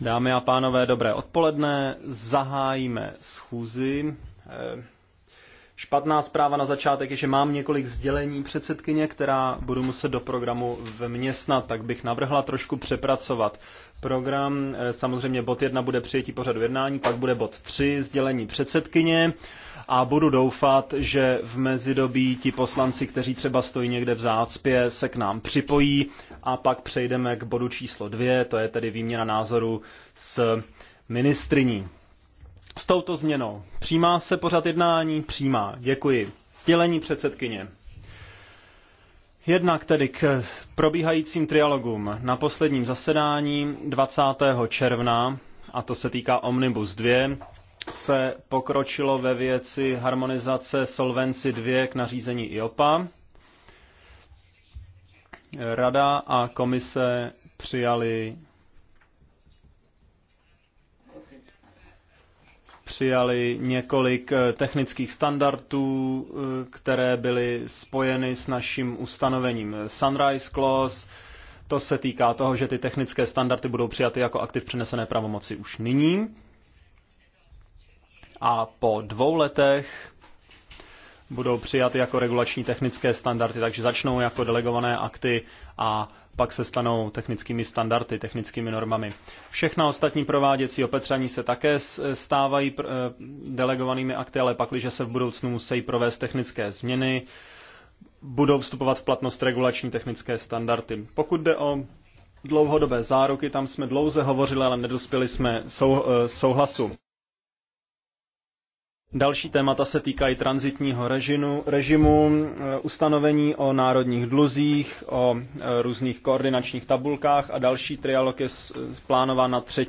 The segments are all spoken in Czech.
Dámy a pánové, dobré odpoledne. Zahájíme schůzi. Eh, Špatná zpráva na začátek je, že mám několik sdělení předsedkyně, která budu muset do programu vměstnat, tak bych navrhla trošku přepracovat program. Eh, samozřejmě bod 1 bude přijetí pořadu jednání, pak bude bod 3 sdělení předsedkyně a budu doufat, že v mezidobí ti poslanci, kteří třeba stojí někde v zácpě, se k nám připojí a pak přejdeme k bodu číslo 2, to je tedy výměna názoru s ministriní s touto změnou. Přijímá se pořad jednání? Přijímá. Děkuji. Sdělení předsedkyně. Jednak tedy k probíhajícím trialogům. Na posledním zasedání 20. června, a to se týká Omnibus 2, se pokročilo ve věci harmonizace Solvency 2 k nařízení IOPA. Rada a komise přijali přijali několik eh, technických standardů, eh, které byly spojeny s naším ustanovením Sunrise Clause. To se týká toho, že ty technické standardy budou přijaty jako aktiv přenesené pravomoci už nyní. A po dvou letech budou přijaty jako regulační technické standardy, takže začnou jako delegované akty a pak se stanou technickými standardy, technickými normami. Všechna ostatní prováděcí opetření se také stávají eh, delegovanými akty, ale pakliže se v budoucnu musí provést technické změny, budou vstupovat v platnost regulační technické standardy. Pokud jde o dlouhodobé záruky, tam jsme dlouze hovořili, ale nedospěli jsme eh, souhlasu. Další témata se týkají transitního režimu, režimu, eh, ustanovení o národních dluzích, o eh, různých koordinačních tabulkách a další trialog je plánován na 3.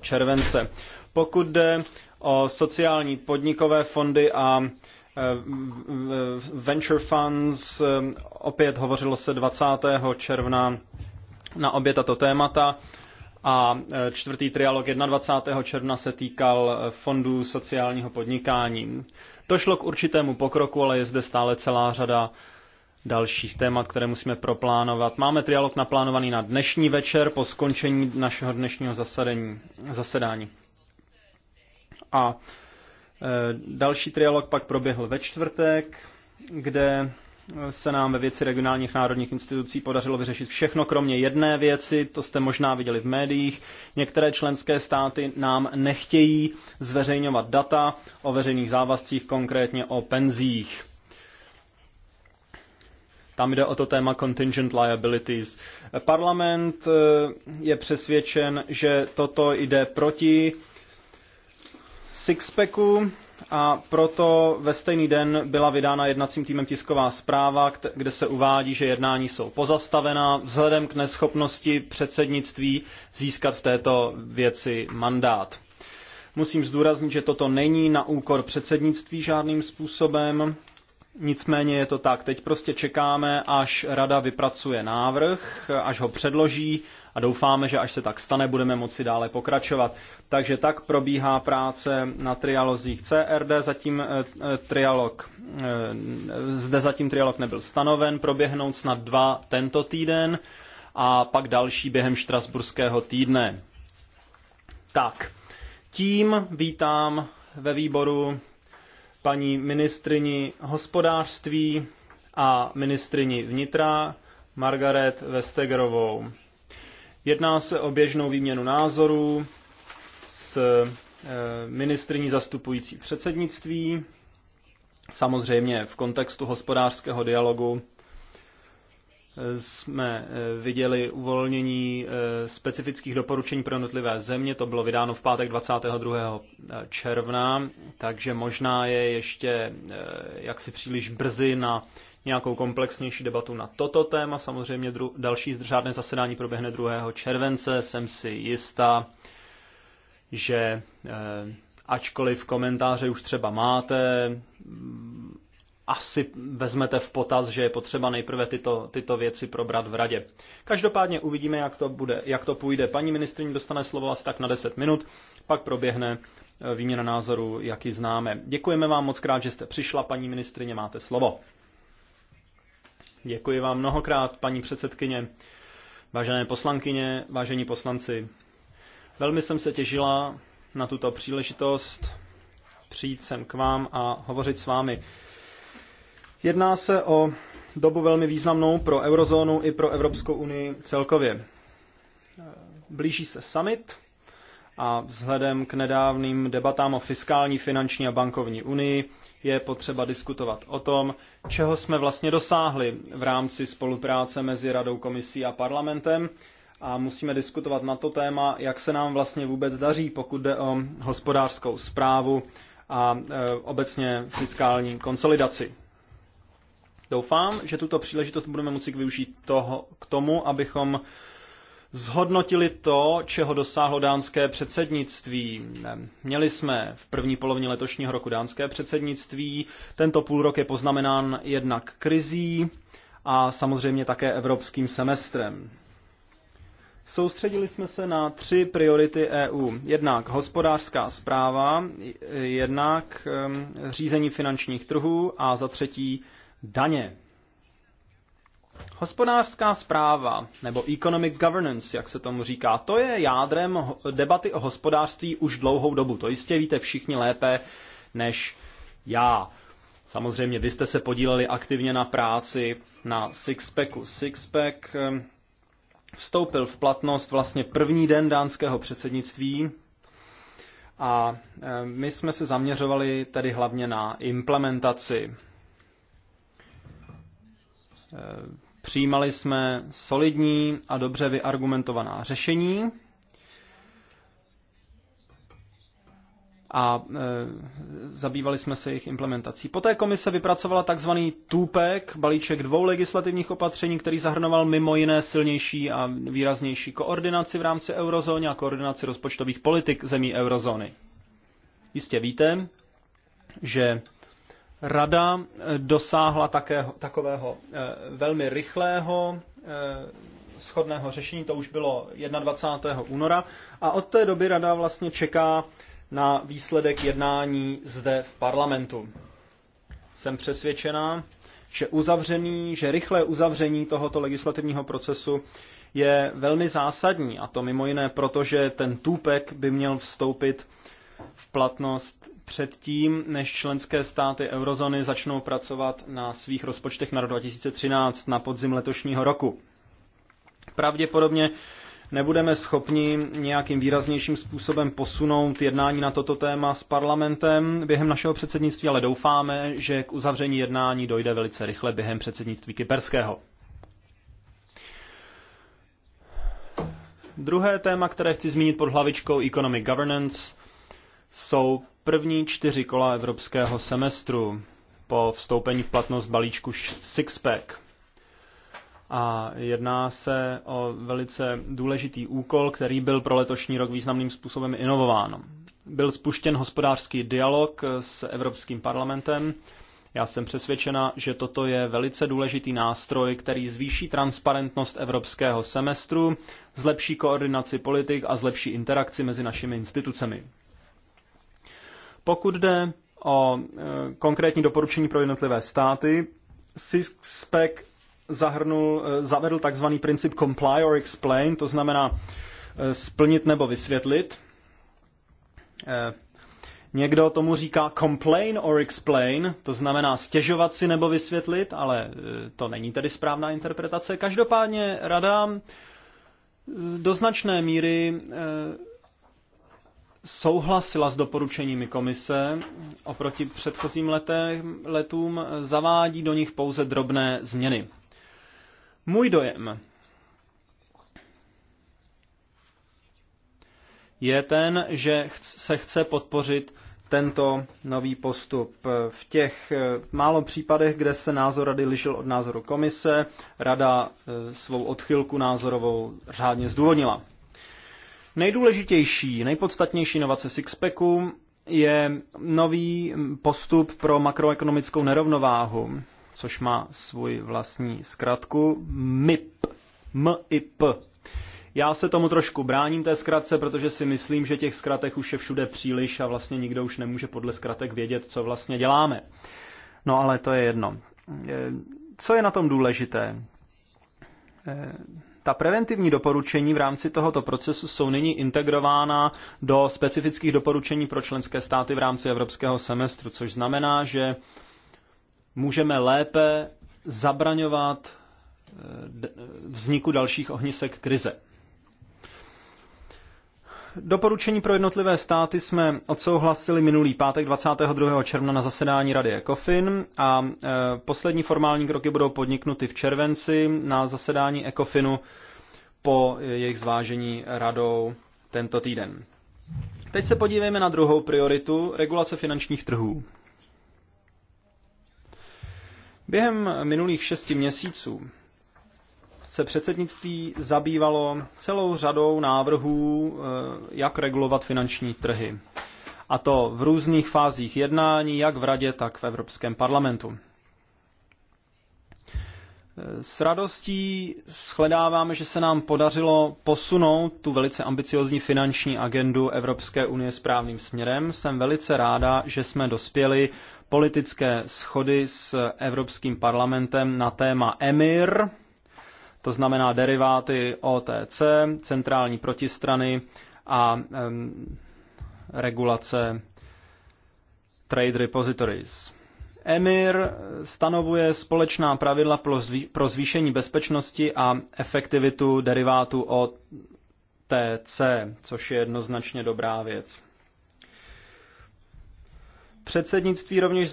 července. Pokud jde o sociální podnikové fondy a eh, venture funds, opět hovořilo se 20. června na obě tato témata a e, čtvrtý trialog 21. června se týkal e, fondů sociálního podnikání. Došlo k určitému pokroku, ale je zde stále celá řada dalších témat, které musíme proplánovat. Máme trialog naplánovaný na dnešní večer po skončení našeho dnešního zasedení, zasedání. A e, další trialog pak proběhl ve čtvrtek, kde se nám ve věci regionálních národních institucí podařilo vyřešit všechno, kromě jedné věci, to jste možná viděli v médiích. Některé členské státy nám nechtějí zveřejňovat data o veřejných závazcích, konkrétně o penzích. Tam jde o to téma contingent liabilities. Parlament eh, je přesvědčen, že toto jde proti Sixpacku, a proto ve stejný den byla vydána jednacím týmem tisková zpráva, kde se uvádí, že jednání jsou pozastavená vzhledem k neschopnosti předsednictví získat v této věci mandát. Musím zdůraznit, že toto není na úkor předsednictví žádným způsobem, Nicméně je to tak. Teď prostě čekáme, až rada vypracuje návrh, až ho předloží a doufáme, že až se tak stane, budeme moci dále pokračovat. Takže tak probíhá práce na trialozích CRD, zatím eh, eh, trialog, eh, zde zatím trialog nebyl stanoven, proběhnout snad dva tento týden a pak další během štrasburského týdne. Tak, tím vítám ve výboru paní ministrini hospodářství a ministrini vnitra Margaret Vestegerovou. Jedná se o běžnou výměnu názorů s eh, ministriní zastupující předsednictví, samozřejmě v kontextu hospodářského dialogu jsme eh, viděli uvolnění eh, specifických doporučení pro jednotlivé země. To bylo vydáno v pátek 22. Eh, června, takže možná je ještě jaksi příliš brzy na nějakou komplexnější debatu na toto téma. Samozřejmě dru- další zdržádné zasedání proběhne 2. července. Jsem si jistá, že ačkoliv komentáře už třeba máte, asi vezmete v potaz, že je potřeba nejprve tyto, tyto věci probrat v radě. Každopádně uvidíme, jak to, bude, jak to půjde. Paní ministrině dostane slovo asi tak na 10 minut, pak proběhne eh, výměna názoru, jak ji známe. Děkujeme vám moc krát, že jste přišla, paní ministrině, máte slovo. Děkuji vám mnohokrát, paní předsedkyně, vážené poslankyně, vážení poslanci. Velmi jsem se těžila na tuto příležitost přijít sem k vám a hovořit s vámi. Jedná se o dobu velmi významnou pro eurozónu i pro Evropskou unii celkově. Blíží se summit a vzhledem k nedávným debatám o fiskální, finanční a bankovní unii je potřeba diskutovat o tom, čeho jsme vlastně dosáhli v rámci spolupráce mezi Radou, Komisí a parlamentem a musíme diskutovat na to téma, jak se nám vlastně vůbec daří, pokud jde o hospodářskou zprávu a e, obecně fiskální konsolidaci. Doufám, že tuto příležitost budeme moci využít toho, k tomu, abychom zhodnotili to, čeho dosáhlo dánské předsednictví. Měli jsme v první polovině letošního roku dánské předsednictví. Tento půlrok je poznamenán jednak krizí a samozřejmě také evropským semestrem. Soustředili jsme se na tři priority EU. Jednak hospodářská zpráva, jednak ehm, řízení finančních trhů a za třetí daně. Hospodářská zpráva, nebo economic governance, jak se tomu říká, to je jádrem debaty o hospodářství už dlouhou dobu. To jistě víte všichni lépe než já. Samozřejmě vy jste se podíleli aktivně na práci na Sixpacku. Sixpack ehm, vstoupil v platnost vlastně první den dánského předsednictví a ehm, my jsme se zaměřovali tedy hlavně na implementaci Přijímali jsme solidní a dobře vyargumentovaná řešení a e, zabývali jsme se jejich implementací. Poté komise vypracovala takzvaný TUPEK, balíček dvou legislativních opatření, který zahrnoval mimo jiné silnější a výraznější koordinaci v rámci eurozóny a koordinaci rozpočtových politik zemí eurozóny. Jistě víte, že Rada eh, dosáhla takého, takového eh, velmi rychlého eh, schodného řešení, to už bylo 21. února, a od té doby Rada vlastně čeká na výsledek jednání zde v parlamentu. Jsem přesvědčená, že uzavření, že rychlé uzavření tohoto legislativního procesu je velmi zásadní, a to mimo jiné proto, že ten tupek by měl vstoupit v platnost předtím, než členské státy eurozóny začnou pracovat na svých rozpočtech na rok 2013 na podzim letošního roku. Pravděpodobně nebudeme schopni nějakým výraznějším způsobem posunout jednání na toto téma s parlamentem během našeho předsednictví, ale doufáme, že k uzavření jednání dojde velice rychle během předsednictví kyperského. Druhé téma, které chci zmínit pod hlavičkou Economic Governance – jsou první čtyři kola evropského semestru po vstoupení v platnost balíčku Sixpack. A jedná se o velice důležitý úkol, který byl pro letošní rok významným způsobem inovován. Byl spuštěn hospodářský dialog s Evropským parlamentem. Já jsem přesvědčena, že toto je velice důležitý nástroj, který zvýší transparentnost evropského semestru, zlepší koordinaci politik a zlepší interakci mezi našimi institucemi. Pokud jde o e, konkrétní doporučení pro jednotlivé státy, SISPEC zahrnul, e, zavedl takzvaný princip comply or explain, to znamená e, splnit nebo vysvětlit. Někdo tomu říká complain or explain, to znamená stěžovat si nebo vysvětlit, ale to není tedy správná interpretace. Každopádně rada do značné míry souhlasila s doporučeními komise oproti předchozím letům, zavádí do nich pouze drobné změny. Můj dojem je ten, že se chce podpořit tento nový postup. V těch eh, málo případech, kde se názor rady lišil od názoru komise, rada eh, svou odchylku názorovou řádně zdůvodnila. Nejdůležitější, nejpodstatnější inovace Sixpacku je nový postup pro makroekonomickou nerovnováhu, což má svůj vlastní zkratku MIP. MIP. Já se tomu trošku bráním té zkratce, protože si myslím, že těch zkratek už je všude příliš a vlastně nikdo už nemůže podle zkratek vědět, co vlastně děláme. No ale to je jedno. E, co je na tom důležité? E, ta preventivní doporučení v rámci tohoto procesu jsou nyní integrována do specifických doporučení pro členské státy v rámci evropského semestru, což znamená, že můžeme lépe zabraňovat eh, vzniku dalších ohnisek krize. Doporučení pro jednotlivé státy jsme odsouhlasili minulý pátek 22. června na zasedání Rady ECOFIN a e, poslední formální kroky budou podniknuty v červenci na zasedání ECOFINu po jejich zvážení radou tento týden. Teď se podívejme na druhou prioritu, regulace finančních trhů. Během minulých šesti měsíců se předsednictví zabývalo celou řadou návrhů, eh, jak regulovat finanční trhy. A to v různých fázích jednání, jak v Radě, tak v Evropském parlamentu. Eh, s radostí shledáváme, že se nám podařilo posunout tu velice ambiciozní finanční agendu Evropské unie správným směrem. Jsem velice ráda, že jsme dospěli politické schody s Evropským parlamentem na téma EMIR, to znamená deriváty OTC, centrální protistrany a regulace Trade Repositories. EMIR stanovuje společná pravidla pro zvýšení bezpečnosti a efektivitu derivátu OTC, což je jednoznačně dobrá věc. Předsednictví rovněž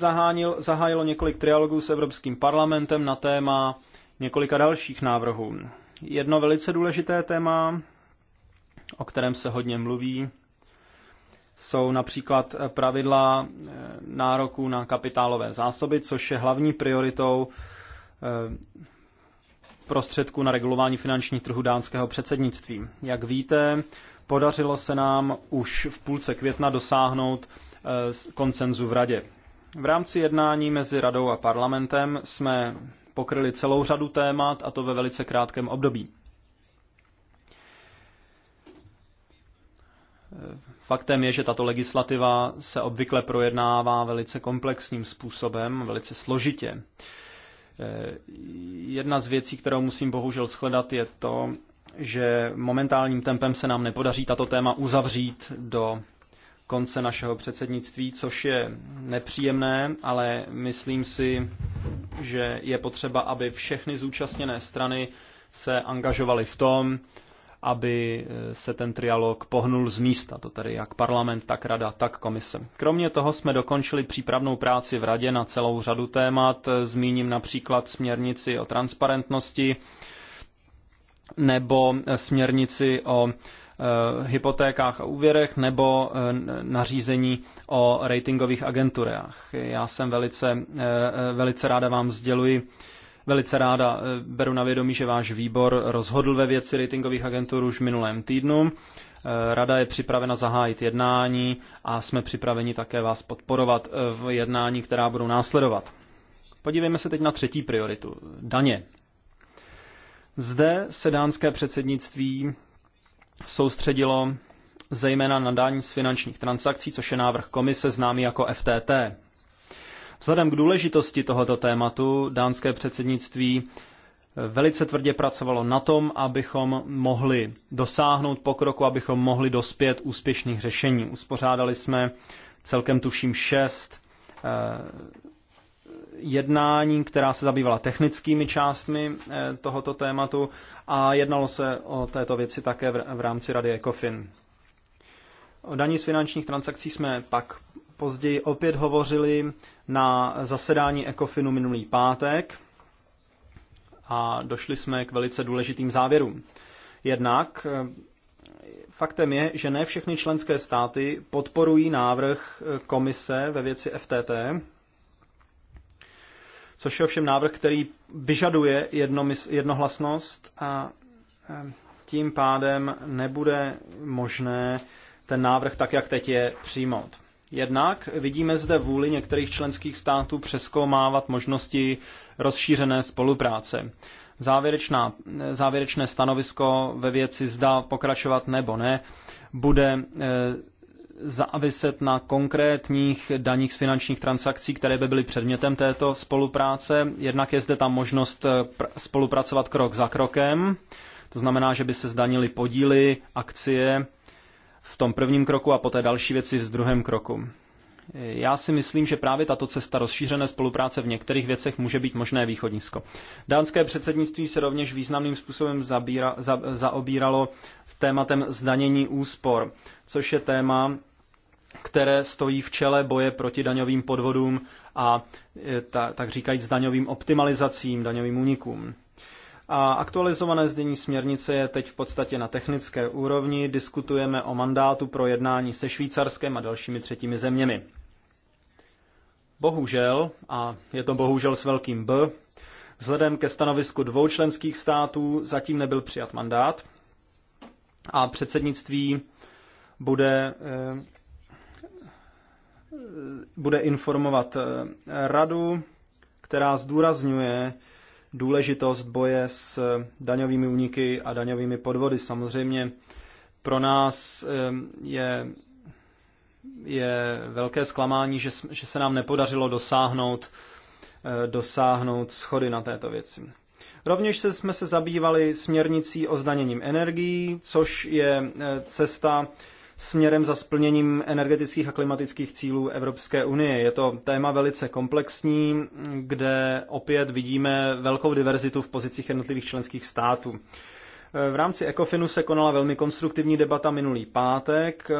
zahájilo několik trialogů s Evropským parlamentem na téma několika dalších návrhů. Jedno velice důležité téma, o kterém se hodně mluví, jsou například pravidla eh, nároku na kapitálové zásoby, což je hlavní prioritou eh, prostředků na regulování finančních trhů dánského předsednictví. Jak víte, podařilo se nám už v půlce května dosáhnout eh, koncenzu v radě. V rámci jednání mezi radou a parlamentem jsme pokryli celou řadu témat a to ve velice krátkém období. Faktem je, že tato legislativa se obvykle projednává velice komplexním způsobem, velice složitě. Jedna z věcí, kterou musím bohužel shledat, je to, že momentálním tempem se nám nepodaří tato téma uzavřít do konce našeho předsednictví, což je nepříjemné, ale myslím si, že je potřeba, aby všechny zúčastněné strany se angažovaly v tom, aby eh, se ten trialog pohnul z místa, to tedy jak parlament, tak rada, tak komise. Kromě toho jsme dokončili přípravnou práci v radě na celou řadu témat, zmíním například směrnici o transparentnosti nebo směrnici o Eh, hypotékách a úvěrech nebo eh, nařízení o ratingových agenturách. Já jsem velice, eh, velice ráda vám sděluji, Velice ráda beru na vědomí, že váš výbor rozhodl ve věci ratingových agentur už v minulém týdnu. Rada je připravena zahájit jednání a jsme připraveni také vás podporovat v jednání, která budou následovat. Podívejme se teď na třetí prioritu. Daně. Zde se dánské předsednictví soustředilo zejména na daň z finančních transakcí, což je návrh komise známý jako FTT. Vzhledem k důležitosti tohoto tématu dánské předsednictví eh, velice tvrdě pracovalo na tom, abychom mohli dosáhnout pokroku, abychom mohli dospět úspěšných řešení. Uspořádali jsme celkem tuším šest eh, jednání, která se zabývala technickými částmi eh, tohoto tématu a jednalo se o této věci také v rámci Rady ECOFIN. O daní z finančních transakcí jsme pak později opět hovořili na zasedání ECOFINu minulý pátek a došli jsme k velice důležitým závěrům. Jednak eh, faktem je, že ne všechny členské státy podporují návrh eh, komise ve věci FTT, což je ovšem návrh, který vyžaduje jednomysl, jednohlasnost a eh, tím pádem nebude možné ten návrh tak, jak teď je, přijmout. Jednak vidíme zde vůli některých členských států přeskoumávat možnosti rozšířené spolupráce. Závěrečná, eh, závěrečné stanovisko ve věci zda pokračovat nebo ne bude eh, záviset na konkrétních daních z finančních transakcí, které by byly předmětem této spolupráce. Jednak je zde ta možnost eh, spolupracovat krok za krokem, to znamená, že by se zdanily podíly, akcie v tom prvním kroku a poté další věci v druhém kroku. Já si myslím, že právě tato cesta rozšířené spolupráce v některých věcech může být možné východnisko. Dánské předsednictví se rovněž významným způsobem zabíra, za, zaobíralo tématem zdanění úspor, což je téma, které stojí v čele boje proti daňovým podvodům a e, ta, tak říkajíc daňovým optimalizacím, daňovým únikům. A aktualizované znění směrnice je teď v podstatě na technické úrovni. Diskutujeme o mandátu pro jednání se Švýcarskem a dalšími třetími zeměmi. Bohužel, a je to bohužel s velkým B, vzhledem ke stanovisku dvou členských států zatím nebyl přijat mandát a předsednictví bude, eh, bude informovat eh, radu, která zdůrazňuje, důležitost boje s eh, daňovými úniky a daňovými podvody. Samozřejmě pro nás ehm, je, je velké zklamání, že, že se nám nepodařilo dosáhnout, eh, dosáhnout schody na této věci. Rovněž se jsme se zabývali směrnicí o zdaněním energií, což je eh, cesta, směrem za splněním energetických a klimatických cílů Evropské unie. Je to téma velice komplexní, kde opět vidíme velkou diverzitu v pozicích jednotlivých členských států. V rámci Ecofinu se konala velmi konstruktivní debata minulý pátek.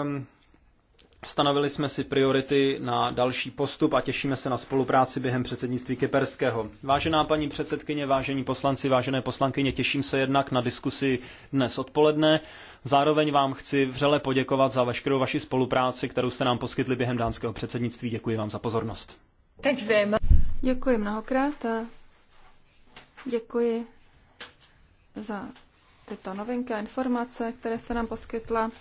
Stanovili jsme si priority na další postup a těšíme se na spolupráci během předsednictví Kyperského. Vážená paní předsedkyně, vážení poslanci, vážené poslankyně, těším se jednak na diskusi dnes odpoledne. Zároveň vám chci vřele poděkovat za veškerou vaši spolupráci, kterou jste nám poskytli během dánského předsednictví. Děkuji vám za pozornost. Děkuji mnohokrát a děkuji za tyto novinky a informace, které jste nám poskytla.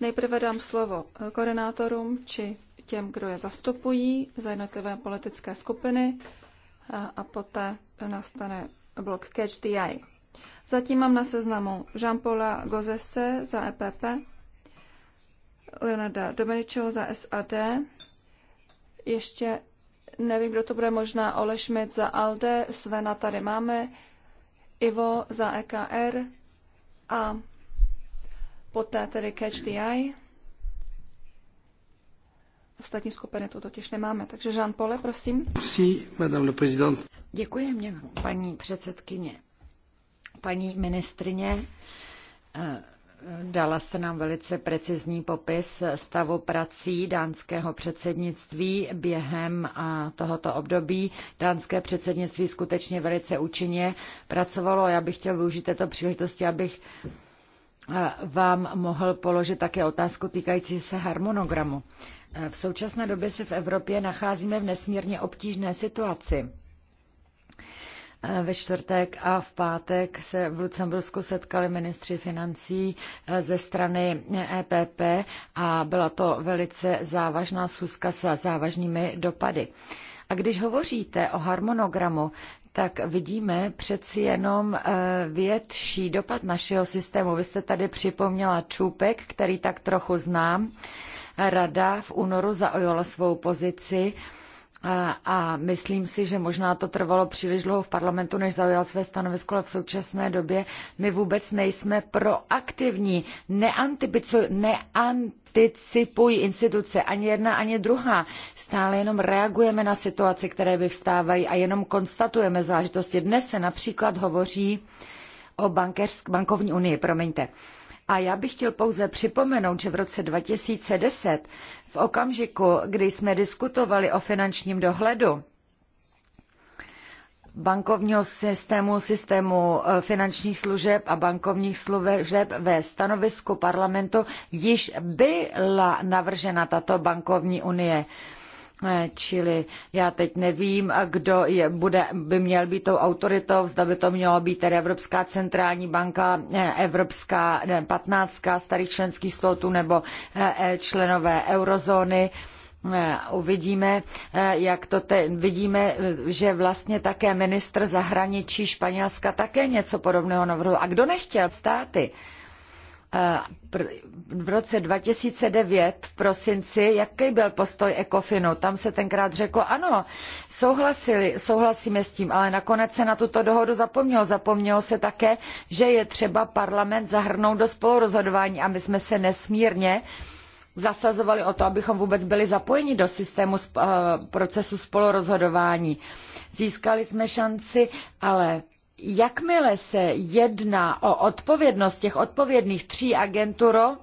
Nejprve dám slovo eh, koordinátorům či těm, kdo je zastupují za jednotlivé politické skupiny a, a poté nastane blok Catch the Eye. Zatím mám na seznamu Jean-Paula Gozese za EPP, Leonarda Domeničeho za SAD, ještě nevím, kdo to bude, možná Ole Schmidt za ALDE, Svena tady máme, Ivo za EKR a Poté tedy catch the eye. Ostatní skupiny tu totiž nemáme, takže Jean Pole, prosím. Si, madame le président. Děkuji mě, paní předsedkyně. Paní ministrině, eh, Dala jste nám velice precizní popis stavu prací dánského předsednictví během eh, tohoto období. Dánské předsednictví skutečně velice účinně pracovalo. Já bych chtěl využít této příležitosti, abych vám mohl položit také otázku týkající se harmonogramu. E, v současné době se v Evropě nacházíme v nesmírně obtížné situaci. E, ve čtvrtek a v pátek se v Lucembursku setkali ministři financí e, ze strany EPP a byla to velice závažná schůzka s závažnými dopady. A když hovoříte o harmonogramu, tak vidíme přeci jenom eh, větší dopad našeho systému. Vy jste tady připomněla Čůpek, který tak trochu znám. Rada v únoru zaujala svou pozici a myslím si, že možná to trvalo příliš dlouho v parlamentu, než zaujal své stanovisko, ale v současné době my vůbec nejsme proaktivní, neanticipují instituce ani jedna, ani druhá. Stále jenom reagujeme na situace, které vyvstávají a jenom konstatujeme záležitosti. Dnes se například hovoří o bankovní unii, promiňte. A já bych chtěl pouze připomenout, že v roce 2010, v okamžiku, kdy jsme diskutovali o finančním dohledu, bankovního systému, systému eh, finančních služeb a bankovních služeb ve stanovisku parlamentu již byla navržena tato bankovní unie. Eh, čili já teď nevím, kdo je, bude, by měl být tou autoritou, zda by to mělo být tedy Evropská centrální banka, eh, Evropská patnáctka starých členských států nebo eh, členové eurozóny uvidíme, jak to te, vidíme, že vlastně také ministr zahraničí Španělska také něco podobného navrhl. A kdo nechtěl státy? v roce 2009 v prosinci, jaký byl postoj Ekofinu. Tam se tenkrát řeklo, ano, souhlasili, souhlasíme s tím, ale nakonec se na tuto dohodu zapomnělo. Zapomnělo se také, že je třeba parlament zahrnout do spolurozhodování a my jsme se nesmírně zasazovali o to, abychom vůbec byli zapojeni do systému procesu spolurozhodování. Získali jsme šanci, ale jakmile se jedná o odpovědnost těch odpovědných tří agenturo,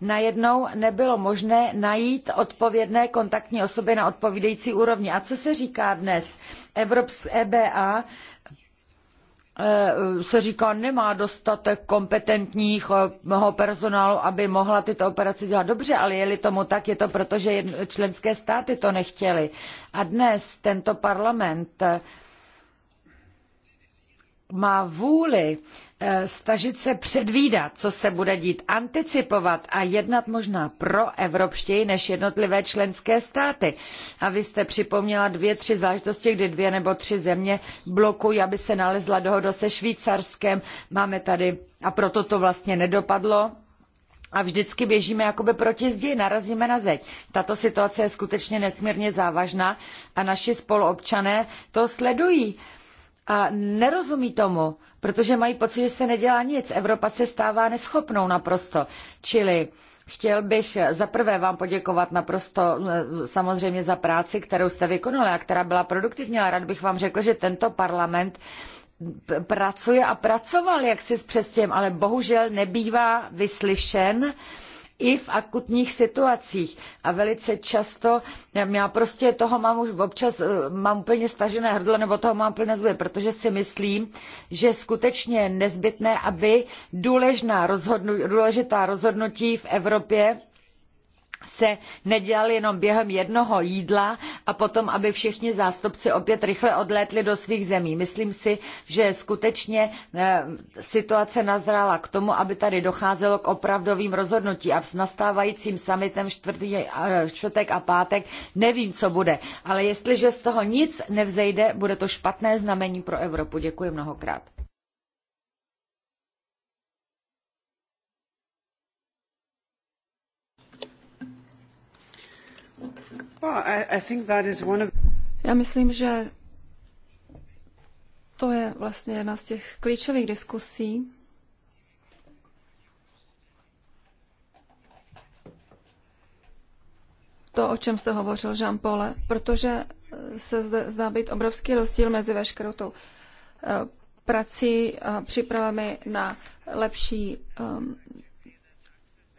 najednou nebylo možné najít odpovědné kontaktní osoby na odpovídající úrovni. A co se říká dnes? Evropské EBA e, se říká, nemá dostatek kompetentního personálu, aby mohla tyto operace dělat dobře, ale je-li tomu tak, je to proto, že členské státy to nechtěly. A dnes tento parlament má vůli eh, stažit se předvídat, co se bude dít, anticipovat a jednat možná pro evropštěji než jednotlivé členské státy. A vy jste připomněla dvě, tři záležitosti, kdy dvě nebo tři země blokují, aby se nalezla dohoda se Švýcarskem. Máme tady, a proto to vlastně nedopadlo, a vždycky běžíme jakoby proti zdi, narazíme na zeď. Tato situace je skutečně nesmírně závažná a naši spoluobčané to sledují a nerozumí tomu, protože mají pocit, že se nedělá nic. Evropa se stává neschopnou naprosto. Čili Chtěl bych zaprvé vám poděkovat naprosto eh, samozřejmě za práci, kterou jste vykonali a která byla produktivní, A rád bych vám řekl, že tento parlament pracuje a pracoval jaksi s předstěm, ale bohužel nebývá vyslyšen i v akutních situacích. A velice často, já prostě toho mám už občas, eh, mám úplně stažené hrdlo, nebo toho mám plné zuby, protože si myslím, že skutečně je nezbytné, aby důležitá rozhodnutí v Evropě se nedělal jenom během jednoho jídla a potom, aby všichni zástupci opět rychle odlétli do svých zemí. Myslím si, že skutečně eh, situace nazrála k tomu, aby tady docházelo k opravdovým rozhodnutí a s nastávajícím summitem eh, čtvrtek a pátek nevím, co bude. Ale jestliže z toho nic nevzejde, bude to špatné znamení pro Evropu. Děkuji mnohokrát. Já myslím, že to je vlastně jedna z těch klíčových diskusí, to, o čem jste hovořil, Jean Paule, protože se zde zdá být obrovský rozdíl mezi veškerou tou eh, prací, přípravami na lepší, ehm,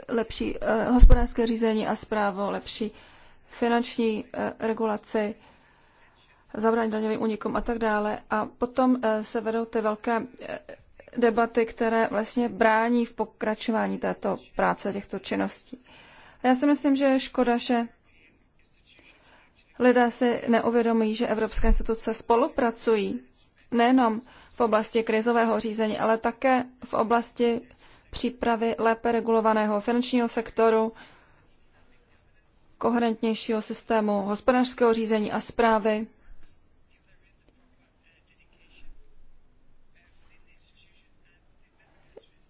lepší eh, hospodářské řízení a zprávu, lepší finanční eh, regulaci, zabránit daňovým unikům a tak dále. A potom eh, se vedou ty velké eh, debaty, které vlastně brání v pokračování této práce, těchto činností. A já si myslím, že je škoda, že lidé si neuvědomují, že evropské instituce spolupracují nejenom v oblasti krizového řízení, ale také v oblasti přípravy lépe regulovaného finančního sektoru, koherentnějšího systému hospodářského řízení a zprávy.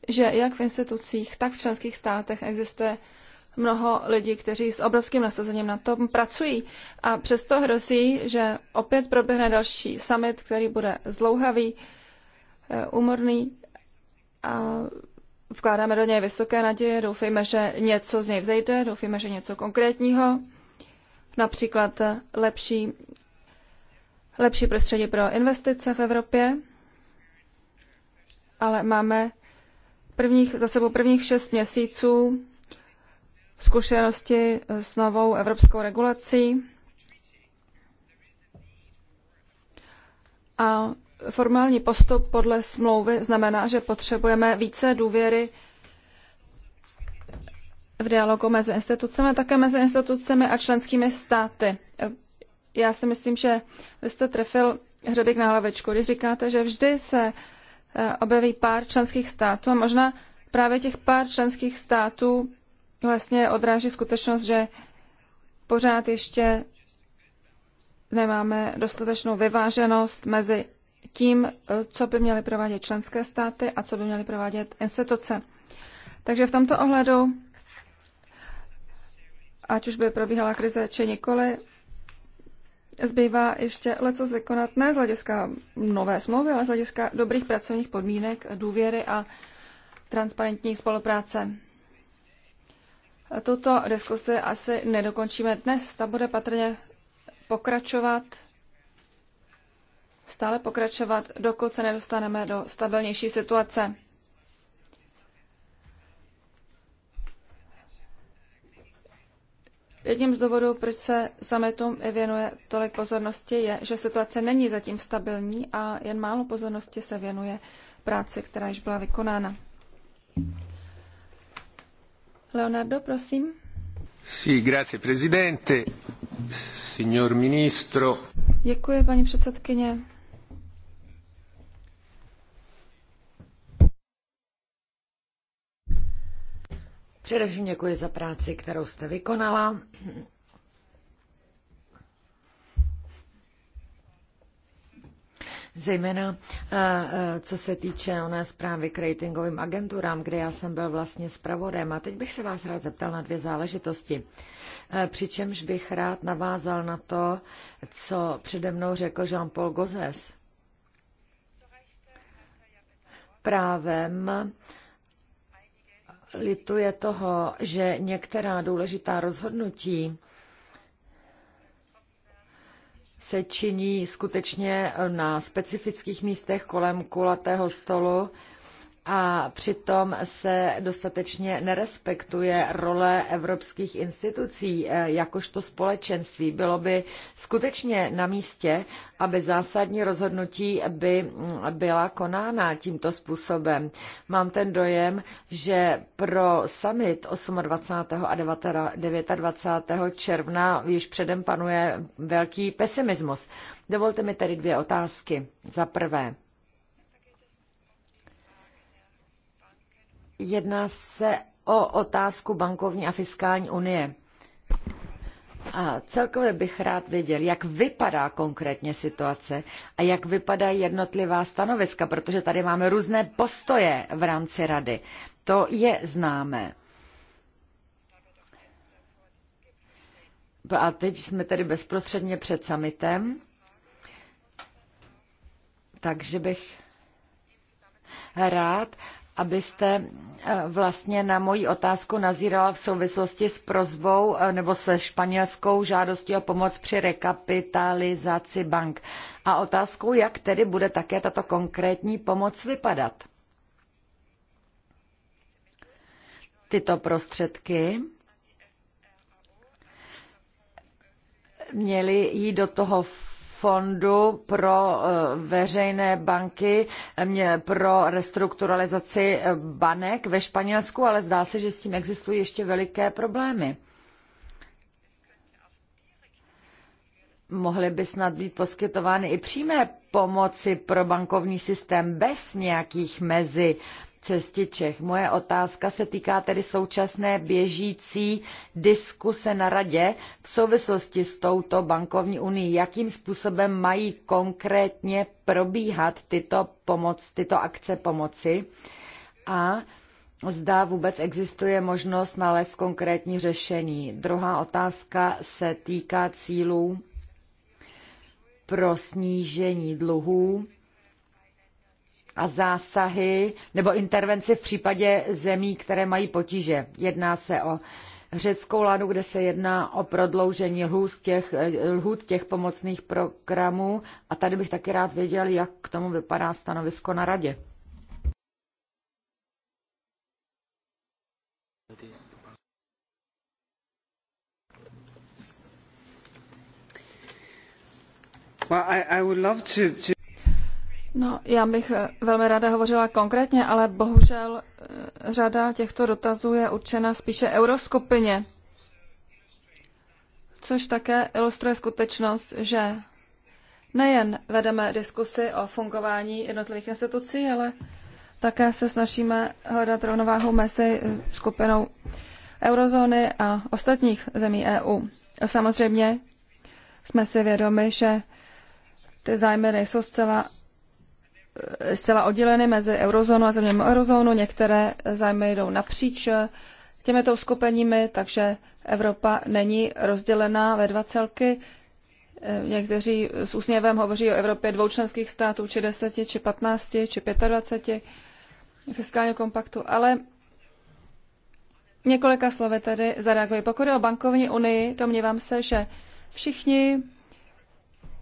že jak v institucích, tak v členských státech existuje mnoho lidí, kteří s obrovským nasazením na tom pracují. A přesto hrozí, že opět proběhne další summit, který bude zlouhavý, eh, úmorný a vkládáme do něj vysoké naděje, doufejme, že něco z něj vzejde, doufejme, že něco konkrétního, například lepší, lepší prostředí pro investice v Evropě, ale máme prvních, za sebou prvních šest měsíců zkušenosti s novou evropskou regulací a formální postup podle smlouvy znamená, že potřebujeme více důvěry v dialogu mezi institucemi, také mezi institucemi a členskými státy. Já si myslím, že vy jste trefil hřebík na hlavičku, když říkáte, že vždy se eh, objeví pár členských států a možná právě těch pár členských států vlastně odráží skutečnost, že pořád ještě nemáme dostatečnou vyváženost mezi tím, eh, co by měly provádět členské státy a co by měly provádět instituce. Takže v tomto ohledu, ať už by probíhala krize či nikoli, zbývá ještě leco vykonat ne z hlediska nové smlouvy, ale z hlediska dobrých pracovních podmínek, důvěry a transparentní spolupráce. Tuto diskusi asi nedokončíme dnes, ta bude patrně pokračovat stále pokračovat, dokud se nedostaneme do stabilnější situace. Jedním z důvodů, proč se summitům věnuje tolik pozornosti, je, že situace není zatím stabilní a jen málo pozornosti se věnuje práci, která již byla vykonána. Leonardo, prosím. Sí, grazie, presidente. Signor ministro. Děkuji, paní předsedkyně. Především děkuji za práci, kterou jste vykonala. Zejména eh, eh, co se týče oné zprávy k ratingovým agenturám, kde já jsem byl vlastně zpravodem. A teď bych se vás rád zeptal na dvě záležitosti. Eh, přičemž bych rád navázal na to, co přede mnou řekl Jean-Paul Gozes. Právem lituje toho, že některá důležitá rozhodnutí se činí skutečně na specifických místech kolem kulatého stolu, a přitom se dostatečně nerespektuje role evropských institucí eh, jakožto společenství. Bylo by skutečně na místě, aby zásadní rozhodnutí by mm, byla konána tímto způsobem. Mám ten dojem, že pro summit 28. a 29. června již předem panuje velký pesimismus. Dovolte mi tedy dvě otázky. Za prvé, Jedná se o otázku bankovní a fiskální unie. A celkově bych rád věděl, jak vypadá konkrétně situace a jak vypadají jednotlivá stanoviska, protože tady máme různé postoje v rámci rady. To je známé. A teď jsme tedy bezprostředně před summitem, takže bych rád, abyste eh, vlastně na moji otázku nazírala v souvislosti s prozbou eh, nebo se španělskou žádostí o pomoc při rekapitalizaci bank. A otázkou, jak tedy bude také tato konkrétní pomoc vypadat. Tyto prostředky měly jít do toho fondu pro eh, veřejné banky eh, pro restrukturalizaci eh, banek ve Španělsku, ale zdá se, že s tím existují ještě veliké problémy. mohly by snad být poskytovány i přímé pomoci pro bankovní systém bez nějakých mezi cestiček. Moje otázka se týká tedy současné běžící diskuse na radě v souvislosti s touto bankovní unii. Jakým způsobem mají konkrétně probíhat tyto, pomoc, tyto akce pomoci a zda vůbec existuje možnost nalézt konkrétní řešení. Druhá otázka se týká cílů pro snížení dluhů a zásahy nebo intervenci v případě zemí, které mají potíže. Jedná se o řeckou vládu, kde se jedná o prodloužení lhůt těch, lhůt těch pomocných programů. A tady bych taky rád věděl, jak k tomu vypadá stanovisko na radě. Well, I, I would love to, to No, já bych eh, velmi ráda hovořila konkrétně, ale bohužel eh, řada těchto dotazů je určena spíše euroskupině, což také ilustruje skutečnost, že nejen vedeme diskusy o fungování jednotlivých institucí, ale také se snažíme hledat rovnováhu mezi eh, skupinou eurozóny a ostatních zemí EU. Samozřejmě jsme si vědomi, že ty zájmy nejsou zcela zcela odděleny mezi eurozónu a zeměmi eurozónu. Některé zájmy jdou napříč těmito uskupeními, takže Evropa není rozdělená ve dva celky. Někteří s úsměvem hovoří o Evropě dvoučlenských států, či deseti, či patnácti, či pětadvaceti fiskálního kompaktu, ale několika slovy tedy zareaguji. Pokud je o bankovní unii, domnívám se, že všichni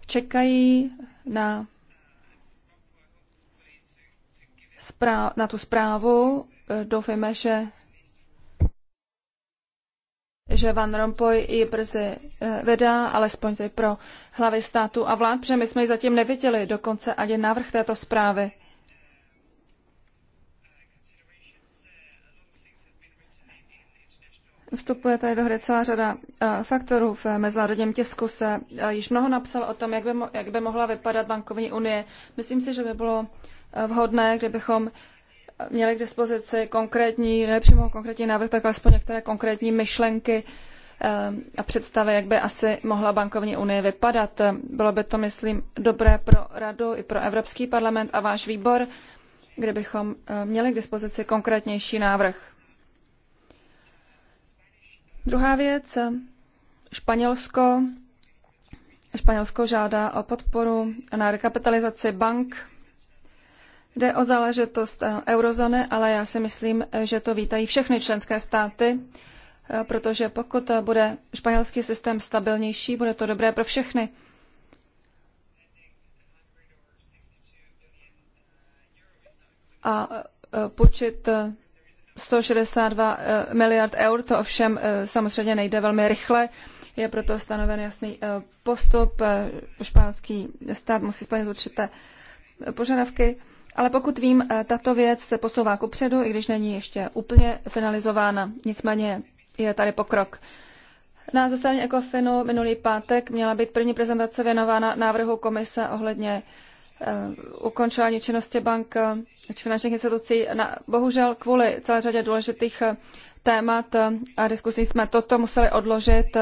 čekají na na tu zprávu. Eh, doufejme, že že Van Rompuy ji brzy eh, vydá, alespoň tedy pro hlavy státu a vlád, protože my jsme ji zatím neviděli dokonce ani návrh této zprávy. Vstupuje tady do hry celá řada eh, faktorů. V mezinárodním tisku se již mnoho napsal o tom, jak by, jak by mohla vypadat bankovní unie. Myslím si, že by bylo vhodné, kdybychom měli k dispozici konkrétní, ne přímo konkrétní návrh, tak alespoň některé konkrétní myšlenky ehm, a představy, jak by asi mohla bankovní unie vypadat. Bylo by to, myslím, dobré pro radu i pro Evropský parlament a váš výbor, kdybychom eh, měli k dispozici konkrétnější návrh. Druhá věc, Španělsko. Španělsko žádá o podporu na rekapitalizaci bank Jde o záležitost eh, eurozóny, ale já si myslím, eh, že to vítají všechny členské státy, eh, protože pokud bude španělský systém stabilnější, bude to dobré pro všechny. A počet 162 miliard eur, to ovšem samozřejmě nejde velmi rychle. Je proto stanoven jasný postup. Španělský stát musí splnit určité požadavky. Ale pokud vím, eh, tato věc se posouvá ku předu, i když není ještě úplně finalizována. Nicméně je tady pokrok. Na zasedání Ecofinu minulý pátek měla být první prezentace věnována návrhu komise ohledně eh, ukončování činnosti bank eh, či finančních institucí. Na, bohužel kvůli celé řadě důležitých témat a diskusí jsme toto museli odložit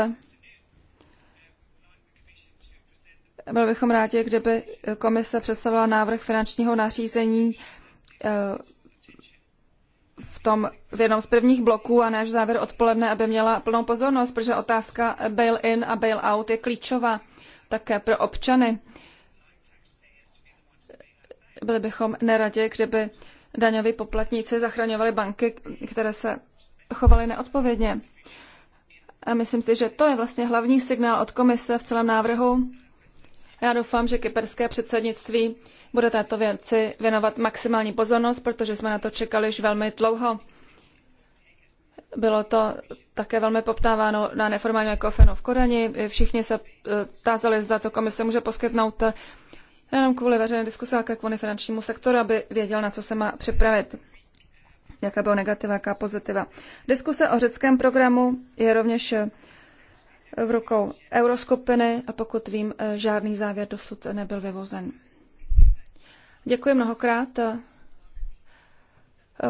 byli bychom rádi, kdyby komise představila návrh finančního nařízení eh, v tom v jednom z prvních bloků a než závěr odpoledne, aby měla plnou pozornost, protože otázka bail-in a bail-out je klíčová také pro občany. Byli bychom neradě, kdyby daňoví poplatníci zachraňovali banky, které se chovaly neodpovědně. A myslím si, že to je vlastně hlavní signál od komise v celém návrhu já doufám, že kyperské předsednictví bude této věci věnovat maximální pozornost, protože jsme na to čekali již velmi dlouho. Bylo to také velmi poptáváno na neformálním ekofenu v Kodani. Všichni se eh, tázali, zda to komise může poskytnout eh, nejenom kvůli veřejné diskuse, ale kvůli finančnímu sektoru, aby věděl, na co se má připravit. Jaká byla negativa, jaká pozitiva. Diskuse o řeckém programu je rovněž eh, v rukou euroskupiny a pokud vím, eh, žádný závěr dosud nebyl vyvozen. Děkuji mnohokrát. Eh,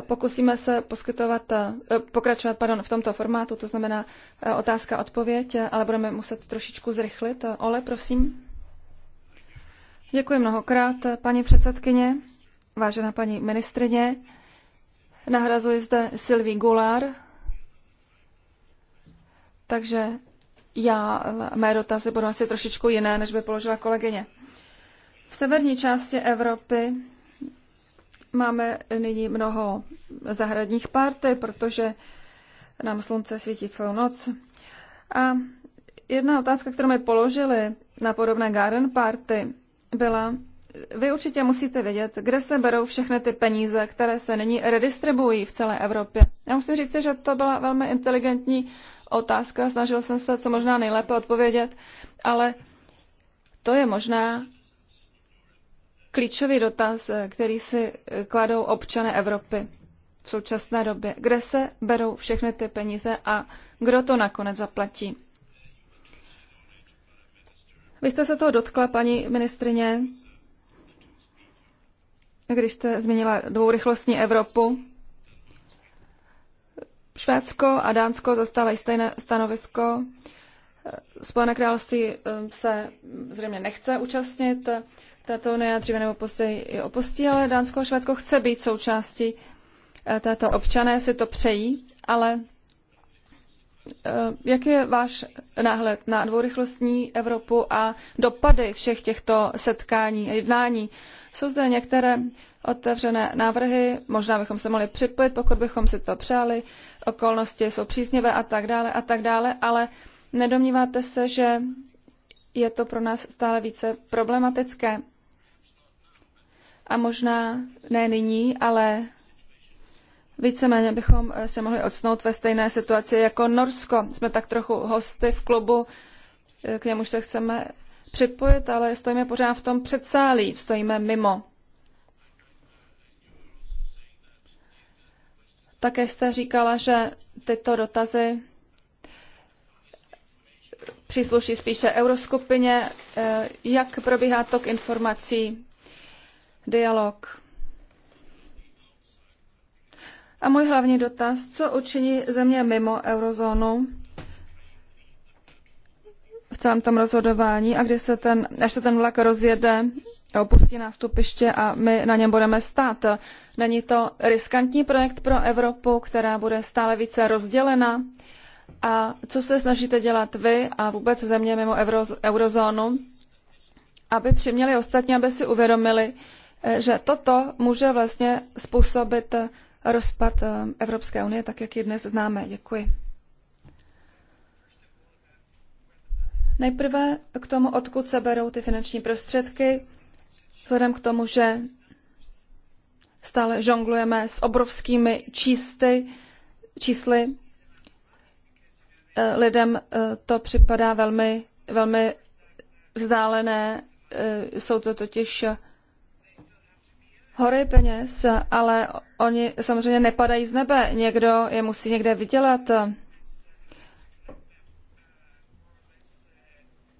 Pokusíme se poskytovat, eh, pokračovat pardon, v tomto formátu, to znamená otázka, odpověď, ale budeme muset trošičku zrychlit. Ole, prosím. Děkuji mnohokrát, paní předsedkyně, vážená paní ministrině. Nahrazuji zde Sylvie Goulard, takže já, eh, mé dotazy budou asi trošičku jiné, než by položila kolegyně. V severní části Evropy máme nyní mnoho zahradních párty, protože nám slunce svítí celou noc. A jedna otázka, kterou mi položili na podobné garden party, byla, vy určitě musíte vědět, kde se berou všechny ty peníze, které se nyní redistribují v celé Evropě. Já musím říct, že to byla velmi inteligentní otázka, snažil jsem se co možná nejlépe odpovědět, ale to je možná klíčový dotaz, který si kladou občané Evropy v současné době. Kde se berou všechny ty peníze a kdo to nakonec zaplatí? Vy jste se toho dotkla, paní ministrině, když jste zmínila dvourychlostní Evropu. Švédsko a Dánsko zastávají stejné stanovisko. Spojené království um, se zřejmě nechce účastnit této unie, dříve nebo později i opustí, ale Dánsko a Švédsko chce být součástí eh, této. Občané si to přejí, ale eh, jak je váš náhled na dvourychlostní Evropu a dopady všech těchto setkání a jednání? Jsou zde některé otevřené návrhy. Možná bychom se mohli připojit, pokud bychom si to přáli. Okolnosti jsou příznivé a tak dále a tak dále, ale nedomníváte se, že je to pro nás stále více problematické. A možná ne nyní, ale víceméně bychom eh, se mohli odsnout ve stejné situaci jako Norsko. Jsme tak trochu hosty v klubu, eh, k němuž se chceme připojit, ale stojíme pořád v tom předsálí, stojíme mimo. Také jste říkala, že tyto dotazy přísluší spíše euroskupině. Eh, jak probíhá tok informací, dialog? A můj hlavní dotaz, co učiní země mimo eurozónu, v celém tom rozhodování a kdy se ten, až se ten vlak rozjede, opustí nástupiště a my na něm budeme stát. Není to riskantní projekt pro Evropu, která bude stále více rozdělena? A co se snažíte dělat vy a vůbec země mimo euro, eurozónu, aby přiměli ostatní, aby si uvědomili, eh, že toto může vlastně způsobit eh, rozpad eh, Evropské unie, tak jak ji dnes známe. Děkuji. Nejprve k tomu, odkud se berou ty finanční prostředky, vzhledem k tomu, že stále žonglujeme s obrovskými čísty, čísly. Eh, lidem eh, to připadá velmi, velmi vzdálené. Eh, jsou to totiž hory peněz, ale oni samozřejmě nepadají z nebe. Někdo je musí někde vydělat.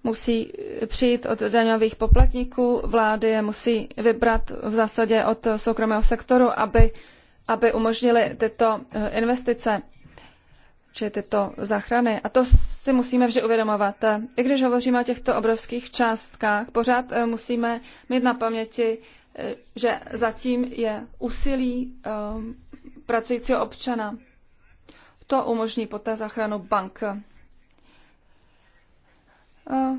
musí přijít od daňových poplatníků, vlády je musí vybrat v zásadě od soukromého sektoru, aby, aby umožnili tyto eh, investice či tyto záchrany. A to si musíme vždy uvědomovat. I když hovoříme o těchto obrovských částkách, pořád eh, musíme mít na paměti, eh, že zatím je úsilí pracujícího občana. To umožní poté záchranu bank.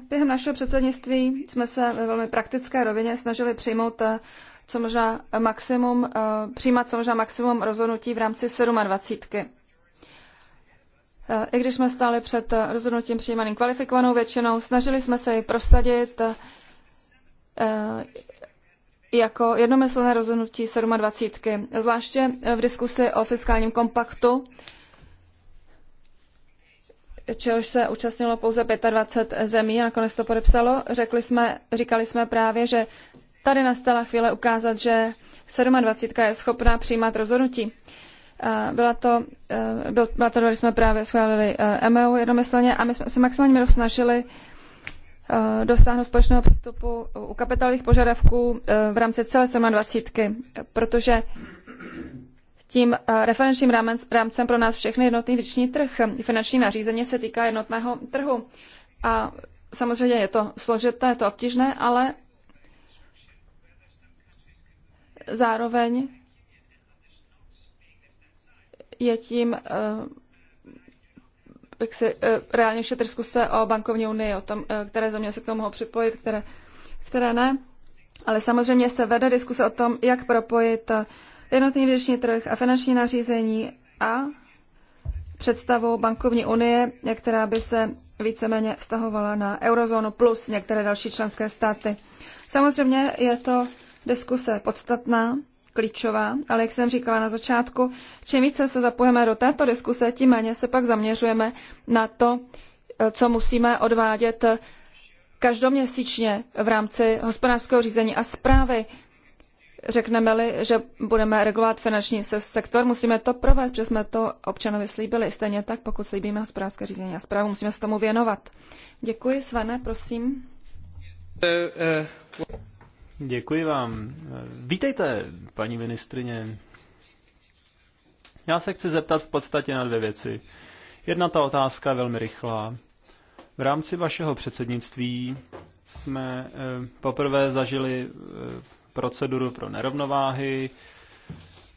Během našeho předsednictví jsme se ve velmi praktické rovině snažili přijmout eh, co možná maximum, eh, přijímat co možná maximum rozhodnutí v rámci 27. Eh, I když jsme stáli před rozhodnutím přijímaným kvalifikovanou většinou, snažili jsme se ji prosadit jako jednomyslné rozhodnutí 27. Zvláště v diskusi o fiskálním kompaktu, čehož se účastnilo pouze 25 zemí a nakonec to podepsalo. Řekli jsme, říkali jsme právě, že tady nastala chvíle ukázat, že 27 je schopná přijímat rozhodnutí. Eh, byla to, eh, byl, byla to, když jsme právě schválili eh, MEU jednomyslně a my jsme se maximálně měrou snažili dosáhnout společného přístupu u kapitálových požadavků v rámci celé 27, protože tím eh, referenčním rámcem pro nás všechny jednotný vnitřní trh. Finanční nařízení se týká jednotného trhu. A samozřejmě je to složité, je to obtížné, ale zároveň je tím eh, jak si, eh, reálně vše diskuse o bankovní unii, o tom, které země se k tomu mohou připojit, které, které ne. Ale samozřejmě se vede diskuse o tom, jak propojit jednotný vnitřní trh a finanční nařízení a představou bankovní unie, která by se víceméně vztahovala na eurozónu plus některé další členské státy. Samozřejmě je to diskuse podstatná, klíčová, ale jak jsem říkala na začátku, čím více se zapojíme do této diskuse, tím méně se pak zaměřujeme na to, co musíme odvádět každoměsíčně v rámci hospodářského řízení a zprávy řekneme-li, že budeme regulovat finanční sektor, musíme to provést, protože jsme to občanovi slíbili. Stejně tak, pokud slíbíme hospodářské řízení a zprávu, musíme se tomu věnovat. Děkuji. Svane, prosím. Děkuji vám. Vítejte, paní ministrině. Já se chci zeptat v podstatě na dvě věci. Jedna ta otázka je velmi rychlá. V rámci vašeho předsednictví jsme eh, poprvé zažili eh, proceduru pro nerovnováhy.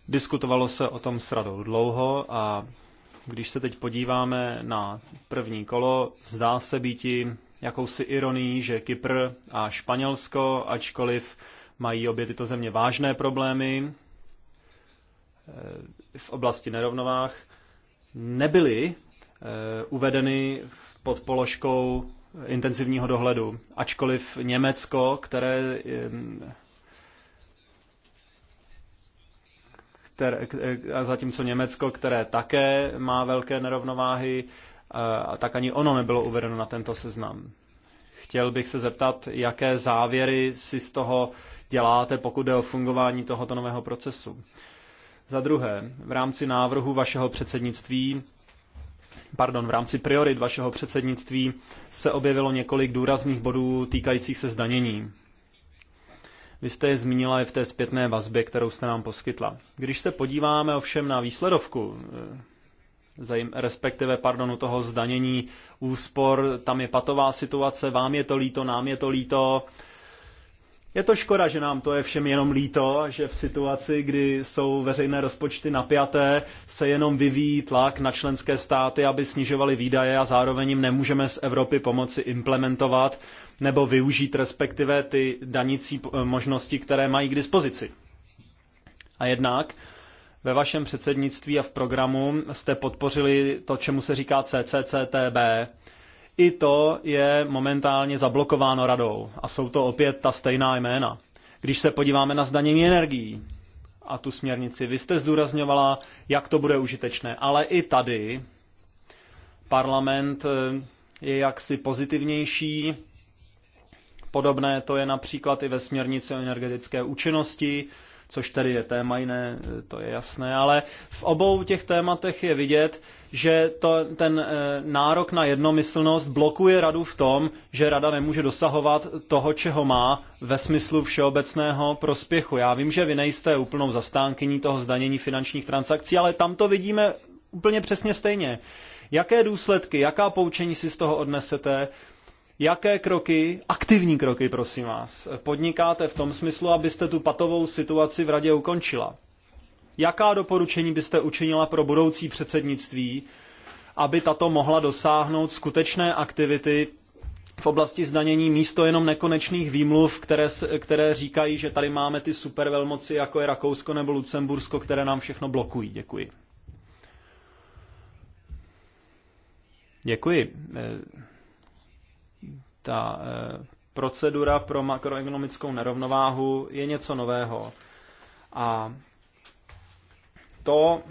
Diskutovalo se o tom s radou dlouho a když se teď podíváme na první kolo, zdá se být jakousi ironií, že Kypr a Španělsko, ačkoliv mají obě tyto země vážné problémy eh, v oblasti nerovnovách, nebyly eh, uvedeny pod položkou intenzivního dohledu. Ačkoliv Německo, které eh, které, zatímco Německo, které také má velké nerovnováhy, a tak ani ono nebylo uvedeno na tento seznam. Chtěl bych se zeptat, jaké závěry si z toho děláte, pokud jde o fungování tohoto nového procesu. Za druhé, v rámci návrhu vašeho předsednictví, pardon, v rámci priorit vašeho předsednictví se objevilo několik důrazných bodů týkajících se zdanění. Vy jste je zmínila i v té zpětné vazbě, kterou jste nám poskytla. Když se podíváme ovšem na výsledovku, eh, respektive, pardon u toho zdanění úspor, tam je patová situace, vám je to líto, nám je to líto, je to škoda, že nám to je všem jenom líto, že v situaci, kdy jsou veřejné rozpočty napjaté, se jenom vyvíjí tlak na členské státy, aby snižovaly výdaje a zároveň jim nemůžeme z Evropy pomoci implementovat nebo využít respektive ty danicí eh, možnosti, které mají k dispozici. A jednak ve vašem předsednictví a v programu jste podpořili to, čemu se říká CCCTB. I to je momentálně zablokováno radou a jsou to opět ta stejná jména. Když se podíváme na zdanění energií a tu směrnici, vy jste zdůrazňovala, jak to bude užitečné, ale i tady parlament eh, je jaksi pozitivnější, Podobné to je například i ve směrnici o energetické účinnosti, což tedy je téma jiné, to je jasné, ale v obou těch tématech je vidět, že to, ten e, nárok na jednomyslnost blokuje radu v tom, že rada nemůže dosahovat toho, čeho má ve smyslu všeobecného prospěchu. Já vím, že vy nejste úplnou zastánkyní toho zdanění finančních transakcí, ale tam to vidíme úplně přesně stejně. Jaké důsledky, jaká poučení si z toho odnesete, Jaké kroky, aktivní kroky, prosím vás, podnikáte v tom smyslu, abyste tu patovou situaci v radě ukončila? Jaká doporučení byste učinila pro budoucí předsednictví, aby tato mohla dosáhnout skutečné aktivity v oblasti zdanění místo jenom nekonečných výmluv, které, které říkají, že tady máme ty supervelmoci, jako je Rakousko nebo Lucembursko, které nám všechno blokují. Děkuji. Děkuji ta eh, procedura pro makroekonomickou nerovnováhu je něco nového. A to,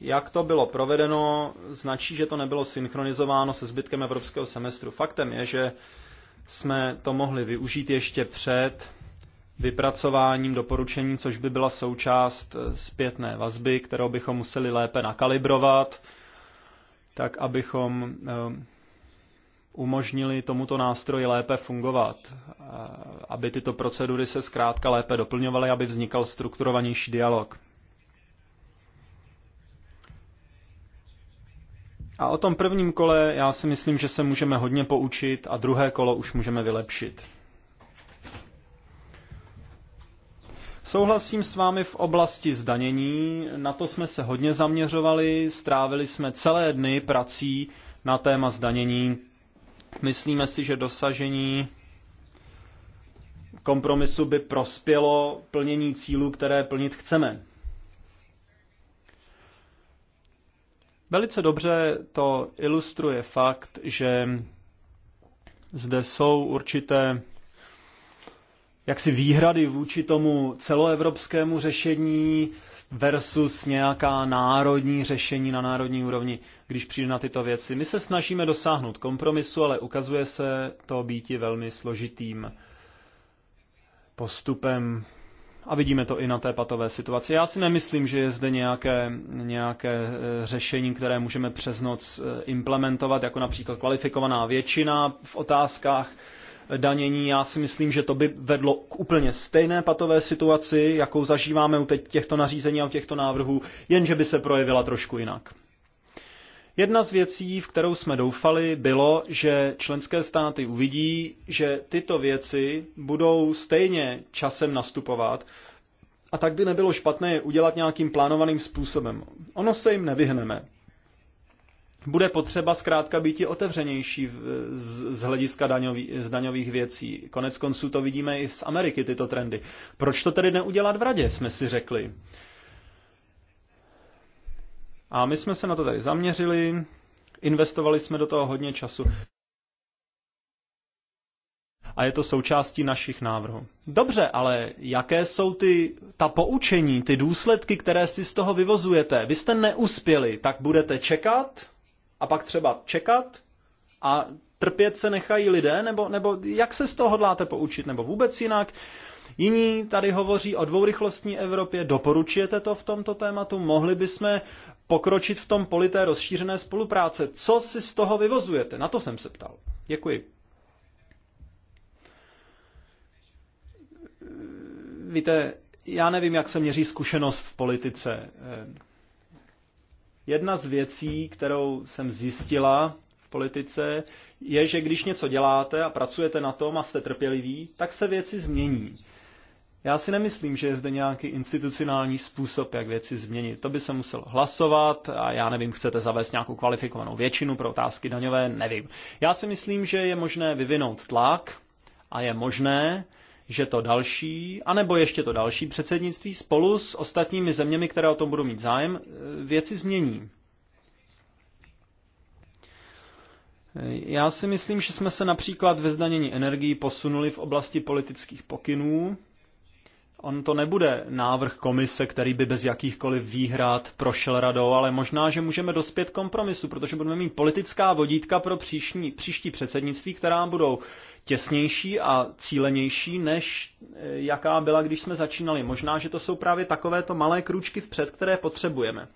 jak to bylo provedeno, značí, že to nebylo synchronizováno se zbytkem evropského semestru. Faktem je, že jsme to mohli využít ještě před vypracováním doporučení, což by byla součást eh, zpětné vazby, kterou bychom museli lépe nakalibrovat, tak abychom eh, umožnili tomuto nástroji lépe fungovat, eh, aby tyto procedury se zkrátka lépe doplňovaly, aby vznikal strukturovanější dialog. A o tom prvním kole já si myslím, že se můžeme hodně poučit a druhé kolo už můžeme vylepšit. Souhlasím s vámi v oblasti zdanění, na to jsme se hodně zaměřovali, strávili jsme celé dny prací na téma zdanění Myslíme si, že dosažení kompromisu by prospělo plnění cílů, které plnit chceme. Velice dobře to ilustruje fakt, že zde jsou určité jaksi výhrady vůči tomu celoevropskému řešení, versus nějaká národní řešení na národní úrovni, když přijde na tyto věci. My se snažíme dosáhnout kompromisu, ale ukazuje se to býti velmi složitým postupem. A vidíme to i na té patové situaci. Já si nemyslím, že je zde nějaké, nějaké eh, řešení, které můžeme přes noc eh, implementovat, jako například kvalifikovaná většina v otázkách danění. Já si myslím, že to by vedlo k úplně stejné patové situaci, jakou zažíváme u těchto nařízení a u těchto návrhů, jenže by se projevila trošku jinak. Jedna z věcí, v kterou jsme doufali, bylo, že členské státy uvidí, že tyto věci budou stejně časem nastupovat a tak by nebylo špatné je udělat nějakým plánovaným způsobem. Ono se jim nevyhneme bude potřeba zkrátka být i otevřenější z, hlediska daňový, z daňových věcí. Konec konců to vidíme i z Ameriky, tyto trendy. Proč to tedy neudělat v radě, jsme si řekli. A my jsme se na to tady zaměřili, investovali jsme do toho hodně času. A je to součástí našich návrhů. Dobře, ale jaké jsou ty, ta poučení, ty důsledky, které si z toho vyvozujete? Vy jste neuspěli, tak budete čekat, a pak třeba čekat a trpět se nechají lidé, nebo, nebo jak se z toho hodláte poučit, nebo vůbec jinak. Jiní tady hovoří o dvourychlostní Evropě, doporučujete to v tomto tématu, mohli bychom pokročit v tom polité rozšířené spolupráce. Co si z toho vyvozujete? Na to jsem se ptal. Děkuji. Víte, já nevím, jak se měří zkušenost v politice. Jedna z věcí, kterou jsem zjistila v politice, je, že když něco děláte a pracujete na tom a jste trpěliví, tak se věci změní. Já si nemyslím, že je zde nějaký institucionální způsob, jak věci změnit. To by se muselo hlasovat a já nevím, chcete zavést nějakou kvalifikovanou většinu pro otázky daňové, nevím. Já si myslím, že je možné vyvinout tlak a je možné, že to další, anebo ještě to další předsednictví spolu s ostatními zeměmi, které o tom budou mít zájem, e, věci změní. E, já si myslím, že jsme se například ve zdanění energií posunuli v oblasti politických pokynů, On to nebude návrh komise, který by bez jakýchkoliv výhrad prošel radou, ale možná, že můžeme dospět kompromisu, protože budeme mít politická vodítka pro příští, příští předsednictví, která budou těsnější a cílenější, než eh, jaká byla, když jsme začínali. Možná, že to jsou právě takovéto malé krůčky vpřed, které potřebujeme.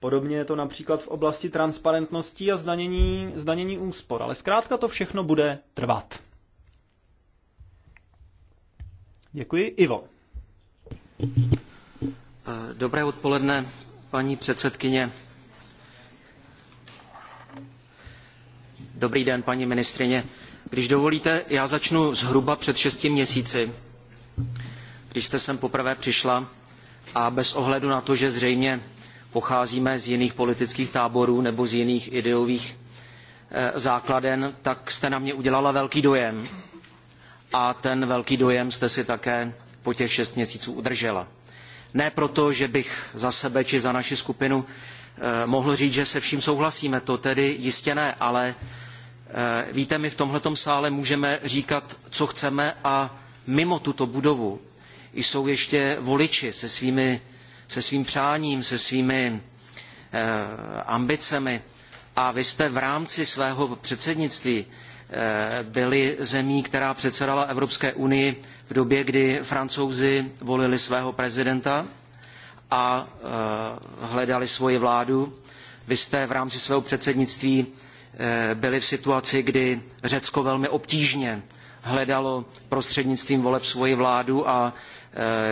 Podobně je to například v oblasti transparentnosti a zdanění, zdanění úspor, ale zkrátka to všechno bude trvat. Děkuji. Ivo. Eh, dobré odpoledne, paní předsedkyně. Dobrý den, paní ministrině. Když dovolíte, já začnu zhruba před šesti měsíci, když jste sem poprvé přišla a bez ohledu na to, že zřejmě pocházíme z jiných politických táborů nebo z jiných ideových eh, základen, tak jste na mě udělala velký dojem. A ten velký dojem jste si také po těch šest měsíců udržela. Ne proto, že bych za sebe či za naši skupinu eh, mohl říct, že se vším souhlasíme, to tedy jistě ne, ale eh, víte, my v tomhletom sále můžeme říkat, co chceme a mimo tuto budovu jsou ještě voliči se, svými, se svým přáním, se svými eh, ambicemi a vy jste v rámci svého předsednictví Eh, byli zemí, která předsedala Evropské unii v době, kdy francouzi volili svého prezidenta a eh, hledali svoji vládu. Vy jste v rámci svého předsednictví eh, byli v situaci, kdy Řecko velmi obtížně hledalo prostřednictvím voleb svoji vládu a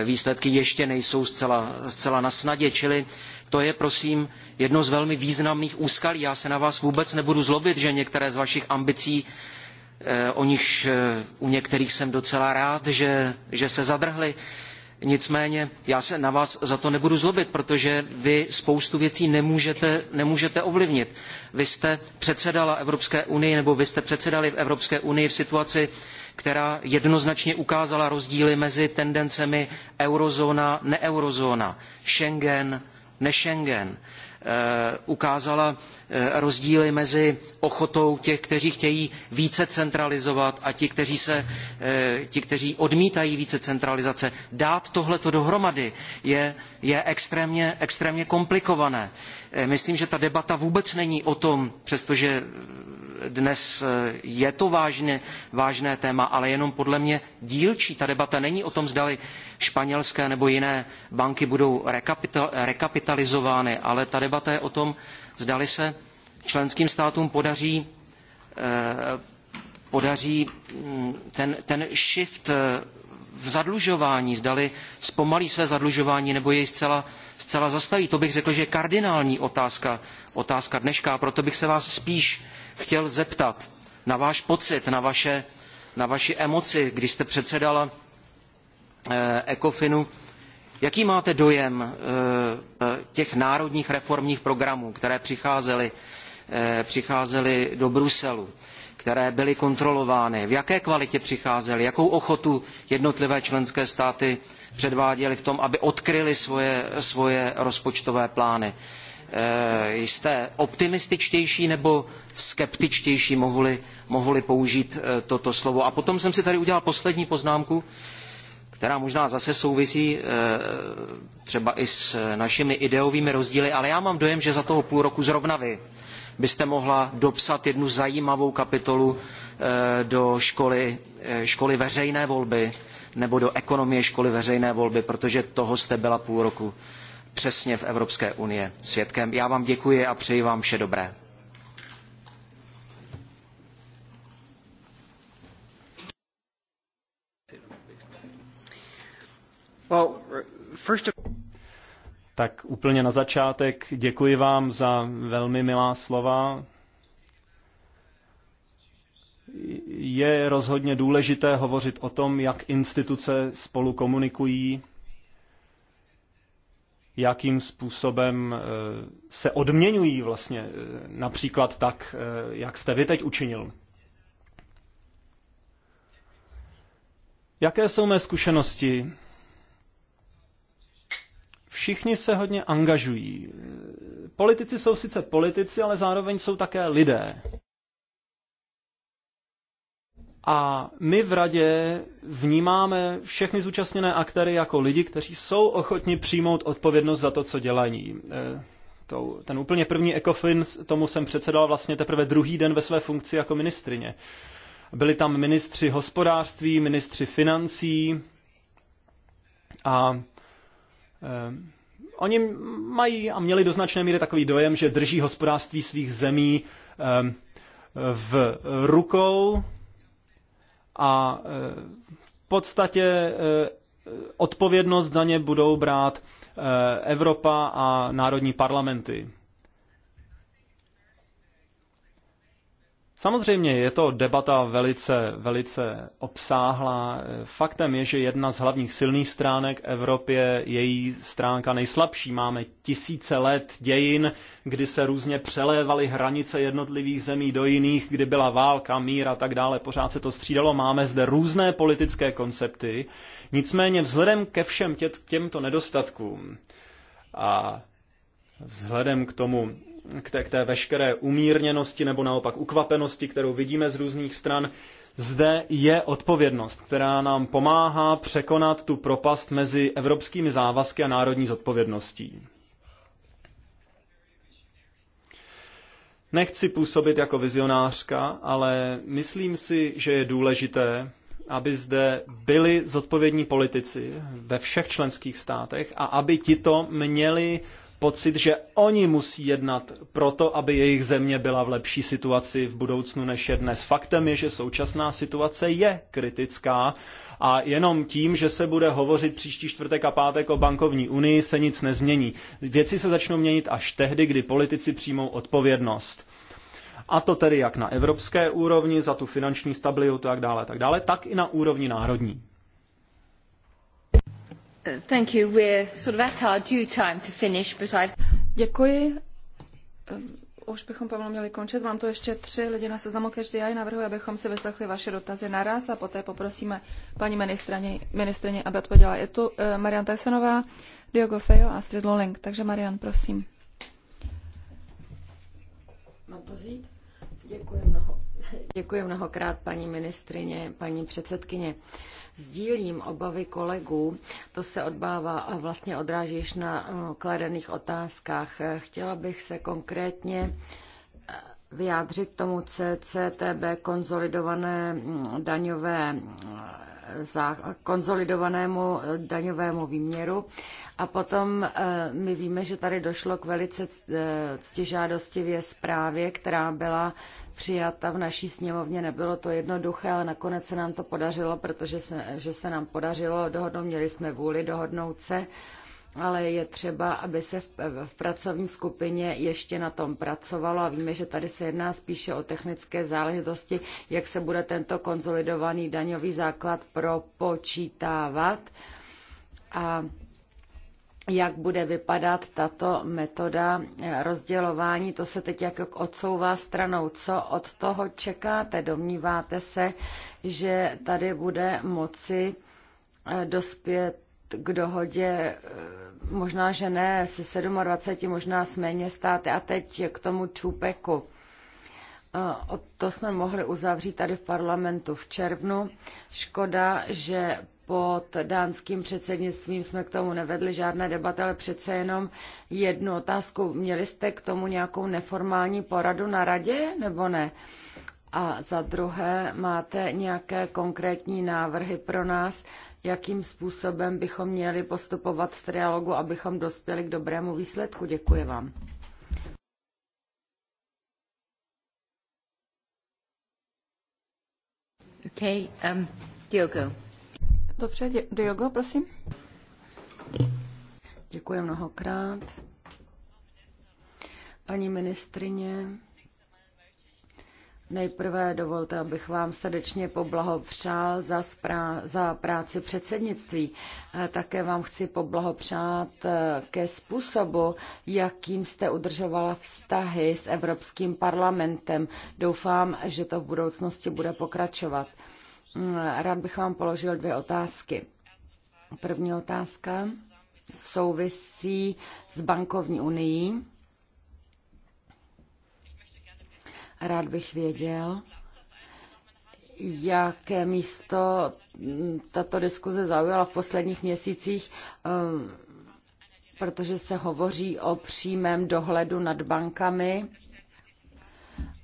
výsledky ještě nejsou zcela, zcela na snadě. Čili to je, prosím, jedno z velmi významných úskalí. Já se na vás vůbec nebudu zlobit, že některé z vašich ambicí, eh, o nich eh, u některých jsem docela rád, že, že se zadrhly, Nicméně já se na vás za to nebudu zlobit, protože vy spoustu věcí nemůžete, nemůžete ovlivnit. Vy jste předsedala Evropské unii, nebo vy jste předsedali v Evropské unii v situaci, která jednoznačně ukázala rozdíly mezi tendencemi eurozóna, neeurozóna, Schengen, než Schengen. Eh, ukázala eh, rozdíly mezi ochotou těch, kteří chtějí více centralizovat a ti, kteří, se, eh, ti, kteří odmítají více centralizace. Dát tohleto dohromady je, je extrémně, extrémně komplikované. Myslím, že ta debata vůbec není o tom, přestože dnes eh, je to vážné, vážné téma, ale jenom podle mě dílčí. Ta debata není o tom, zdali španělské nebo jiné banky budou rekapitalizovány, ale ta debata je o tom, zdali se členským státům podaří, eh, podaří mm, ten, ten shift eh, v zadlužování, zdali zpomalí své zadlužování nebo jej zcela, zcela zastaví. To bych řekl, že je kardinální otázka, otázka dneška a proto bych se vás spíš chtěl zeptat na váš pocit, na, vaše, na vaši emoci, když jste předsedala eh, ECOFINu. Jaký máte dojem eh, těch národních reformních programů, které přicházely, eh, přicházely do Bruselu, které byly kontrolovány? V jaké kvalitě přicházely? Jakou ochotu jednotlivé členské státy předváděly v tom, aby odkryly svoje, svoje rozpočtové plány? Eh, jste optimističtější nebo skeptičtější, mohli, mohli použít eh, toto slovo. A potom jsem si tady udělal poslední poznámku, která možná zase souvisí eh, třeba i s našimi ideovými rozdíly, ale já mám dojem, že za toho půl roku zrovna vy byste mohla dopsat jednu zajímavou kapitolu do školy, školy veřejné volby nebo do ekonomie školy veřejné volby, protože toho jste byla půl roku přesně v Evropské unii svědkem. Já vám děkuji a přeji vám vše dobré. Tak úplně na začátek děkuji vám za velmi milá slova. Je rozhodně důležité hovořit o tom, jak instituce spolu komunikují jakým způsobem eh, se odměňují vlastně eh, například tak, eh, jak jste vy teď učinil. Jaké jsou mé zkušenosti? Všichni se hodně angažují. Politici jsou sice politici, ale zároveň jsou také lidé. A my v radě vnímáme všechny zúčastněné aktéry jako lidi, kteří jsou ochotni přijmout odpovědnost za to, co dělají. E, ten úplně první ECOFIN, tomu jsem předsedal vlastně teprve druhý den ve své funkci jako ministrině. Byli tam ministři hospodářství, ministři financí a e, oni mají a měli do značné míry takový dojem, že drží hospodářství svých zemí e, v rukou, a e, v podstatě e, odpovědnost za ně budou brát e, Evropa a národní parlamenty. Samozřejmě je to debata velice, velice obsáhlá. Faktem je, že jedna z hlavních silných stránek Evropy je její stránka nejslabší. Máme tisíce let dějin, kdy se různě přelévaly hranice jednotlivých zemí do jiných, kdy byla válka, mír a tak dále. Pořád se to střídalo. Máme zde různé politické koncepty. Nicméně vzhledem ke všem tě, těmto nedostatkům a vzhledem k tomu, k té, k té veškeré umírněnosti nebo naopak ukvapenosti, kterou vidíme z různých stran, zde je odpovědnost, která nám pomáhá překonat tu propast mezi evropskými závazky a národní zodpovědností. Nechci působit jako vizionářka, ale myslím si, že je důležité, aby zde byli zodpovědní politici ve všech členských státech a aby tito měli pocit, že oni musí jednat proto, aby jejich země byla v lepší situaci v budoucnu než je dnes. Faktem je, že současná situace je kritická a jenom tím, že se bude hovořit příští čtvrtek a pátek o bankovní unii, se nic nezmění. Věci se začnou měnit až tehdy, kdy politici přijmou odpovědnost. A to tedy jak na evropské úrovni, za tu finanční stabilitu a tak dále, tak dále, tak i na úrovni národní. Děkuji. Už bychom pomalu měli končit. Mám tu ještě tři lidi na seznamu každý já navrhuji, abychom si vyslechli vaše dotazy naraz a poté poprosíme paní ministraně, ministrině, aby odpověděla. Je tu eh, Marian Tysonová, Diogo Fejo a Astrid Loling. Takže Marian, prosím. Mám to vzít? Děkuji, mnoho, děkuji mnohokrát, paní ministrině, paní předsedkyně. Uh, Sdílím obavy kolegů, to se odbává a vlastně odrážíš na eh, kladených otázkách. Chtěla bych se konkrétně eh, vyjádřit tomu CCTB konzolidované mm, daňové eh, za konzolidovanému daňovému výměru. A potom e, my víme, že tady došlo k velice e, ctižádostivě zprávě, která byla přijata v naší sněmovně. Nebylo to jednoduché, ale nakonec se nám to podařilo, protože se, že se nám podařilo dohodnout, měli jsme vůli dohodnout se ale je třeba, aby se v, v pracovní skupině ještě na tom pracovalo a víme, že tady se jedná spíše o technické záležitosti, jak se bude tento konzolidovaný daňový základ propočítávat a jak bude vypadat tato metoda eh, rozdělování. To se teď jako odsouvá stranou. Co od toho čekáte? Domníváte se, že tady bude moci eh, dospět k dohodě, e, možná, že ne se 27, možná s méně státy. A teď k tomu čupeku. E, o to jsme mohli uzavřít tady v parlamentu v červnu. Škoda, že pod dánským předsednictvím jsme k tomu nevedli žádné debaty, ale přece jenom jednu otázku. Měli jste k tomu nějakou neformální poradu na radě nebo ne? A za druhé, máte nějaké konkrétní návrhy pro nás, jakým způsobem bychom měli postupovat v trialogu, abychom dospěli k dobrému výsledku. Děkuji vám. Okay, um, Diogo. Dobře, Diogo, prosím. Děkuji mnohokrát. Paní ministrině, Nejprve dovolte, abych vám srdečně poblahopřál za, sprá- za práci předsednictví. Také vám chci poblahopřát e, ke způsobu, jakým jste udržovala vztahy s Evropským parlamentem. Doufám, že to v budoucnosti bude pokračovat. Mm, rád bych vám položil dvě otázky. První otázka souvisí s bankovní unii Rád bych věděl, jaké místo tato diskuze zaujala v posledních měsících, ehm, protože se hovoří o přímém dohledu nad bankami.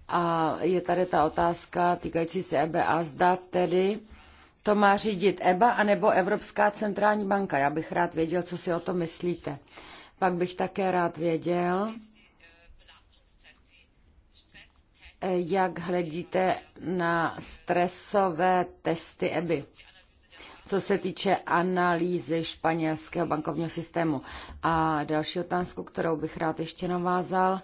A je tady ta otázka týkající se EBA. Zda tedy to má řídit EBA anebo Evropská centrální banka. Já bych rád věděl, co si o to myslíte. Pak bych také rád věděl, jak hledíte na stresové testy EBY, co se týče analýzy španělského bankovního systému. A další otázku, kterou bych rád ještě navázal,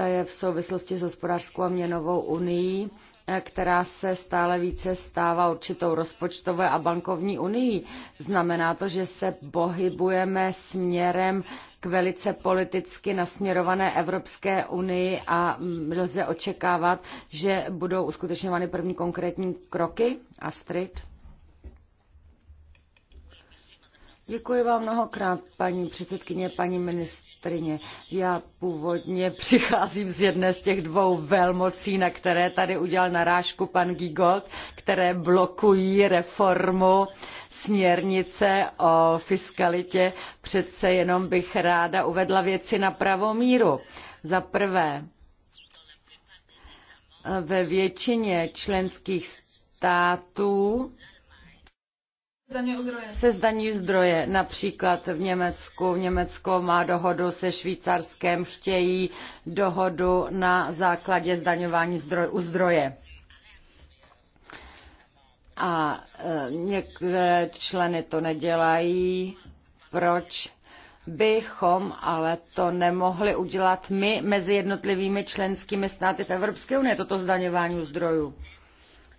ta je v souvislosti s hospodářskou a měnovou unii, eh, která se stále více stává určitou rozpočtové a bankovní unii. Znamená to, že se pohybujeme směrem k velice politicky nasměrované Evropské unii a mm, lze očekávat, že budou uskutečňovány první konkrétní kroky. Astrid? Děkuji vám mnohokrát, paní předsedkyně, paní ministr ministrině. Já původně přicházím z jedné z těch dvou velmocí, na které tady udělal narážku pan Gigold, které blokují reformu směrnice o fiskalitě. Přece jenom bych ráda uvedla věci na pravou míru. Za prvé, ve většině členských států se zdaní zdroje. Například v Německu. Německo má dohodu se Švýcarskem, chtějí dohodu na základě zdaňování zdroj, u zdroje. A e, některé členy to nedělají. Proč? bychom ale to nemohli udělat my mezi jednotlivými členskými státy v Evropské unii, toto zdaňování zdrojů.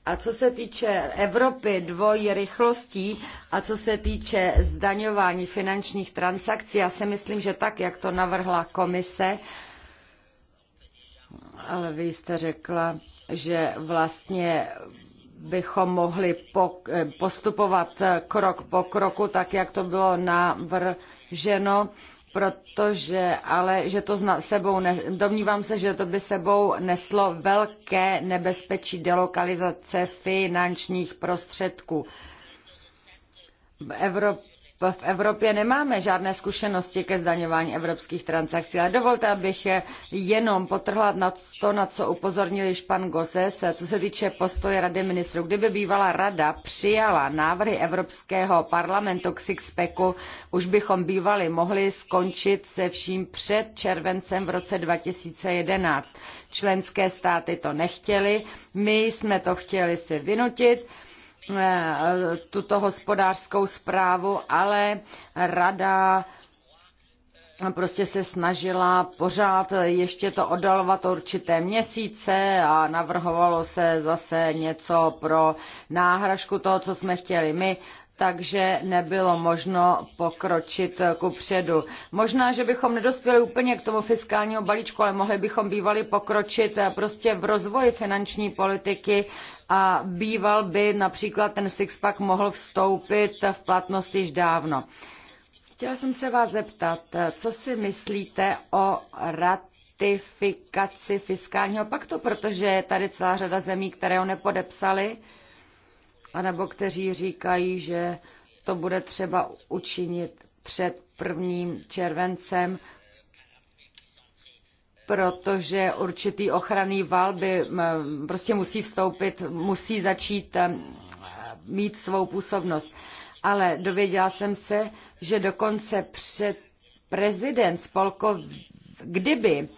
A co se týče Evropy dvojí rychlostí a co se týče zdaňování finančních transakcí, já si myslím, že tak, jak to navrhla komise, ale vy jste řekla, že vlastně bychom mohli postupovat krok po kroku, tak jak to bylo navrženo, protože ale že to zna, sebou ne, domnívám se, že to by sebou neslo velké nebezpečí delokalizace finančních prostředků. v Evropě v Evropě nemáme žádné zkušenosti ke zdaňování evropských transakcí, ale dovolte, abych jenom potrhla na to, na co upozornil již pan Gozes, co se týče postoje Rady ministrů. Kdyby bývala Rada přijala návrhy Evropského parlamentu k Sixpacku, už bychom bývali mohli skončit se vším před červencem v roce 2011. Členské státy to nechtěly, my jsme to chtěli si vynutit. Eh, tuto hospodářskou zprávu, ale rada prostě se snažila pořád ještě to odalovat určité měsíce a navrhovalo se zase něco pro náhražku toho, co jsme chtěli my takže nebylo možno pokročit eh, ku předu. Možná, že bychom nedospěli úplně k tomu fiskálnímu balíčku, ale mohli bychom bývali pokročit eh, prostě v rozvoji finanční politiky a býval by například ten sixpack mohl vstoupit v platnost již dávno. Chtěla jsem se vás zeptat, eh, co si myslíte o ratifikaci fiskálního paktu, protože je tady celá řada zemí, které ho nepodepsaly anebo kteří říkají, že to bude třeba učinit před prvním červencem, protože určitý ochranný val by prostě musí vstoupit, musí začít mít svou působnost. Ale dověděla jsem se, že dokonce před prezident spolkov, kdyby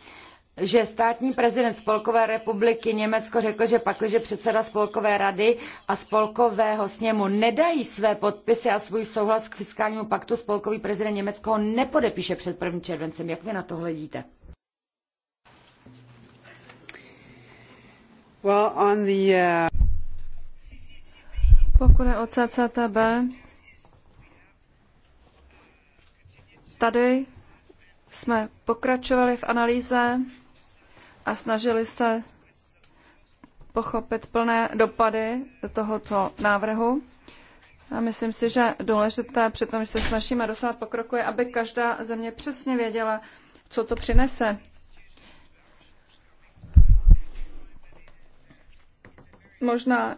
že státní prezident Spolkové republiky Německo řekl, že pakliže předseda Spolkové rady a Spolkového sněmu nedají své podpisy a svůj souhlas k fiskálnímu paktu, Spolkový prezident Německo ho nepodepíše před 1. červencem. Jak vy na to hledíte? Well, on the, uh... Pokud je o CCTB, tady jsme pokračovali v analýze a snažili se pochopit plné dopady tohoto návrhu. A myslím si, že důležité při tom, že se snažíme dosáhnout pokroku, je, aby každá země přesně věděla, co to přinese. Možná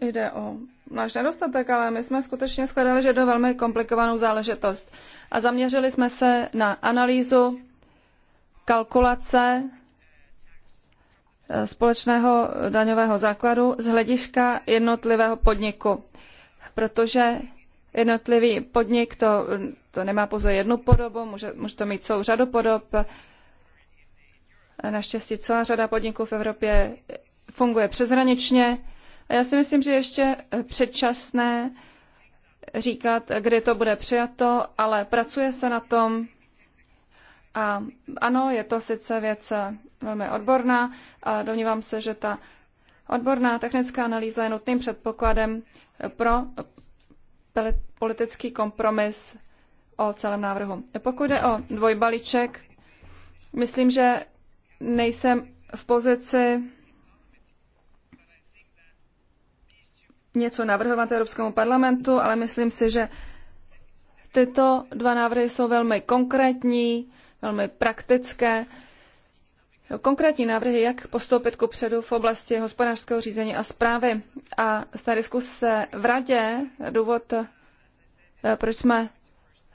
jde o náš nedostatek, ale my jsme skutečně shledali, že je to velmi komplikovanou záležitost. A zaměřili jsme se na analýzu, kalkulace společného daňového základu z hlediska jednotlivého podniku, protože jednotlivý podnik to, to nemá pouze jednu podobu, může, může to mít celou řadu podob. Naštěstí celá řada podniků v Evropě funguje přeshraničně. A já si myslím, že ještě předčasné říkat, kdy to bude přijato, ale pracuje se na tom. A ano, je to sice věc eh, velmi odborná a domnívám se, že ta odborná technická analýza je nutným předpokladem eh, pro politický kompromis o celém návrhu. Pokud jde o dvojbalíček, myslím, že nejsem v pozici něco navrhovat Evropskému parlamentu, ale myslím si, že tyto dva návrhy jsou velmi konkrétní, velmi praktické konkrétní návrhy, jak postoupit ku předu v oblasti hospodářského řízení a zprávy. A z té diskuse v radě důvod, eh, proč jsme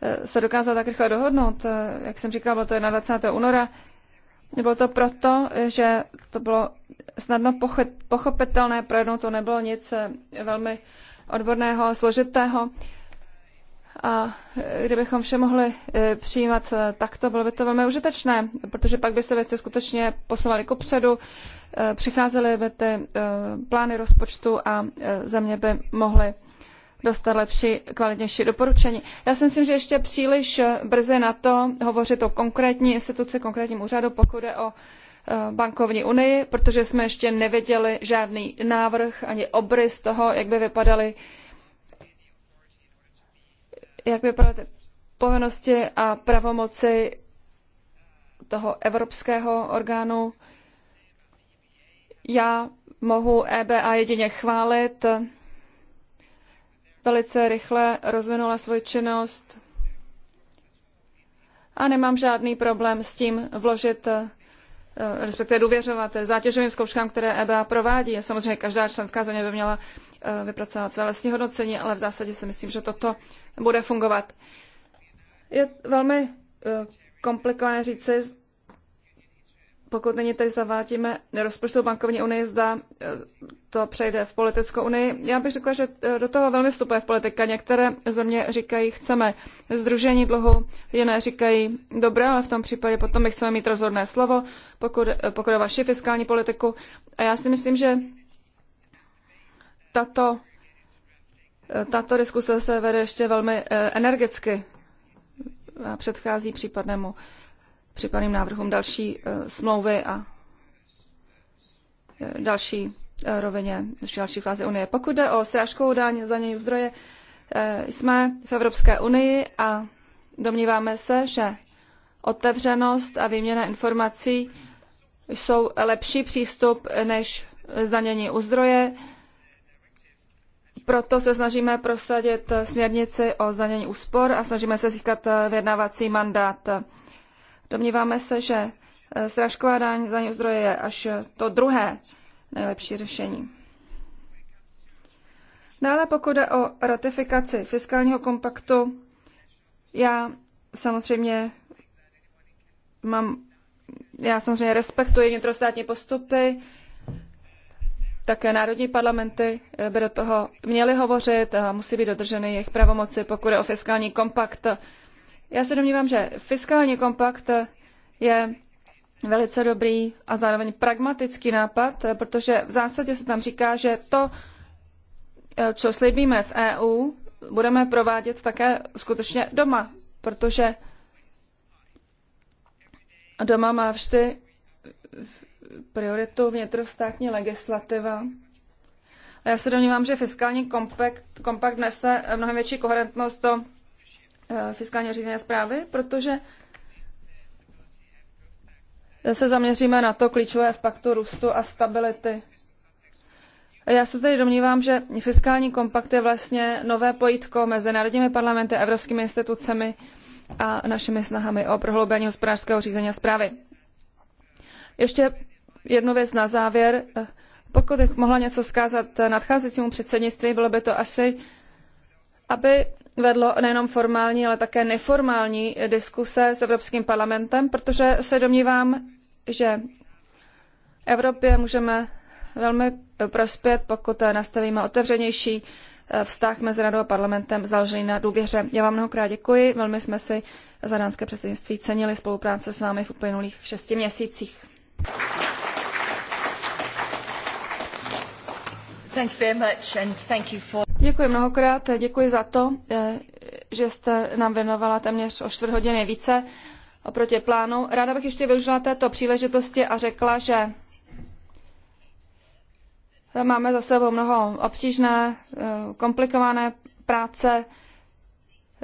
eh, se dokázali tak rychle dohodnout, eh, jak jsem říkala, bylo to 21. února, bylo to proto, že to bylo snadno pochopitelné, pro jednou to nebylo nic velmi odborného, složitého. A e, kdybychom vše mohli e, přijímat e, takto, bylo by to velmi užitečné, protože pak by se věci skutečně posouvaly kopředu, přicházely by ty plány rozpočtu a země by mohly dostat lepší, kvalitnější doporučení. Já si myslím, že ještě příliš brzy na to hovořit o konkrétní instituci, konkrétním úřadu, pokud je o bankovní unii, protože jsme ještě neviděli žádný návrh ani obrys toho, jak by vypadaly jak vypadaly ty povinnosti a pravomoci toho evropského orgánu. Já mohu EBA jedině chválit. Velice rychle rozvinula svoji činnost a nemám žádný problém s tím vložit Eh, respektive důvěřovat zátěžovým zkouškám, které EBA provádí. Samozřejmě každá členská země by měla eh, vypracovat své vlastní hodnocení, ale v zásadě si myslím, že toto bude fungovat. Je velmi eh, komplikované říci, pokud není tady zavádíme rozpočtovou bankovní unii, zda to přejde v politickou unii. Já bych řekla, že eh, do toho velmi vstupuje v politika. Některé země říkají, chceme združení dluhu, jiné říkají, dobré, ale v tom případě potom my chceme mít rozhodné slovo, pokud, eh, pokud je vaši fiskální politiku. A já si myslím, že tato, eh, tato diskuse se vede ještě velmi energicky a předchází případnému případným návrhům další smlouvy a další Eh, rovině další fáze Unie. Pokud jde o srážkou daň, zdanění zdroje, eh, jsme v Evropské unii a domníváme se, že otevřenost a výměna informací jsou lepší přístup než zdanění u zdroje. Proto se snažíme prosadit směrnici o zdanění úspor a snažíme se získat eh, vyjednávací mandát. Domníváme se, že srážková daň za zdroje je až to druhé nejlepší řešení. Dále pokud jde o ratifikaci fiskálního kompaktu, já samozřejmě mám, já samozřejmě respektuji vnitrostátní postupy, také národní parlamenty by do toho měly hovořit a musí být dodrženy jejich pravomoci, pokud je o fiskální kompakt. Já se domnívám, že fiskální kompakt je velice dobrý a zároveň pragmatický nápad, eh, protože v zásadě se tam říká, že to, eh, co slibíme v EU, budeme provádět také skutečně doma, protože doma má vždy prioritu vnitrostátní legislativa. A já se domnívám, že fiskální kompakt, kompakt nese mnohem větší koherentnost do eh, fiskálního řízení a zprávy, protože se zaměříme na to klíčové v paktu růstu a stability. Já se tedy domnívám, že fiskální kompakt je vlastně nové pojítko mezi národními parlamenty, evropskými institucemi a našimi snahami o prohloubení hospodářského řízení a zprávy. Ještě jednu věc na závěr. Pokud bych mohla něco zkázat nadcházejícímu předsednictví, bylo by to asi, aby vedlo nejenom formální, ale také neformální diskuse s Evropským parlamentem, protože se domnívám, že Evropě můžeme velmi prospět, pokud nastavíme otevřenější eh, vztah mezi radou a parlamentem založený na důvěře. Já vám mnohokrát děkuji, velmi jsme si za dánské předsednictví cenili spolupráce s vámi v uplynulých šesti měsících. For... Děkuji mnohokrát, děkuji za to, eh, že jste nám věnovala téměř o čtvrt hodiny více oproti plánu. Ráda bych ještě využila této příležitosti a řekla, že máme za sebou mnoho obtížné, eh, komplikované práce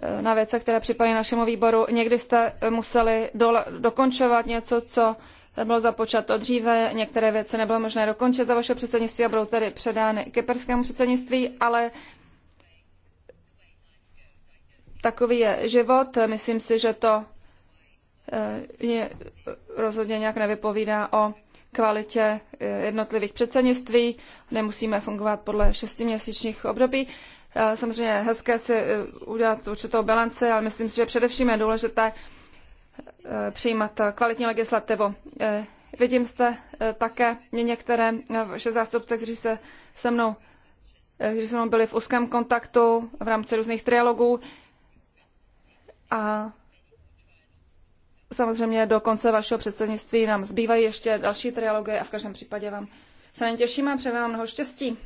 eh, na věce, které připadají našemu výboru. Někdy jste museli dokončovat něco, co bylo započato dříve, některé věci nebylo možné dokončit za vaše předsednictví a budou tedy předány kyperskému předsednictví, ale takový je život. Myslím si, že to Eh, mě eh, rozhodně nějak nevypovídá o kvalitě eh, jednotlivých předsednictví. Nemusíme fungovat podle šestiměsíčních období. Samozřejmě hezké si udělat určitou bilanci, ale myslím si, že především je důležité přijímat kvalitní legislativu. Vidím jste také některé vaše zástupce, kteří se se mnou, kteří se mnou byli v úzkém kontaktu v rámci různých trialogů. A Samozřejmě do konce vašeho předsednictví nám zbývají ještě další trialogy a v každém případě vám se na ně těším a přeji vám mnoho štěstí.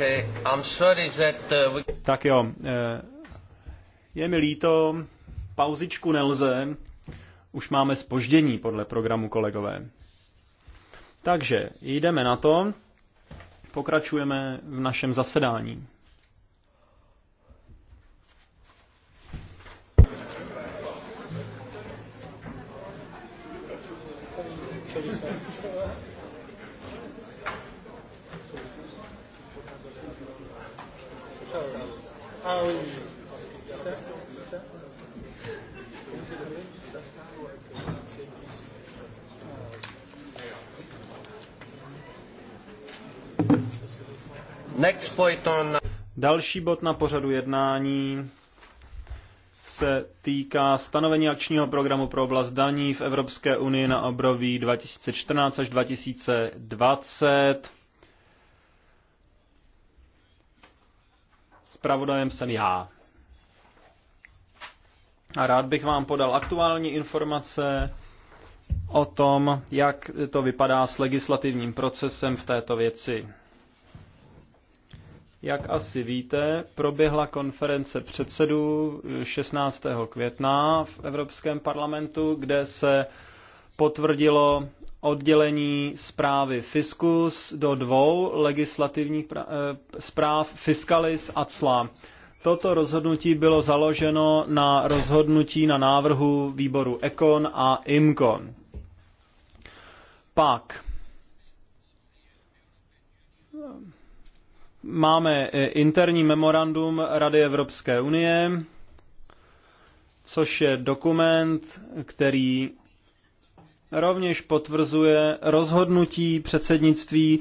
Okay. I'm sorry that uh, we... Tak jo, eh, je mi líto, pauzičku nelze, už máme spoždění podle programu kolegové. Takže jdeme na to, pokračujeme v našem zasedání. Next point on... Další bod na pořadu jednání se týká stanovení akčního programu pro oblast daní v Evropské unii na období 2014 až 2020. Spravodajem jsem já. A rád bych vám podal aktuální informace o tom, jak to vypadá s legislativním procesem v této věci. Jak asi víte, proběhla konference předsedů 16. května v Evropském parlamentu, kde se potvrdilo oddělení zprávy Fiskus do dvou legislativních eh, zpráv Fiskalis a CLA. Toto rozhodnutí bylo založeno na rozhodnutí na návrhu výboru Econ a IMCON. Pak Máme eh, interní memorandum Rady Evropské unie, což je dokument, který rovněž potvrzuje rozhodnutí předsednictví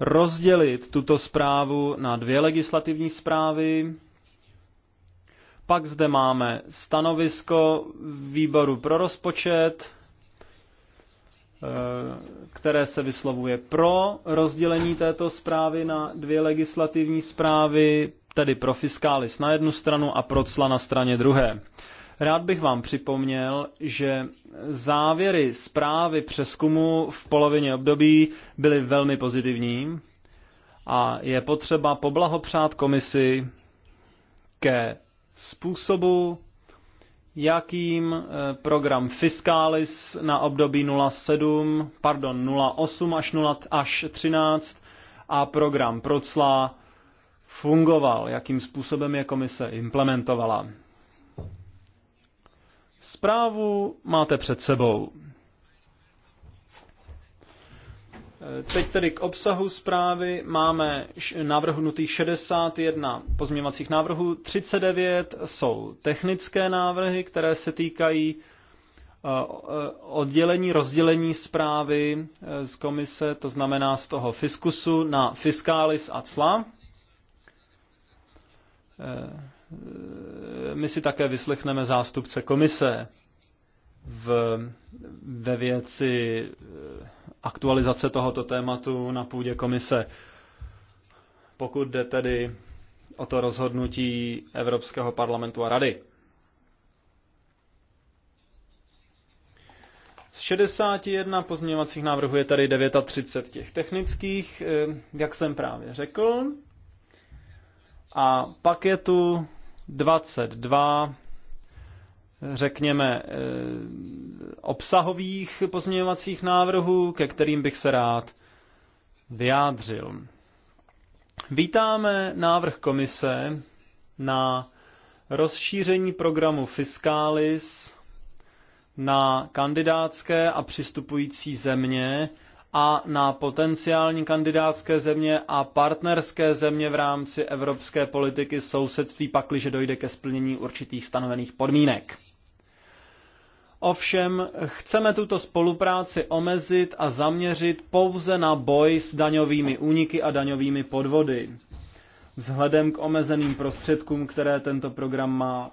rozdělit tuto zprávu na dvě legislativní zprávy. Pak zde máme stanovisko výboru pro rozpočet, Eh, které se vyslovuje pro rozdělení této zprávy na dvě legislativní zprávy, tedy pro fiskális na jednu stranu a pro cla na straně druhé. Rád bych vám připomněl, že závěry zprávy přeskumu v polovině období byly velmi pozitivní a je potřeba poblahopřát komisi ke způsobu jakým eh, program Fiscalis na období 07, pardon, 08 až 0 až 13 a program Procla fungoval, jakým způsobem je komise implementovala. Zprávu máte před sebou. Teď tedy k obsahu zprávy máme navrhnutých 61 pozměňovacích návrhů, 39 jsou technické návrhy, které se týkají eh, oddělení, rozdělení zprávy eh, z komise, to znamená z toho fiskusu na fiskális a cla. Eh, my si také vyslechneme zástupce komise v, ve věci aktualizace tohoto tématu na půdě komise. Pokud jde tedy o to rozhodnutí Evropského parlamentu a rady. Z 61 pozměňovacích návrhů je tady 39 těch technických, eh, jak jsem právě řekl. A pak je tu 22 řekněme, eh, obsahových pozměňovacích návrhů, ke kterým bych se rád vyjádřil. Vítáme návrh komise na rozšíření programu Fiscalis na kandidátské a přistupující země, a na potenciální kandidátské země a partnerské země v rámci evropské politiky sousedství, pakliže dojde ke splnění určitých stanovených podmínek. Ovšem, chceme tuto spolupráci omezit a zaměřit pouze na boj s daňovými úniky a daňovými podvody. Vzhledem k omezeným prostředkům, které tento program má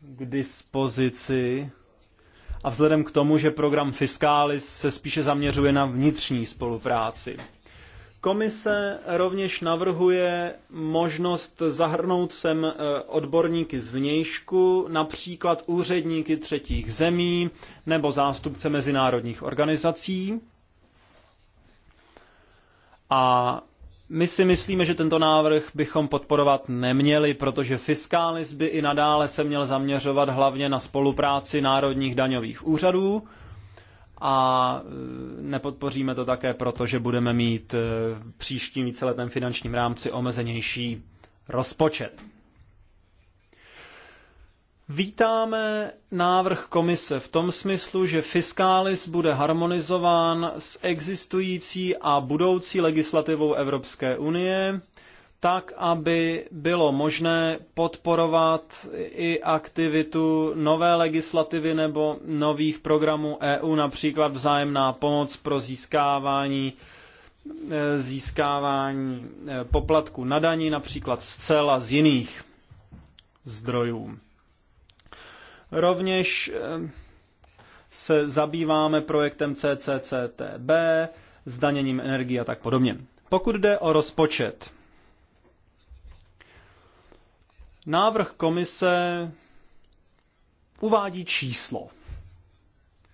k dispozici, a vzhledem k tomu, že program Fiscalis se spíše zaměřuje na vnitřní spolupráci. Komise rovněž navrhuje možnost zahrnout sem e, odborníky z vnějšku, například úředníky třetích zemí nebo zástupce mezinárodních organizací. A my si myslíme, že tento návrh bychom podporovat neměli, protože fiskális by i nadále se měl zaměřovat hlavně na spolupráci národních daňových úřadů a e, nepodpoříme to také proto, že budeme mít e, v příštím víceletém finančním rámci omezenější rozpočet. Vítáme návrh komise v tom smyslu, že fiskális bude harmonizován s existující a budoucí legislativou Evropské unie, tak, aby bylo možné podporovat i aktivitu nové legislativy nebo nových programů EU, například vzájemná pomoc pro získávání eh, získávání eh, poplatku na daní, například zcela z jiných zdrojů. Rovněž eh, se zabýváme projektem CCCTB, zdaněním energie a tak podobně. Pokud jde o rozpočet, návrh komise uvádí číslo.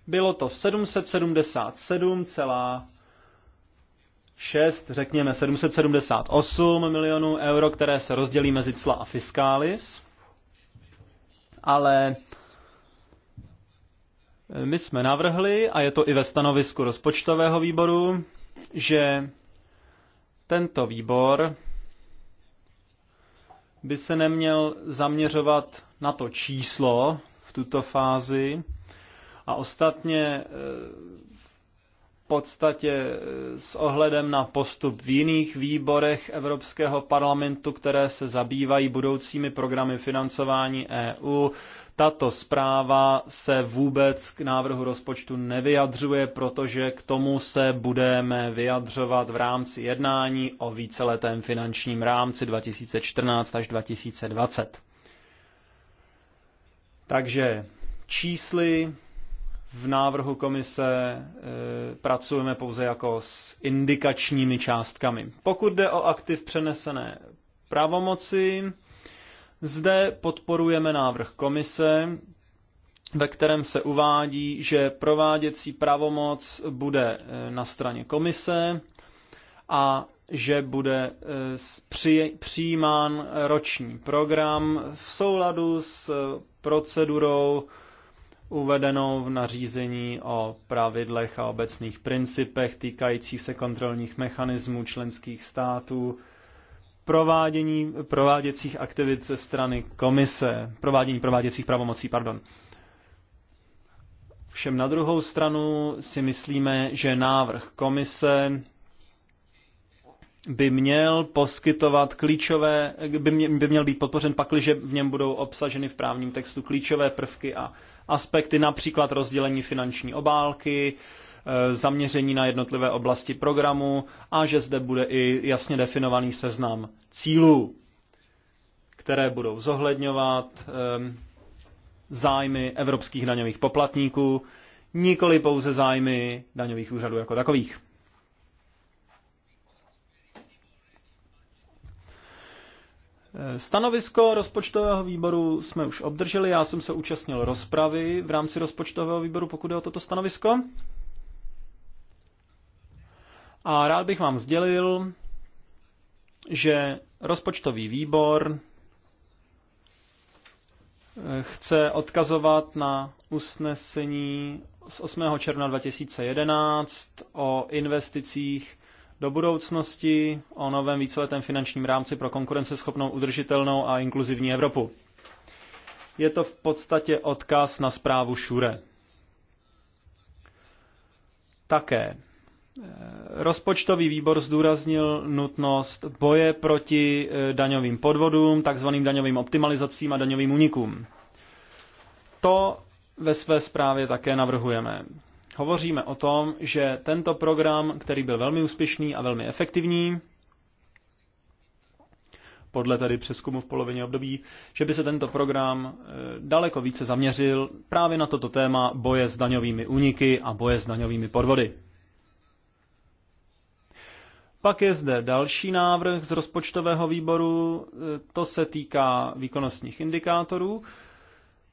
Bylo to 777,6, řekněme 778 milionů euro, které se rozdělí mezi cla a fiskális, ale my jsme navrhli, a je to i ve stanovisku rozpočtového výboru, že tento výbor by se neměl zaměřovat na to číslo v tuto fázi. A ostatně eh, v podstatě eh, s ohledem na postup v jiných výborech Evropského parlamentu, které se zabývají budoucími programy financování EU, tato zpráva se vůbec k návrhu rozpočtu nevyjadřuje, protože k tomu se budeme vyjadřovat v rámci jednání o víceletém finančním rámci 2014 až 2020. Takže čísly v návrhu komise e, pracujeme pouze jako s indikačními částkami. Pokud jde o aktiv přenesené pravomoci, zde podporujeme návrh komise, ve kterém se uvádí, že prováděcí pravomoc bude eh, na straně komise a že bude eh, přijímán roční program v souladu s eh, procedurou uvedenou v nařízení o pravidlech a obecných principech týkajících se kontrolních mechanismů členských států provádění prováděcích aktivit ze strany komise, provádění prováděcích pravomocí, pardon. Všem na druhou stranu si myslíme, že návrh komise by měl poskytovat klíčové, by, mě, by měl být podpořen pakliže v něm budou obsaženy v právním textu klíčové prvky a aspekty, například rozdělení finanční obálky, Eh, zaměření na jednotlivé oblasti programu a že zde bude i jasně definovaný seznam cílů, které budou zohledňovat ehm, zájmy evropských daňových poplatníků, nikoli pouze zájmy daňových úřadů jako takových. Eh, stanovisko rozpočtového výboru jsme už obdrželi. Já jsem se účastnil rozpravy v rámci rozpočtového výboru, pokud je o toto stanovisko. A rád bych vám sdělil, že rozpočtový výbor eh, chce odkazovat na usnesení z 8. června 2011 o investicích do budoucnosti, o novém víceletém finančním rámci pro konkurenceschopnou, udržitelnou a inkluzivní Evropu. Je to v podstatě odkaz na zprávu Šure. Také Rozpočtový výbor zdůraznil nutnost boje proti eh, daňovým podvodům, takzvaným daňovým optimalizacím a daňovým unikům. To ve své zprávě také navrhujeme. Hovoříme o tom, že tento program, který byl velmi úspěšný a velmi efektivní, podle tedy přeskumu v polovině období, že by se tento program eh, daleko více zaměřil právě na toto téma boje s daňovými úniky a boje s daňovými podvody. Pak je zde další návrh z rozpočtového výboru, e, to se týká výkonnostních indikátorů.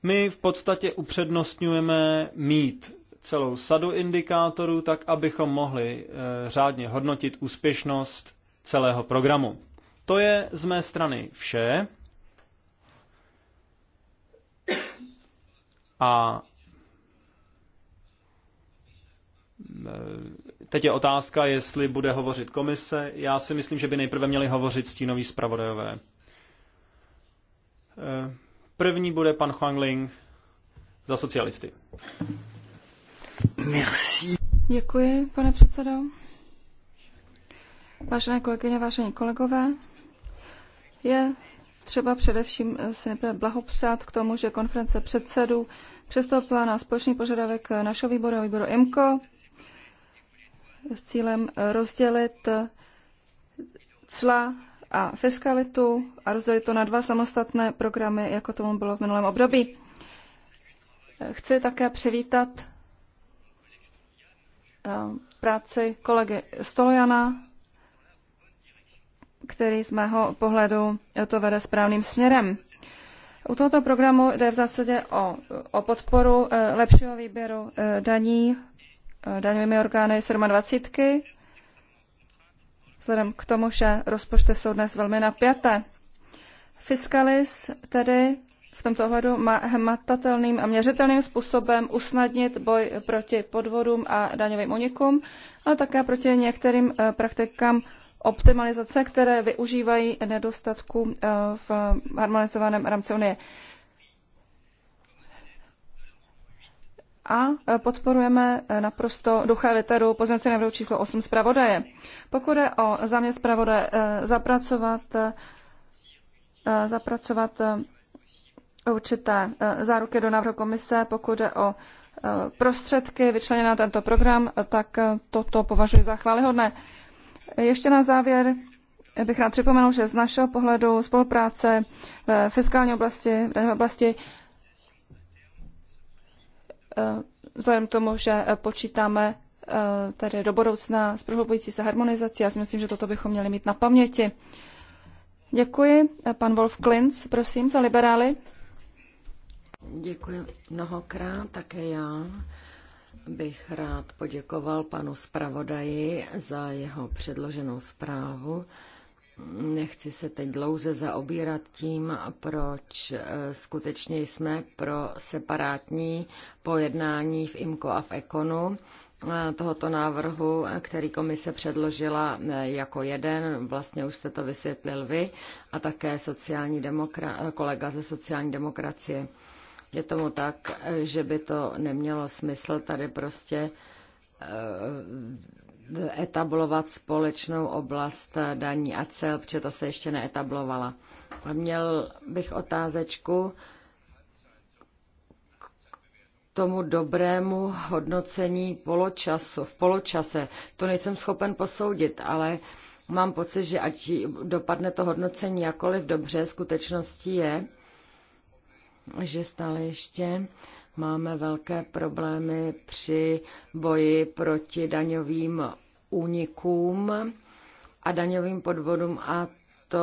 My v podstatě upřednostňujeme mít celou sadu indikátorů, tak abychom mohli e, řádně hodnotit úspěšnost celého programu. To je z mé strany vše. A e, Teď je otázka, jestli bude hovořit komise. Já si myslím, že by nejprve měli hovořit stínoví zpravodajové. Eh, první bude pan Huang Ling za socialisty. Merci. Děkuji, pane předsedo. Vážené kolegyně, vážení kolegové, je třeba především eh, si nejprve blahopřát k tomu, že konference předsedů přestoupila na společný požadavek našeho výboru a výboru IMCO s cílem rozdělit cla a fiskalitu a rozdělit to na dva samostatné programy, jako tomu bylo v minulém období. Chci také přivítat eh, práci kolegy Stolojana, který z mého pohledu to vede správným směrem. U tohoto programu jde v zásadě o, o podporu eh, lepšího výběru eh, daní Eh, daňovými orgány 27. Vzhledem k tomu, že rozpočty jsou dnes velmi napjaté. Fiskalis tedy v tomto ohledu má hmatatelným a měřitelným způsobem usnadnit boj proti podvodům a daňovým unikům, ale také proti některým eh, praktikám optimalizace, které využívají nedostatku eh, v harmonizovaném rámci Unie. a e, podporujeme e, naprosto ducha literu pozměnce návrhu číslo 8 zpravodaje. Pokud je o záměr zpravodaje e, zapracovat, zapracovat určité záruky do návrhu komise, pokud je o prostředky vyčleněné na tento program, tak toto považuji za chválihodné. Ještě na závěr bych rád připomenul, že z našeho pohledu spolupráce v fiskální oblasti, v oblasti Eh, vzhledem k tomu, že eh, počítáme eh, tady do budoucna s prohlubující se harmonizací, já si myslím, že toto bychom měli mít na paměti. Děkuji. Pan Wolf Klinc, prosím, za liberály. Děkuji mnohokrát, také já bych rád poděkoval panu zpravodaji za jeho předloženou zprávu. Nechci se teď dlouze zaobírat tím, proč eh, skutečně jsme pro separátní pojednání v IMCO a v EKONu eh, tohoto návrhu, který komise předložila eh, jako jeden, vlastně už jste to vysvětlil vy, a také sociální demokra- kolega ze sociální demokracie. Je tomu tak, že by to nemělo smysl tady prostě etablovat společnou oblast daní a cel, protože to se ještě neetablovala. A měl bych otázečku k tomu dobrému hodnocení poločasu, v poločase. To nejsem schopen posoudit, ale mám pocit, že ať dopadne to hodnocení jakoliv dobře, skutečností je, že stále ještě máme velké problémy při boji proti daňovým únikům a daňovým podvodům a to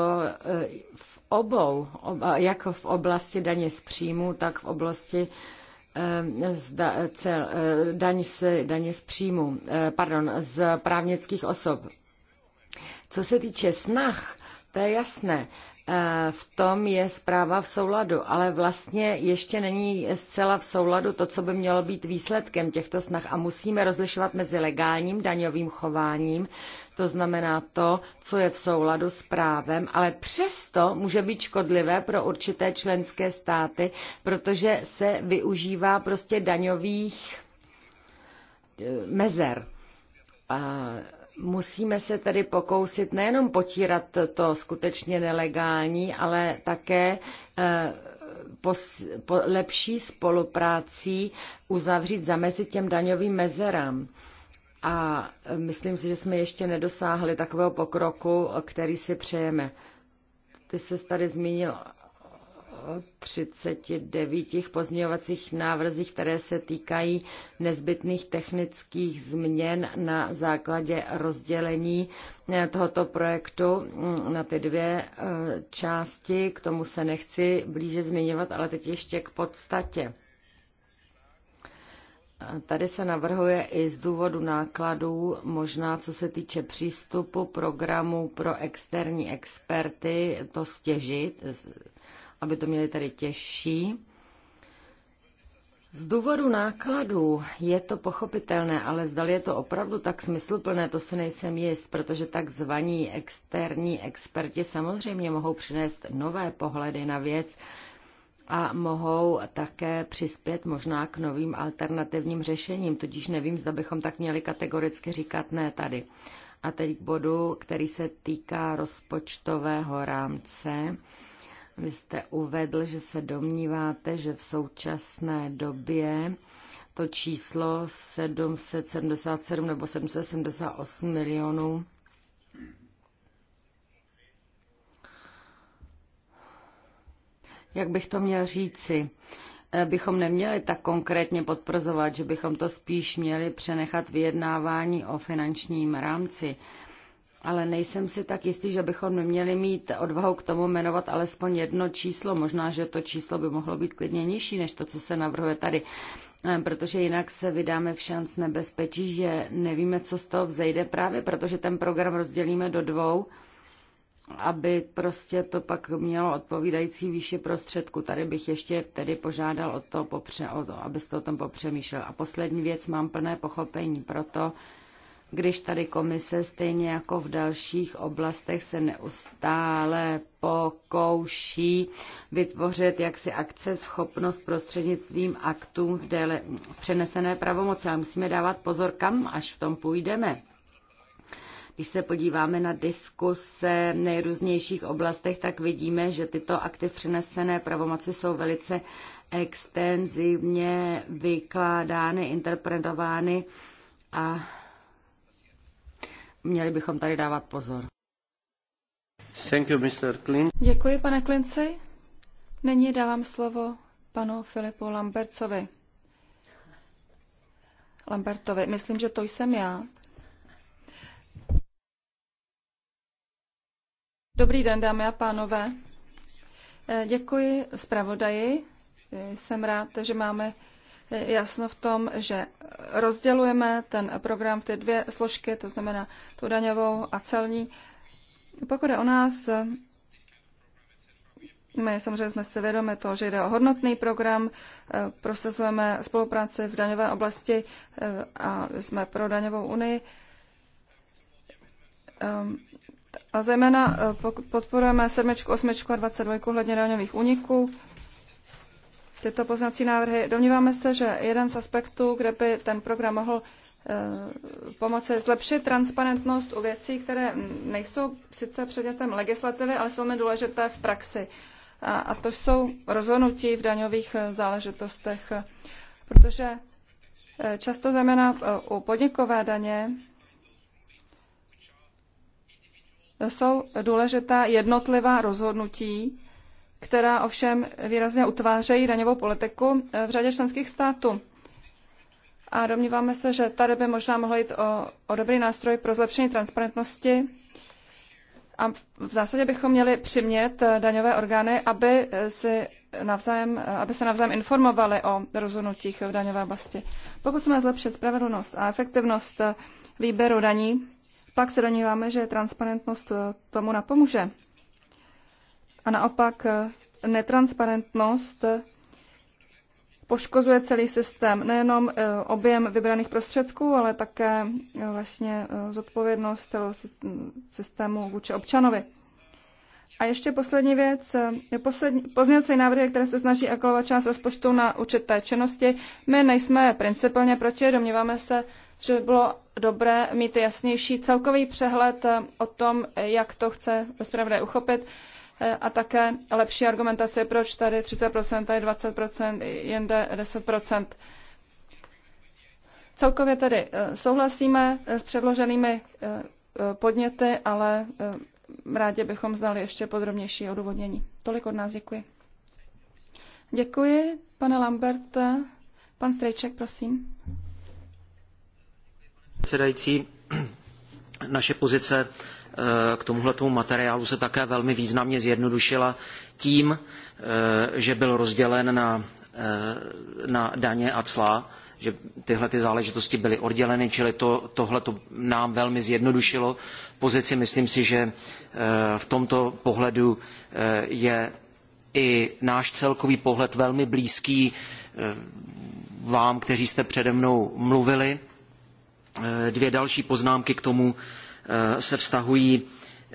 e, v obou, jak v oblasti daně z příjmu, tak v oblasti e, zda, cel, e, daň z, daně z příjmu, pardon, z právnických osob. Co se týče snah, to je jasné. Eh, v tom je zpráva v souladu, ale vlastně ještě není zcela v souladu to, co by mělo být výsledkem těchto snah a musíme rozlišovat mezi legálním daňovým chováním, to znamená to, co je v souladu s právem, ale přesto může být škodlivé pro určité členské státy, protože se využívá prostě daňových eh, mezer. A Musíme se tedy pokousit nejenom potírat to skutečně nelegální, ale také eh, pos, po, lepší spoluprácí uzavřít, zamezit těm daňovým mezerám. A eh, myslím si, že jsme ještě nedosáhli takového pokroku, který si přejeme. Ty se tady zmínil 39 pozměňovacích návrzích, které se týkají nezbytných technických změn na základě rozdělení eh, tohoto projektu mm, na ty dvě eh, části. K tomu se nechci blíže zmiňovat, ale teď ještě k podstatě. Tady se navrhuje i z důvodu nákladů, možná co se týče přístupu programu pro externí experty, to stěžit, aby to měli tady těžší. Z důvodu nákladů je to pochopitelné, ale zdali je to opravdu tak smysluplné, to se nejsem jist, protože tak zvaní externí experti samozřejmě mohou přinést nové pohledy na věc a mohou také přispět možná k novým alternativním řešením, tudíž nevím, zda bychom tak měli kategoricky říkat ne tady. A teď k bodu, který se týká rozpočtového rámce vy jste uvedl, že se domníváte, že v současné době to číslo 777 nebo 778 milionů jak bych to měl říci, eh, bychom neměli tak konkrétně podprozovat, že bychom to spíš měli přenechat vyjednávání o finančním rámci ale nejsem si tak jistý, že bychom neměli mít odvahu k tomu jmenovat alespoň jedno číslo. Možná, že to číslo by mohlo být klidně nižší než to, co se navrhuje tady, ehm, protože jinak se vydáme v šanc nebezpečí, že nevíme, co z toho vzejde právě, protože ten program rozdělíme do dvou aby prostě to pak mělo odpovídající výši prostředku. Tady bych ještě tedy požádal o to, popře, o to abyste o tom popřemýšlel. A poslední věc, mám plné pochopení pro to, když tady komise stejně jako v dalších oblastech se neustále pokouší vytvořit jaksi akce schopnost prostřednictvím aktů v, déle, v přenesené pravomoci. Ale musíme dávat pozor, kam až v tom půjdeme. Když se podíváme na diskuse v nejrůznějších oblastech, tak vidíme, že tyto akty v přenesené pravomoci jsou velice extenzivně vykládány, interpretovány a měli bychom tady dávat pozor. Thank you, Mr. Klin. Děkuji, pane Klinci. Nyní dávám slovo panu Filipu Lambercovi. Lambertovi, myslím, že to jsem já. Dobrý den, dámy a pánové. Eh, děkuji zpravodaji. Eh, jsem rád, že máme jasno v tom, že rozdělujeme ten program v ty dvě složky, to znamená tu daňovou a celní. Pokud je o nás, my samozřejmě jsme si vědomi toho, že jde o hodnotný program, prosazujeme spolupráci v daňové oblasti eh, a jsme pro daňovou unii. Ehm, a zejména eh, podporujeme 7, 8 a 22 hledně daňových úniků tyto poznací návrhy. Domníváme se, že jeden z aspektů, kde by ten program mohl eh, pomoci zlepšit transparentnost u věcí, které nejsou sice předmětem legislativy, ale jsou mi důležité v praxi. A, a to jsou rozhodnutí v daňových eh, záležitostech, protože eh, často zejména u podnikové daně jsou důležitá jednotlivá rozhodnutí, která ovšem výrazně utvářejí daňovou politiku eh, v řadě členských států. A domníváme se, že tady by možná mohlo jít o, o dobrý nástroj pro zlepšení transparentnosti. A v, v zásadě bychom měli přimět eh, daňové orgány, aby, eh, si navzájem, aby se navzájem informovali o rozhodnutích v daňové oblasti. Pokud chceme zlepšit spravedlnost a efektivnost výběru daní, pak se domníváme, že transparentnost tomu napomůže. A naopak eh, netransparentnost eh, poškozuje celý systém, nejenom eh, objem vybraných prostředků, ale také vlastně zodpovědnost celého mm, systému vůči občanovi. A ještě poslední věc, poslední, pozměňovací návrhy, které se snaží akolovat část rozpočtu na určité činnosti. My nejsme principálně proti, domníváme se, že by bylo dobré mít jasnější celkový přehled o tom, jak to chce bezpravdé uchopit a také lepší argumentace, proč tady 30%, tady 20%, jinde 10%. Celkově tedy eh, souhlasíme eh, s předloženými eh, podněty, ale rádi bychom znali ještě podrobnější odůvodnění. Tolik od nás děkuji. Děkuji, pane Lambert. Pan Strejček, prosím. Předsedající, naše pozice Eh, k tomuto materiálu se také velmi významně zjednodušila tím, eh, že byl rozdělen na, eh, na daně a cla, že tyhle ty záležitosti byly odděleny, čili to, tohle to nám velmi zjednodušilo pozici. Myslím si, že v tomto pohledu je i náš celkový pohled velmi blízký vám, kteří jste přede mnou mluvili. Dvě další poznámky k tomu, Eh, se vztahují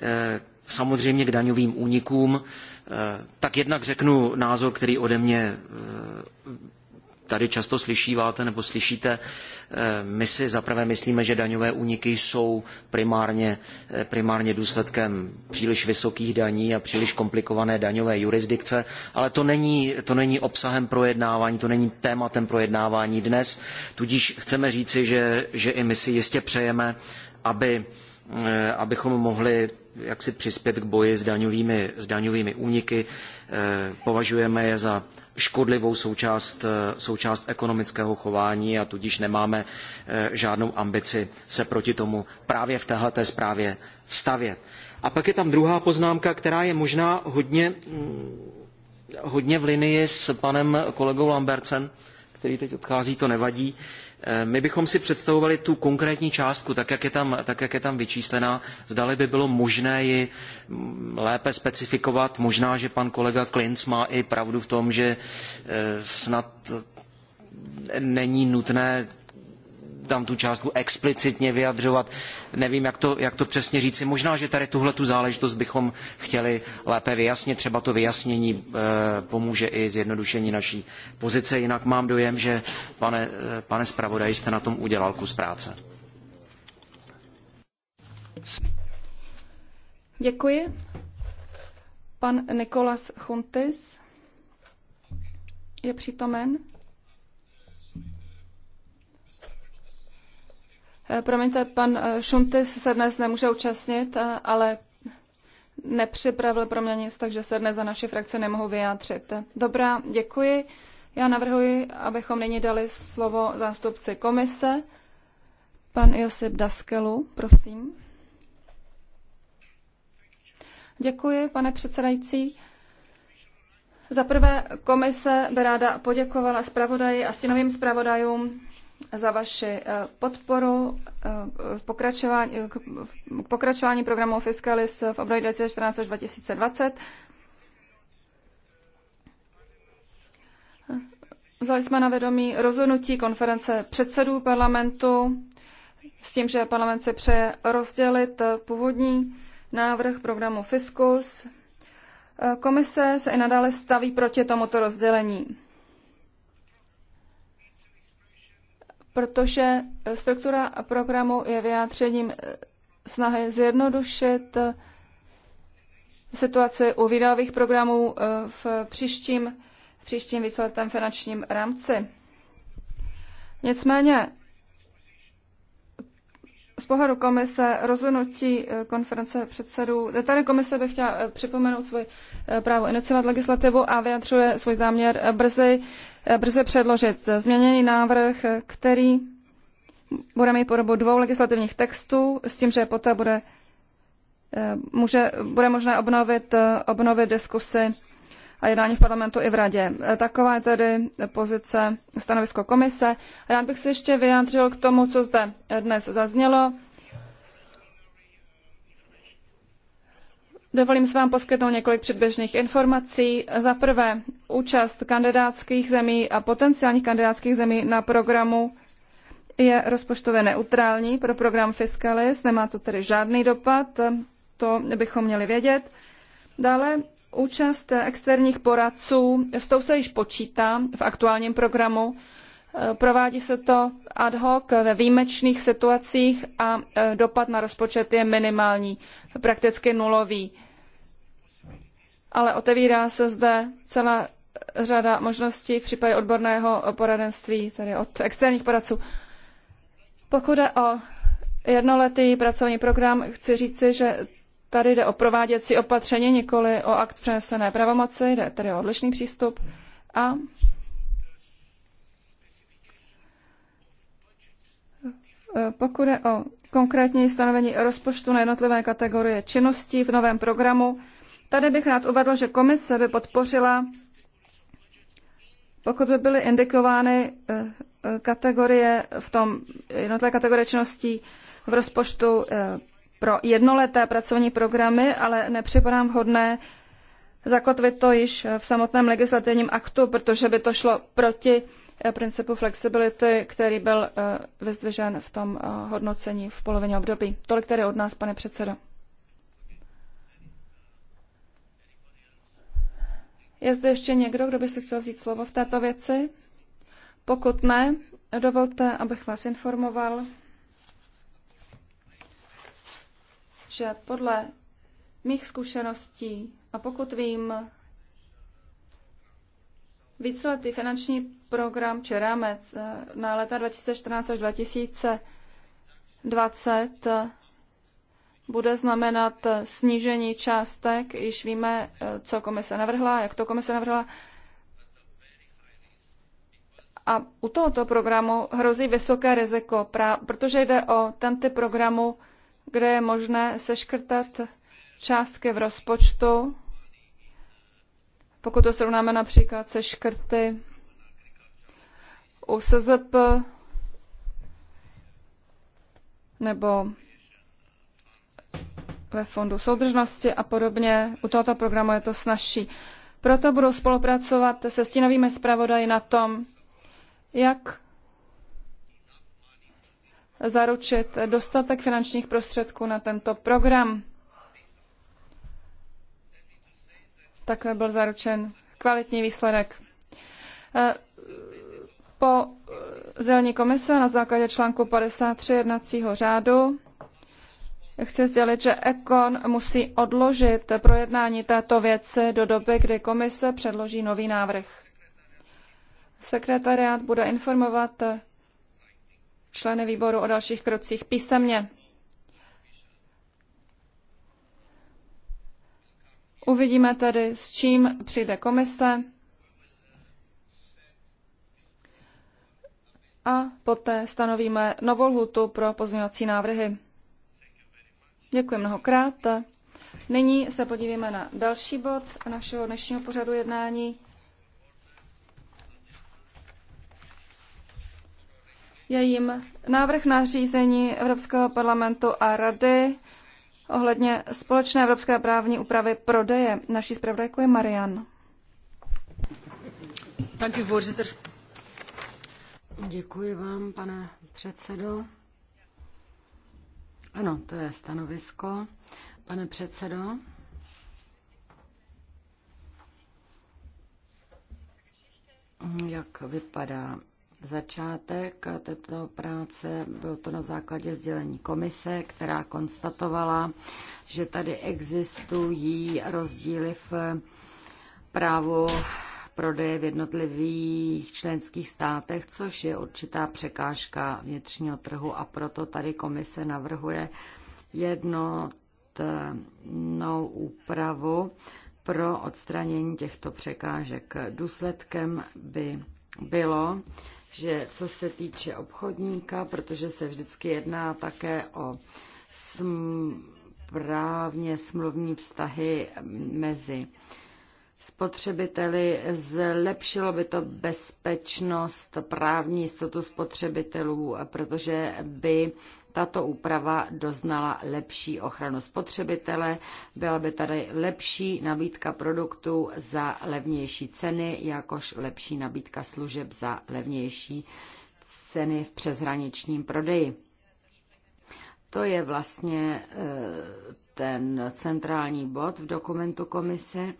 eh, samozřejmě k daňovým únikům, eh, tak jednak řeknu názor, který ode mě tady často slyšíváte nebo slyšíte. My si zaprvé myslíme, že daňové úniky jsou primárně, primárně důsledkem příliš vysokých daní a příliš komplikované daňové jurisdikce, ale to není, to není obsahem projednávání, to není tématem projednávání dnes, tudíž chceme říci, že, že i my si jistě přejeme, aby Eh, abychom mohli jaksi přispět k boji s daňovými, s daňovými úniky. Eh, považujeme je za škodlivou součást, eh, součást ekonomického chování a tudíž nemáme žádnou ambici se proti tomu právě v této zprávě stavět. A pak je tam druhá poznámka, která je možná hodně, mm, hodně v linii s panem kolegou Lambercem, který teď odchází, to nevadí. Uh, Eh, my bychom si představovali tu konkrétní částku, tak jak je tam, tak jak je tam vyčíslená, zdali by bylo možné ji mm, lépe specifikovat. Možná, že pan kolega Klinc má i pravdu v tom, že eh, snad eh, není nutné tam tu částku explicitně vyjadřovat. Nevím, jak to, jak to přesně říci. Možná, že tady tuhle tu záležitost bychom chtěli lépe vyjasnit. Třeba to vyjasnění eh, pomůže i zjednodušení naší pozice. Jinak mám dojem, že pane, eh, pane zpravodaj, jste na tom udělal kus práce. Děkuji. Pan Nikolas Chuntis je přítomen. Eh, promiňte, pan eh, Šuntis se dnes nemůže účastnit, eh, ale nepřipravil pro mě nic, takže se dnes za naši frakci nemohu vyjádřit. Dobrá, děkuji. Já navrhuji, abychom nyní dali slovo zástupci komise. Pan Josip Daskelu, prosím. Děkuji, pane předsedající. Za prvé komise by ráda poděkovala zpravodaji a stínovým zpravodajům za vaši eh, podporu eh, pokračování, k pokračování programu Fiscalis v období 2014 až 2020. Vzali jsme na vědomí rozhodnutí konference předsedů parlamentu s tím, že parlament se přeje rozdělit eh, původní návrh programu Fiskus. Komise se i nadále staví proti tomuto rozdělení. protože struktura programu je vyjádřením eh, snahy zjednodušit eh, situaci u výdajových programů eh, v příštím, příštím víceletém finančním rámci. Nicméně z pohledu komise rozhodnutí eh, konference předsedů, tady komise by chtěla eh, připomenout svůj eh, právo iniciovat legislativu a vyjadřuje svůj záměr brzy, brzy předložit změněný návrh, který bude mít podobu dvou legislativních textů, s tím, že poté bude, může, bude možné obnovit, obnovit diskusy a jednání v parlamentu i v radě. E, Taková je tedy pozice stanovisko komise. Rád bych se ještě vyjádřil k tomu, co zde e, dnes zaznělo. Dovolím se vám poskytnout několik předběžných informací. Za prvé, účast kandidátských zemí a potenciálních kandidátských zemí na programu je rozpočtově neutrální pro program Fiscalis, nemá to tedy žádný dopad, to bychom měli vědět. Dále Účast externích poradců, s tou se již počítá v aktuálním programu. E, provádí se to ad hoc ve výjimečných situacích a e, dopad na rozpočet je minimální, prakticky nulový. Ale otevírá se zde celá řada možností v případě odborného poradenství, tedy od externích poradců. Pokud jde o jednoletý pracovní program, chci říci, že Tady jde o prováděcí opatření, nikoli o akt přenesené pravomoci, jde tedy o odlišný přístup. A pokud je o konkrétní stanovení rozpočtu na jednotlivé kategorie činností v novém programu, tady bych rád uvedl, že komise by podpořila, pokud by byly indikovány eh, eh, kategorie v tom jednotlivé kategorie činností v rozpočtu eh, pro jednoleté pracovní programy, ale nepřipadám vhodné zakotvit to již v samotném legislativním aktu, protože by to šlo proti eh, principu flexibility, který byl eh, vyzdvižen v tom eh, hodnocení v polovině období. Tolik tedy od nás, pane předsedo. Je zde ještě někdo, kdo by si chtěl vzít slovo v této věci? Pokud ne, dovolte, abych vás informoval, že podle mých zkušeností a pokud vím, víceletý finanční program či rámec eh, na leta 2014 až 2020 eh, bude znamenat eh, snížení částek. Již víme, co komise navrhla, jak to komise navrhla. A u tohoto programu hrozí vysoké riziko, protože jde o ten typ programu, kde je možné seškrtat částky v rozpočtu, pokud to srovnáme například se škrty u SZP nebo ve fondu soudržnosti a podobně. U tohoto programu je to snažší. Proto budu spolupracovat se stínovými zpravodaji na tom, jak zaručit dostatek finančních prostředků na tento program. Tak byl zaručen kvalitní výsledek. Eh, po zelní komise na základě článku 53 jednacího řádu chci sdělit, že Ekon musí odložit projednání této věci do doby, kdy komise předloží nový návrh. Sekretariát bude informovat členy výboru o dalších krocích písemně. Uvidíme tedy, s čím přijde komise a poté stanovíme novou lhutu pro pozměňovací návrhy. Děkuji mnohokrát. Nyní se podívíme na další bod našeho dnešního pořadu jednání. je jim návrh na řízení Evropského parlamentu a rady ohledně společné evropské právní úpravy prodeje. Naší zpravodajkou je Marian. Děkuji vám, pane předsedo. Ano, to je stanovisko. Pane předsedo. Jak vypadá začátek této práce. Bylo to na základě sdělení komise, která konstatovala, že tady existují rozdíly v právu prodeje v jednotlivých členských státech, což je určitá překážka vnitřního trhu a proto tady komise navrhuje jednotnou úpravu pro odstranění těchto překážek. Důsledkem by bylo, že co se týče obchodníka, protože se vždycky jedná také o sm- právně smluvní vztahy mezi spotřebiteli, zlepšilo by to bezpečnost, právní jistotu spotřebitelů, protože by tato úprava doznala lepší ochranu spotřebitele, byla by tady lepší nabídka produktů za levnější ceny, jakož lepší nabídka služeb za levnější ceny v přeshraničním prodeji. To je vlastně eh, ten centrální bod v dokumentu komise.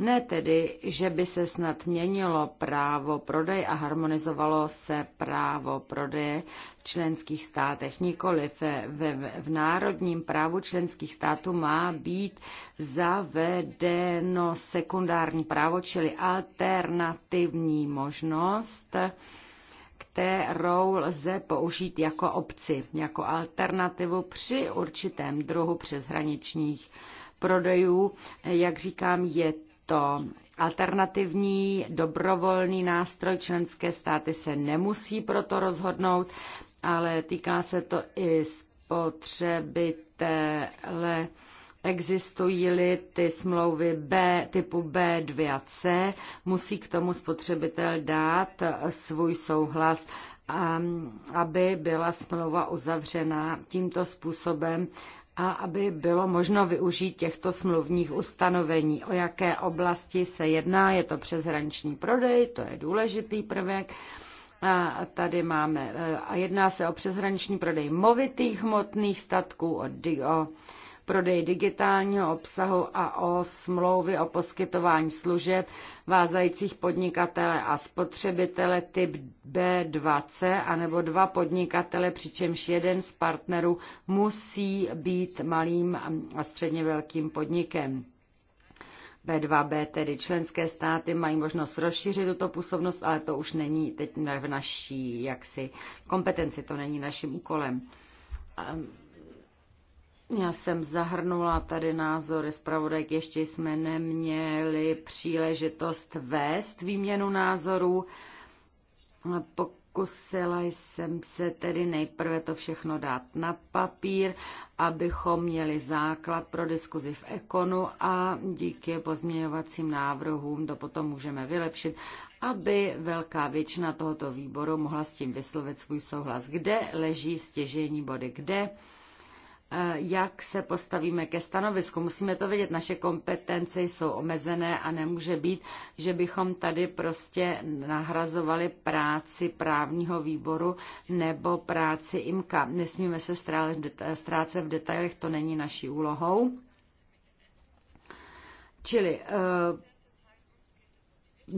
Ne tedy, že by se snad měnilo právo prodeje a harmonizovalo se právo prodeje v členských státech. Nikoliv eh, v, v národním právu členských států má být zavedeno sekundární právo, čili alternativní možnost kterou lze použít jako obci, jako alternativu při určitém druhu přeshraničních prodejů. Jak říkám, je to alternativní dobrovolný nástroj. Členské státy se nemusí proto rozhodnout, ale týká se to i spotřebitele. Existují-li ty smlouvy B, typu B2 a C, musí k tomu spotřebitel dát svůj souhlas, aby byla smlouva uzavřena tímto způsobem a aby bylo možno využít těchto smluvních ustanovení. O jaké oblasti se jedná, je to přeshraniční prodej, to je důležitý prvek. A tady máme, e, a jedná se o přeshraniční prodej movitých hmotných statků, o, o prodej digitálního obsahu a o smlouvy o poskytování služeb vázajících podnikatele a spotřebitele typ B2C anebo dva podnikatele, přičemž jeden z partnerů musí být malým a středně velkým podnikem. B2B, tedy členské státy mají možnost rozšířit tuto působnost, ale to už není teď v naší jaksi kompetenci, to není naším úkolem. Já jsem zahrnula tady názory zpravodajk, ještě jsme neměli příležitost vést výměnu názorů. Pokusila jsem se tedy nejprve to všechno dát na papír, abychom měli základ pro diskuzi v ekonu a díky pozměňovacím návrhům to potom můžeme vylepšit, aby velká většina tohoto výboru mohla s tím vyslovit svůj souhlas. Kde leží stěžení body, kde? jak se postavíme ke stanovisku. Musíme to vědět, naše kompetence jsou omezené a nemůže být, že bychom tady prostě nahrazovali práci právního výboru nebo práci IMKA. Nesmíme se ztrácet v detailech, to není naší úlohou. Čili eh,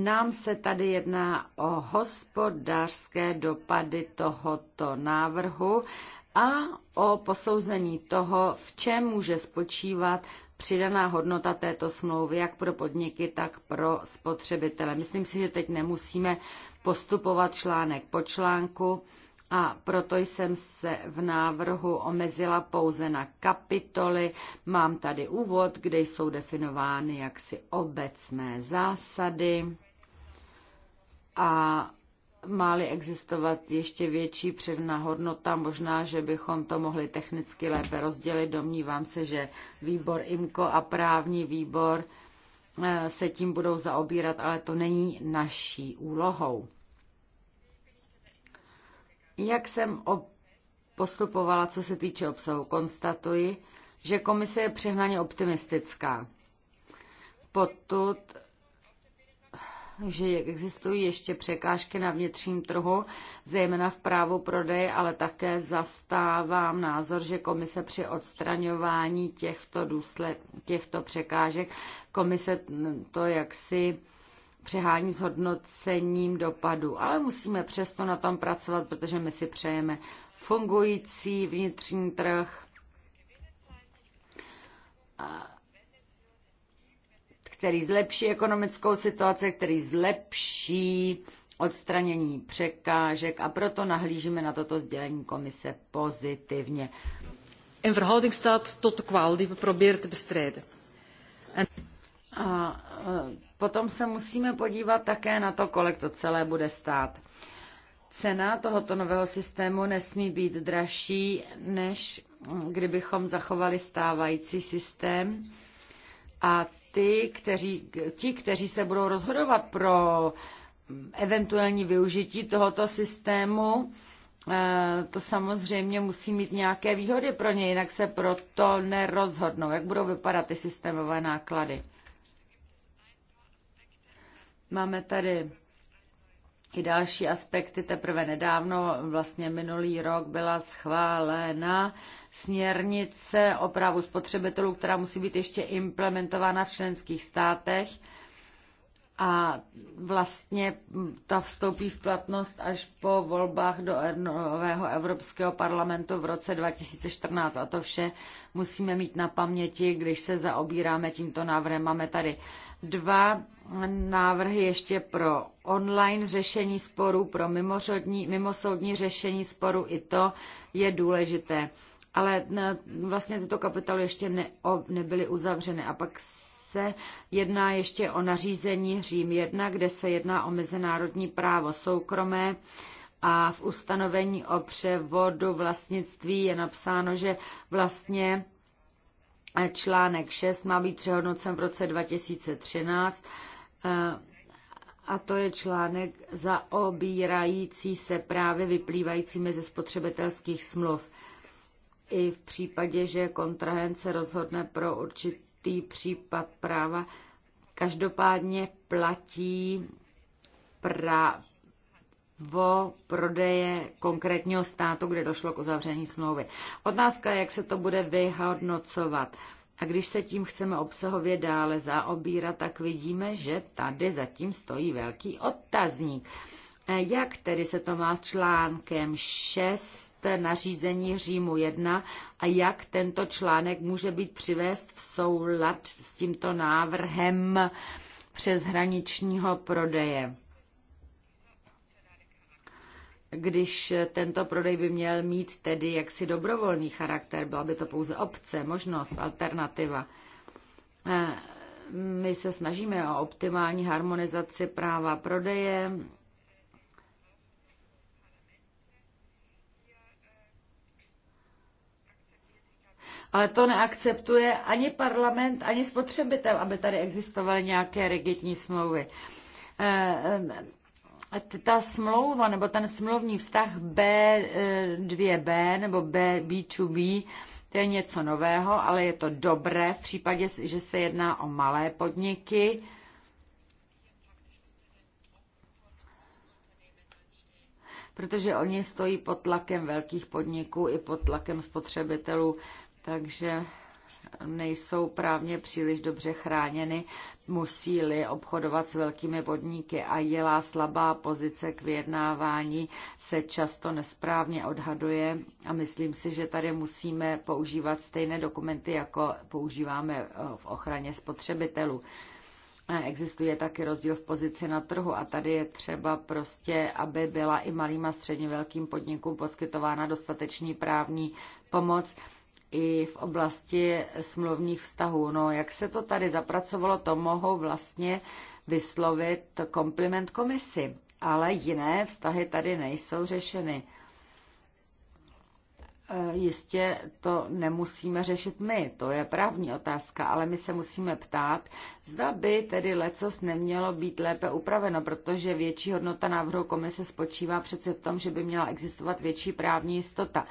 nám se tady jedná o hospodářské dopady tohoto návrhu a o posouzení toho, v čem může spočívat přidaná hodnota této smlouvy, jak pro podniky, tak pro spotřebitele. Myslím si, že teď nemusíme postupovat článek po článku a proto jsem se v návrhu omezila pouze na kapitoly. Mám tady úvod, kde jsou definovány jaksi obecné zásady a Máli existovat ještě větší předná hodnota, možná, že bychom to mohli technicky lépe rozdělit. Domnívám se, že výbor IMCO a právní výbor eh, se tím budou zaobírat, ale to není naší úlohou. Jak jsem postupovala, co se týče obsahu, konstatuji, že komise je přehnaně optimistická. Potud že existují ještě překážky na vnitřním trhu, zejména v právu prodeje, ale také zastávám názor, že komise při odstraňování těchto, důsled, těchto překážek, komise to jaksi přehání s hodnocením dopadu. Ale musíme přesto na tom pracovat, protože my si přejeme fungující vnitřní trh, a který zlepší ekonomickou situaci, který zlepší odstranění překážek a proto nahlížíme na toto sdělení komise pozitivně. In verhouding staat tot de kwaal die we proberen te bestrijden. En... A e, potom se musíme podívat také na to, kolik to celé bude stát. Cena tohoto nového systému nesmí být dražší, než kdybychom zachovali stávající systém a ty, kteří, ti, kteří se budou rozhodovat pro mm, eventuální využití tohoto systému, eh, to samozřejmě musí mít nějaké výhody pro ně, jinak se proto nerozhodnou. Jak budou vypadat ty systémové náklady? Máme tady i další aspekty. Teprve nedávno, vlastně minulý rok, byla schválena směrnice o právu spotřebitelů, která musí být ještě implementována v členských státech. A vlastně ta vstoupí v platnost až po volbách do nového Evropského parlamentu v roce 2014. A to vše musíme mít na paměti, když se zaobíráme tímto návrhem. Máme tady dva návrhy ještě pro online řešení sporů, pro mimořodní, mimosoudní řešení sporů. I to je důležité. Ale eh, vlastně tyto kapitoly ještě ne, o, nebyly uzavřeny. A pak se jedná ještě o nařízení Řím 1, kde se jedná o mezinárodní právo soukromé a v ustanovení o převodu vlastnictví je napsáno, že vlastně Článek 6 má být přehodnocen v roce 2013 eh, a to je článek zaobírající se právě vyplývajícími ze spotřebitelských smluv. I v případě, že kontrahent se rozhodne pro určitý případ práva, každopádně platí pra, o prodeje konkrétního státu, kde došlo k uzavření smlouvy. Otázka je, jak se to bude vyhodnocovat. A když se tím chceme obsahově dále zaobírat, tak vidíme, že tady zatím stojí velký otazník. E, jak tedy se to má s článkem 6 nařízení Římu 1 a jak tento článek může být přivést v soulad s tímto návrhem přeshraničního prodeje? když tento prodej by měl mít tedy jaksi dobrovolný charakter, byla by to pouze obce, možnost, alternativa. Eh, my se snažíme o optimální harmonizaci práva prodeje. Ale to neakceptuje ani parlament, ani spotřebitel, aby tady existovaly nějaké rigidní smlouvy eh, ta smlouva nebo ten smlouvní vztah B2B e, nebo B, B2B, to je něco nového, ale je to dobré v případě, že se jedná o malé podniky. Protože oni stojí pod tlakem velkých podniků i pod tlakem spotřebitelů, takže nejsou právně příliš dobře chráněny, musí-li obchodovat s velkými podniky a jelá slabá pozice k vyjednávání, se často nesprávně odhaduje a myslím si, že tady musíme používat stejné dokumenty, jako používáme eh, v ochraně spotřebitelů. Eh, existuje taky rozdíl v pozici na trhu a tady je třeba prostě, aby byla i malým a středně velkým podnikům poskytována dostatečný právní pomoc i v oblasti smluvních vztahů. No, jak se to tady zapracovalo, to mohou vlastně vyslovit kompliment komisi, ale jiné vztahy tady nejsou řešeny. E, jistě to nemusíme řešit my, to je právní otázka, ale my se musíme ptát, zda by tedy lecos nemělo být lépe upraveno, protože větší hodnota návrhu komise spočívá přece v tom, že by měla existovat větší právní jistota.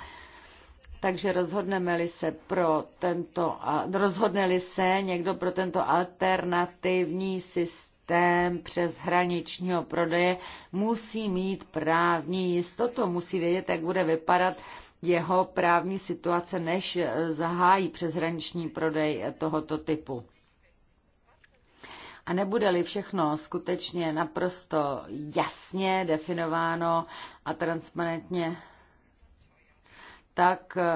Takže rozhodneme-li se pro tento, rozhodne-li se někdo pro tento alternativní systém přes hraničního prodeje, musí mít právní jistotu, musí vědět, jak bude vypadat jeho právní situace, než e, zahájí přeshraniční prodej e, tohoto typu. A nebude-li všechno skutečně naprosto jasně definováno a transparentně tak eh,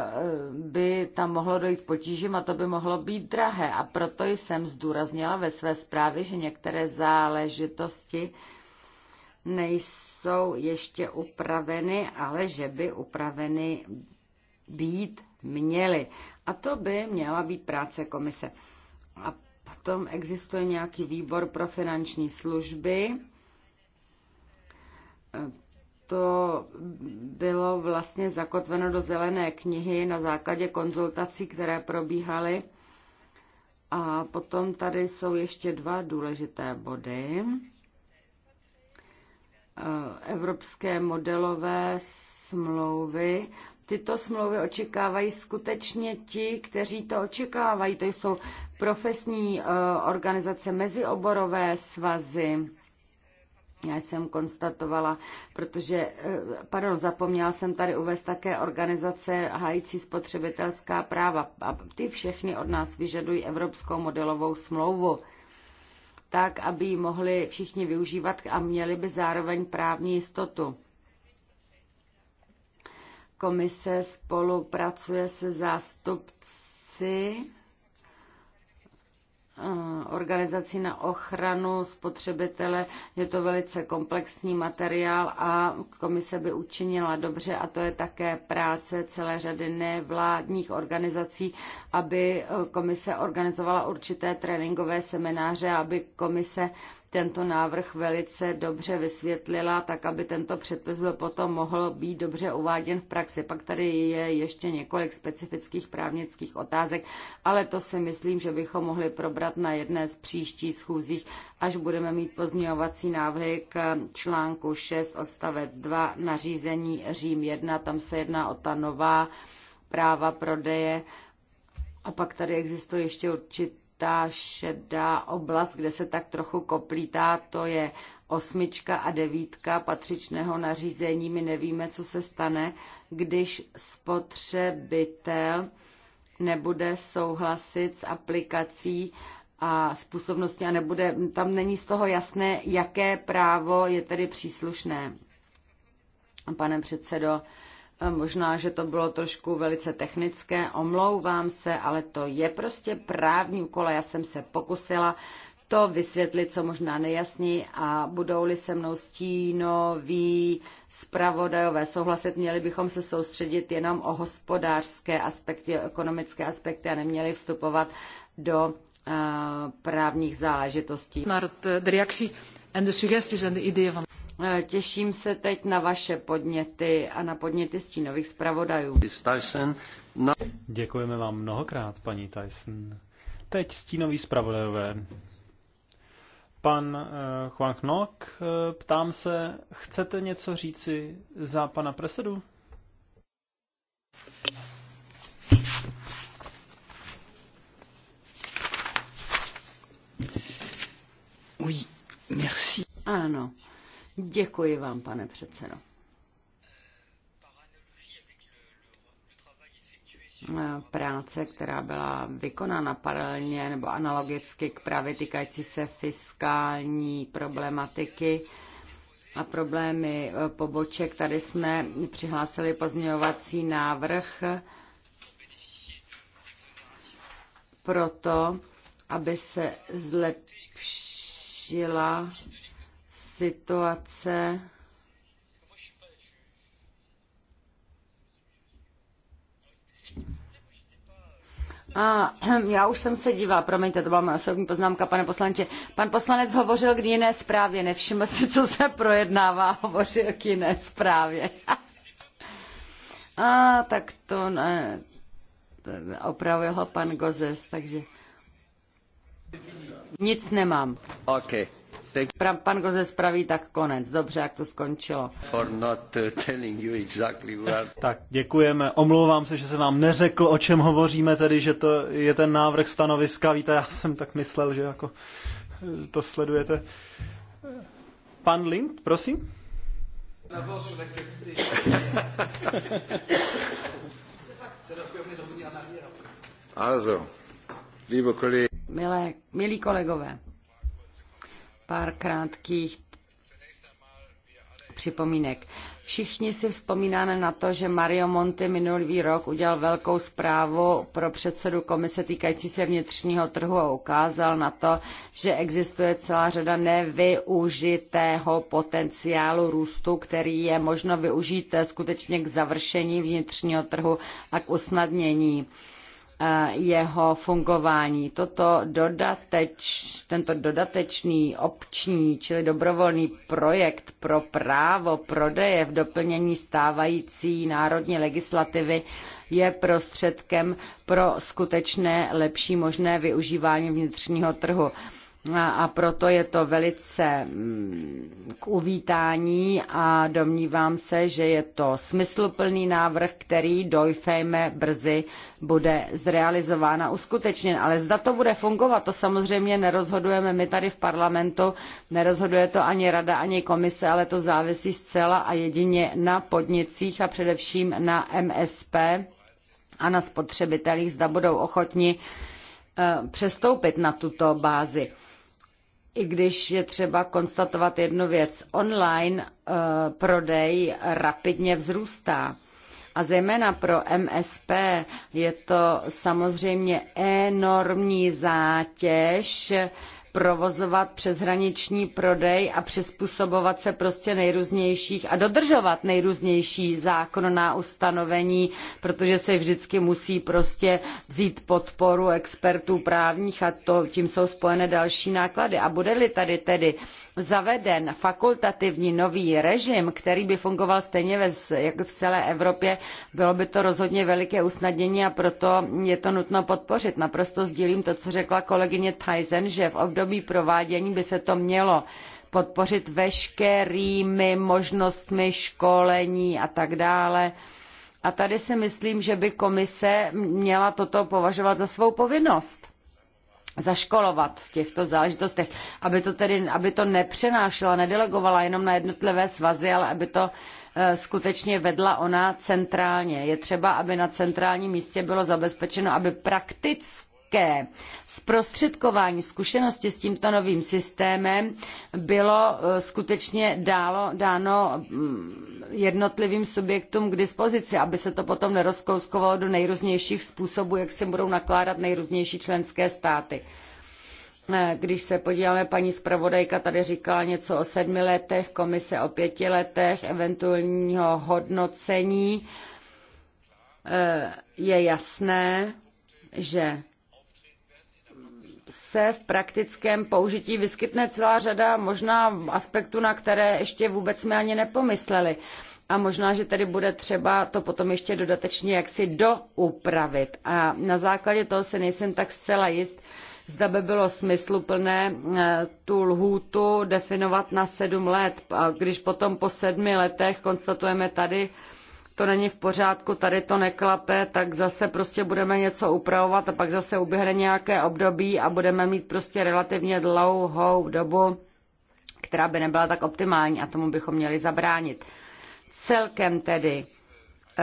by tam mohlo dojít potížím a to by mohlo být drahé. A proto jsem zdůraznila ve své zprávě, že některé záležitosti nejsou ještě upraveny, ale že by upraveny být měly. A to by měla být práce komise. A potom existuje nějaký výbor pro finanční služby, to bylo vlastně zakotveno do zelené knihy na základě konzultací, které probíhaly. A potom tady jsou ještě dva důležité body. Eh, evropské modelové smlouvy. Tyto smlouvy očekávají skutečně ti, kteří to očekávají. To jsou profesní eh, organizace, mezioborové svazy já jsem konstatovala, protože, eh, pardon, zapomněla jsem tady uvést také organizace hájící spotřebitelská práva. A ty všechny od nás vyžadují Evropskou modelovou smlouvu tak, aby ji mohli všichni využívat a měli by zároveň právní jistotu. Komise spolupracuje se zástupci organizací na ochranu spotřebitele. Je to velice komplexní materiál a komise by učinila dobře a to je také práce celé řady nevládních organizací, aby e, komise organizovala určité tréninkové semináře, aby komise tento návrh velice dobře vysvětlila, tak aby tento předpis byl potom mohl být dobře uváděn v praxi. Pak tady je ještě několik specifických právnických otázek, ale to si myslím, že bychom mohli probrat na jedné z příštích schůzích, až budeme mít pozměňovací návrhy k článku 6 odstavec 2 nařízení Řím 1. Tam se jedná o ta nová práva prodeje. A pak tady existuje ještě určitý ta šedá oblast, kde se tak trochu koplítá, to je osmička a devítka patřičného nařízení. My nevíme, co se stane, když spotřebitel nebude souhlasit s aplikací a způsobností a nebude, tam není z toho jasné, jaké právo je tedy příslušné. Pane předsedo, Možná, že to bylo trošku velice technické, omlouvám se, ale to je prostě právní úkol a já jsem se pokusila to vysvětlit, co možná nejasní. a budou-li se mnou stínoví zpravodajové souhlasit, měli bychom se soustředit jenom o hospodářské aspekty, o ekonomické aspekty a neměli vstupovat do uh, právních záležitostí. Naar de reactie en de suggesties en de ideeën van Eh, těším se teď na vaše podněty a na podněty stínových zpravodajů. Děkujeme vám mnohokrát, paní Tyson. Teď stínový zpravodajové. Pan eh, Juan Knok, eh, ptám se, chcete něco říci za pana Presedu? Oui, merci. Ano, Děkuji vám, pane předsedo. práce, která byla vykonána paralelně nebo analogicky k právě týkající se fiskální problematiky a problémy poboček. Tady jsme přihlásili pozměňovací návrh proto, aby se zlepšila situace A já už jsem se dívala, promiňte, to byla moje osobní poznámka, pane poslanče. Pan poslanec hovořil k jiné zprávě, nevšiml se, co se projednává, hovořil k jiné zprávě. A tak to ne, opravil ho pan Gozes, takže nic nemám. Okay. Pan Goze spraví tak konec. Dobře, jak to skončilo. For not uh, telling you exactly what... Tak, děkujeme. Omlouvám se, že jsem vám neřekl, o čem hovoříme, tedy, že to je ten návrh stanoviska. Víte, já jsem tak myslel, že jako eh, to sledujete. Pan Link, prosím. Also, liebe Kollegen. Milé, milí kolegové, pár krátkých připomínek. Všichni si vzpomínáme na to, že Mario Monti minulý rok udělal velkou zprávu pro předsedu komise týkající se vnitřního trhu a ukázal na to, že existuje celá řada nevyužitého potenciálu růstu, který je možno využít skutečně k završení vnitřního trhu a k usnadnění jeho fungování. Toto dodateč, tento dodatečný obční, čili dobrovolný projekt pro právo prodeje v doplnění stávající národní legislativy je prostředkem pro skutečné lepší možné využívání vnitřního trhu a proto je to velice mm, k uvítání a domnívám se, že je to smysluplný návrh, který doufejme brzy bude zrealizován a uskutečněn. Ale zda to bude fungovat, to samozřejmě nerozhodujeme my tady v parlamentu, nerozhoduje to ani rada, ani komise, ale to závisí zcela a jedině na podnicích a především na MSP a na spotřebitelích, zda budou ochotni eh, přestoupit na tuto bázi i když je třeba konstatovat jednu věc. Online eh, prodej rapidně vzrůstá. A zejména pro MSP je to samozřejmě enormní zátěž provozovat přeshraniční prodej a přizpůsobovat se prostě nejrůznějších a dodržovat nejrůznější zákonná ustanovení, protože se vždycky musí prostě vzít podporu expertů právních a to, tím jsou spojené další náklady. A bude-li tady tedy zaveden fakultativní nový režim, který by fungoval stejně ve, jak v celé Evropě, bylo by to rozhodně veliké usnadnění a proto je to nutno podpořit. Naprosto sdílím to, co řekla kolegyně Tyson, že v období provádění by se to mělo podpořit veškerými možnostmi školení a tak dále. A tady si myslím, že by komise měla toto považovat za svou povinnost zaškolovat v těchto záležitostech, aby to tedy, aby to nepřenášela, nedelegovala jenom na jednotlivé svazy, ale aby to eh, skutečně vedla ona centrálně. Je třeba, aby na centrálním místě bylo zabezpečeno, aby prakticky velké zprostředkování zkušenosti s tímto novým systémem bylo eh, skutečně dálo, dáno mm, jednotlivým subjektům k dispozici, aby se to potom nerozkouskovalo do nejrůznějších způsobů, jak se budou nakládat nejrůznější členské státy. Eh, když se podíváme, paní zpravodajka tady říkala něco o sedmi letech, komise o pěti letech, eventuálního hodnocení. Eh, je jasné, že se v praktickém použití vyskytne celá řada možná aspektů, na které ještě vůbec jsme ani nepomysleli. A možná, že tedy bude třeba to potom ještě dodatečně jaksi doupravit. A na základě toho se nejsem tak zcela jist, zda by bylo smysluplné eh, tu lhůtu definovat na sedm let. A když potom po sedmi letech konstatujeme tady, to není v pořádku, tady to neklape, tak zase prostě budeme něco upravovat a pak zase uběhne nějaké období a budeme mít prostě relativně dlouhou dobu, která by nebyla tak optimální a tomu bychom měli zabránit. Celkem tedy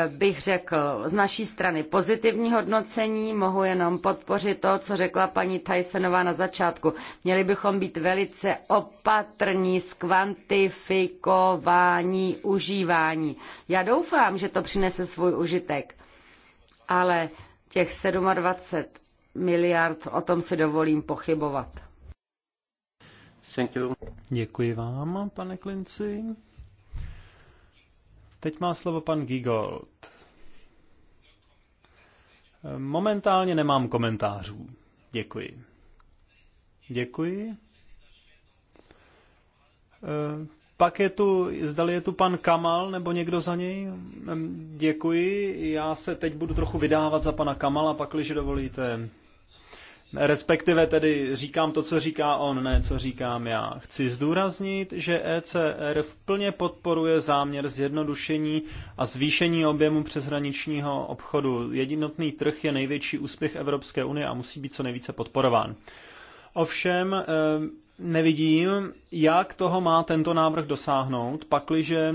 bych řekl, z naší strany pozitivní hodnocení, mohu jenom podpořit to, co řekla paní Tysonová na začátku. Měli bychom být velice opatrní s kvantifikování užívání. Já doufám, že to přinese svůj užitek, ale těch 27 miliard, o tom si dovolím pochybovat. Děkuji vám, pane Klinci. Teď má slovo pan Gigold. Momentálně nemám komentářů. Děkuji. Děkuji. Eh, pak je tu, zdali je tu pan Kamal nebo někdo za něj? Děkuji. Já se teď budu trochu vydávat za pana Kamala, pakliže dovolíte. Respektive tedy říkám to, co říká on, ne co říkám já. Chci zdůraznit, že ECR v plně podporuje záměr zjednodušení a zvýšení objemu přeshraničního obchodu. Jednotný trh je největší úspěch Evropské unie a musí být co nejvíce podporován. Ovšem eh, nevidím, jak toho má tento návrh dosáhnout, pakliže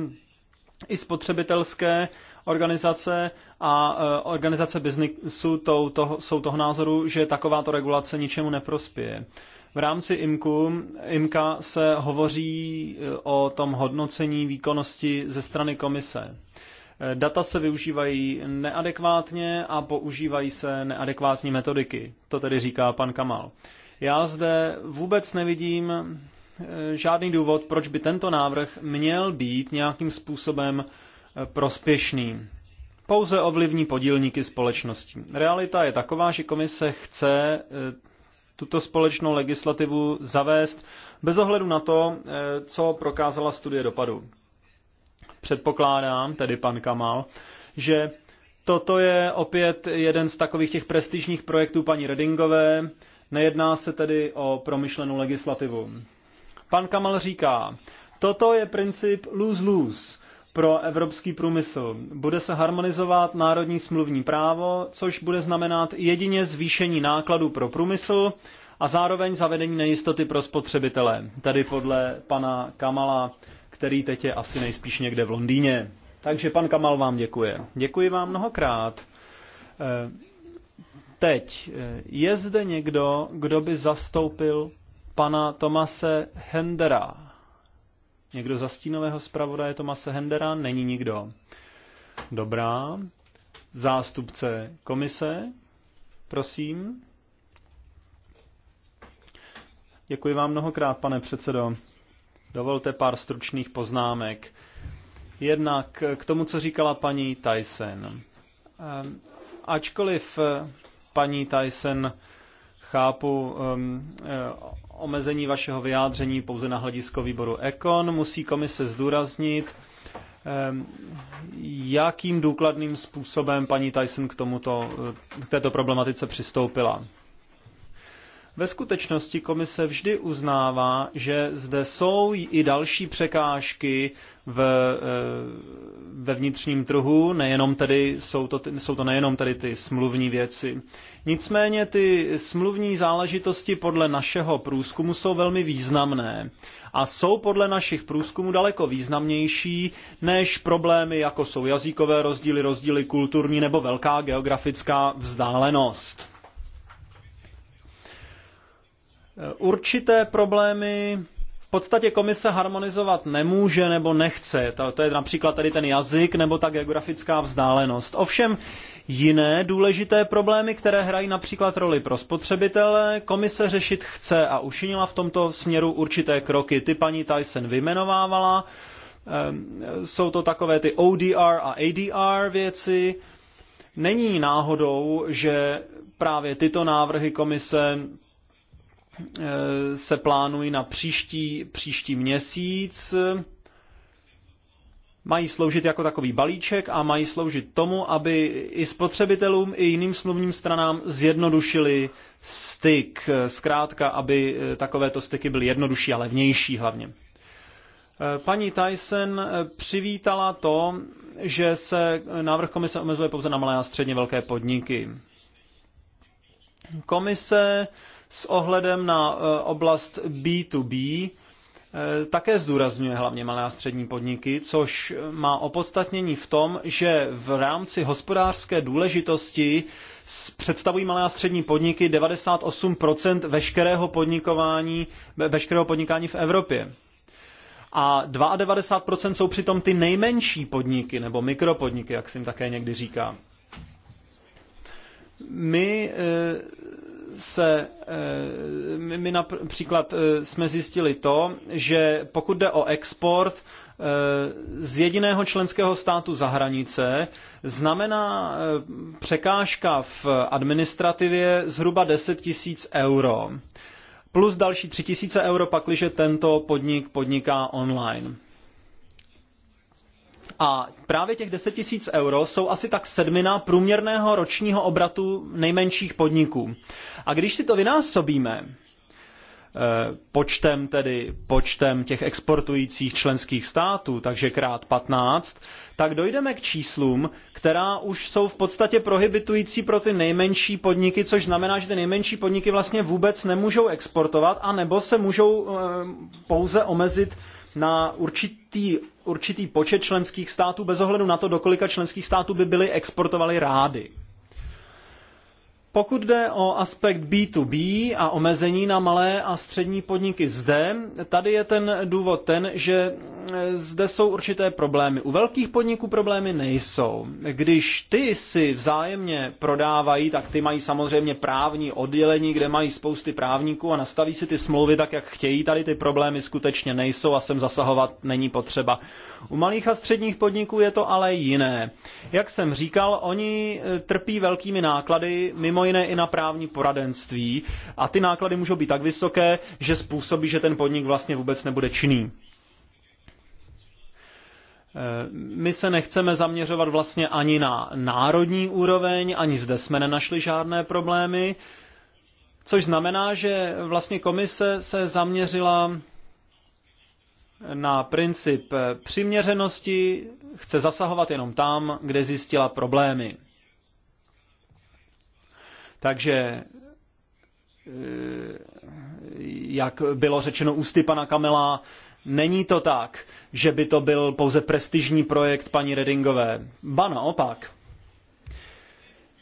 i spotřebitelské Organizace a eh, organizace biznisu jsou toho názoru, že takováto regulace ničemu neprospěje. V rámci IMKU, IMKA se hovoří eh, o tom hodnocení výkonnosti ze strany komise. Eh, data se využívají neadekvátně a používají se neadekvátní metodiky. To tedy říká pan Kamal. Já zde vůbec nevidím žádný důvod, proč by tento návrh měl být nějakým způsobem prospěšný. Pouze ovlivní podílníky společností. Realita je taková, že komise chce eh, tuto společnou legislativu zavést bez ohledu na to, eh, co prokázala studie dopadu. Předpokládám, tedy pan Kamal, že toto je opět jeden z takových těch prestižních projektů paní Redingové. Nejedná se tedy o promyšlenou legislativu. Pan Kamal říká, toto je princip lose-lose pro evropský průmysl. Bude se harmonizovat národní smluvní právo, což bude znamenat jedině zvýšení nákladů pro průmysl a zároveň zavedení nejistoty pro spotřebitele. Tady podle pana Kamala, který teď je asi nejspíš někde v Londýně. Takže pan Kamal vám děkuje. Děkuji vám mnohokrát. Eh, teď, eh, je zde někdo, kdo by zastoupil pana Tomase Hendera? Někdo za stínového zpravodaje Tomase Hendera? Není nikdo. Dobrá. Zástupce komise, prosím. Děkuji vám mnohokrát, pane předsedo. Dovolte pár stručných poznámek. Jednak k tomu, co říkala paní Tyson. Ehm, ačkoliv eh, paní Tyson chápu ehm, eh, omezení vašeho vyjádření pouze na hledisko výboru Ekon. Musí komise zdůraznit, ehm, jakým důkladným způsobem paní Tyson k, tomuto, eh, k této problematice přistoupila. Ve skutečnosti komise vždy uznává, že zde jsou i další překážky v, eh, ve vnitřním trhu, nejenom tedy, jsou, to, jsou to nejenom tedy ty smluvní věci. Nicméně ty smluvní záležitosti podle našeho průzkumu jsou velmi významné a jsou podle našich průzkumů daleko významnější než problémy, jako jsou jazykové rozdíly, rozdíly kulturní nebo velká geografická vzdálenost určité problémy v podstatě komise harmonizovat nemůže nebo nechce. To, to je například tady ten jazyk nebo ta geografická vzdálenost. Ovšem jiné důležité problémy, které hrají například roli pro spotřebitele, komise řešit chce a učinila v tomto směru určité kroky. Ty paní Tyson vymenovávala, ehm, jsou to takové ty ODR a ADR věci. Není náhodou, že právě tyto návrhy komise Eh, se plánují na příští, příští měsíc. Mají sloužit jako takový balíček a mají sloužit tomu, aby i spotřebitelům, i jiným smluvním stranám zjednodušili styk. Zkrátka, aby eh, takovéto styky byly jednodušší a levnější hlavně. Eh, paní Tyson přivítala to, že se návrh komise omezuje pouze na malé a středně velké podniky. Komise s ohledem na eh, oblast B2B eh, také zdůrazňuje hlavně malé a střední podniky, což eh, má opodstatnění v tom, že v rámci hospodářské důležitosti představují malé a střední podniky 98% veškerého, podnikování, veškerého podnikání v Evropě. A 92% jsou přitom ty nejmenší podniky, nebo mikropodniky, jak se jim také někdy říká. My se, eh, my například eh, jsme zjistili to, že pokud jde o export eh, z jediného členského státu za hranice, znamená překážka v administrativě zhruba 10 tisíc euro plus další 3 tisíce euro, pakliže tento podnik podniká online. A právě těch 10 tisíc euro jsou asi tak sedmina průměrného ročního obratu nejmenších podniků. A když si to vynásobíme, eh, počtem tedy počtem těch exportujících členských států, takže krát 15, tak dojdeme k číslům, která už jsou v podstatě prohibitující pro ty nejmenší podniky, což znamená, že ty nejmenší podniky vlastně vůbec nemůžou exportovat, anebo se můžou eh, pouze omezit na určitý, určitý počet členských států bez ohledu na to, do kolika členských států by byly exportovaly rády. Pokud jde o aspekt B2B a omezení na malé a střední podniky zde, tady je ten důvod ten, že zde jsou určité problémy. U velkých podniků problémy nejsou. Když ty si vzájemně prodávají, tak ty mají samozřejmě právní oddělení, kde mají spousty právníků a nastaví si ty smlouvy tak, jak chtějí. Tady ty problémy skutečně nejsou a sem zasahovat není potřeba. U malých a středních podniků je to ale jiné. Jak jsem říkal, oni e, trpí velkými náklady, mimo jiné i na právní poradenství a ty náklady můžou být tak vysoké, že způsobí, že ten podnik vlastně vůbec nebude činný. Eh, my se nechceme zaměřovat vlastně ani na národní úroveň, ani zde jsme nenašli žádné problémy, což znamená, že vlastně komise se zaměřila na princip přiměřenosti, chce zasahovat jenom tam, kde zjistila problémy. Takže eh, jak bylo řečeno ústy pana Kamela, Není to tak, že by to byl pouze prestižní projekt paní Redingové. Ba naopak.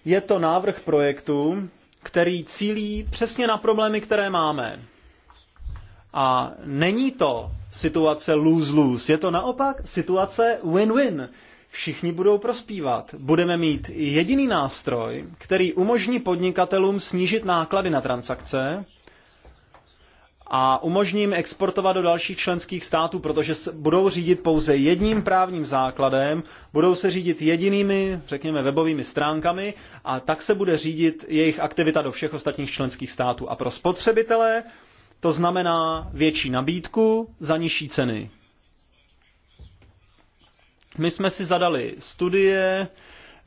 Je to návrh projektu, který cílí přesně na problémy, které máme. A není to situace lose-lose, je to naopak situace win-win. Všichni budou prospívat. Budeme mít jediný nástroj, který umožní podnikatelům snížit náklady na transakce, a umožním exportovat do dalších členských států, protože se budou řídit pouze jedním právním základem, budou se řídit jedinými, řekněme, webovými stránkami a tak se bude řídit jejich aktivita do všech ostatních členských států. A pro spotřebitele to znamená větší nabídku za nižší ceny. My jsme si zadali studie,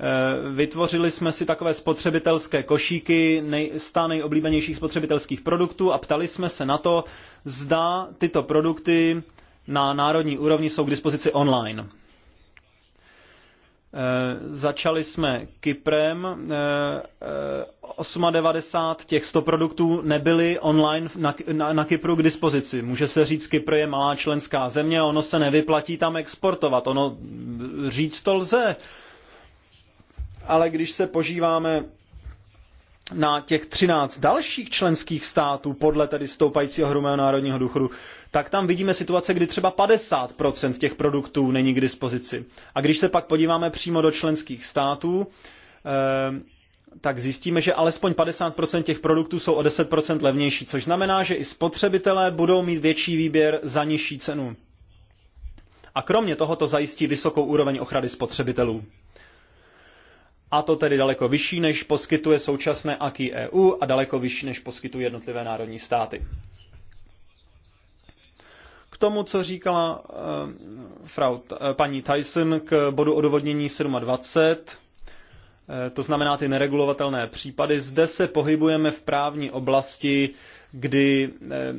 Eh, vytvořili jsme si takové spotřebitelské košíky nej, sta nejoblíbenějších spotřebitelských produktů a ptali jsme se na to, zda tyto produkty na národní úrovni jsou k dispozici online. E, začali jsme Kyprem. E, eh, 98 těch 100 produktů nebyly online na, na, na Kypru k dispozici. Může se říct, Kypr je malá členská země, ono se nevyplatí tam exportovat. Ono říct to lze ale když se požíváme na těch 13 dalších členských států podle tedy stoupajícího hrubého národního důchodu, tak tam vidíme situace, kdy třeba 50% těch produktů není k dispozici. A když se pak podíváme přímo do členských států, eh, tak zjistíme, že alespoň 50% těch produktů jsou o 10% levnější, což znamená, že i spotřebitelé budou mít větší výběr za nižší cenu. A kromě toho to zajistí vysokou úroveň ochrany spotřebitelů a to tedy daleko vyšší, než poskytuje současné AKI EU a daleko vyšší, než poskytují jednotlivé národní státy. K tomu, co říkala eh, frau, eh, paní Tyson k bodu odvodnění 27, eh, to znamená ty neregulovatelné případy, zde se pohybujeme v právní oblasti kdy, eh,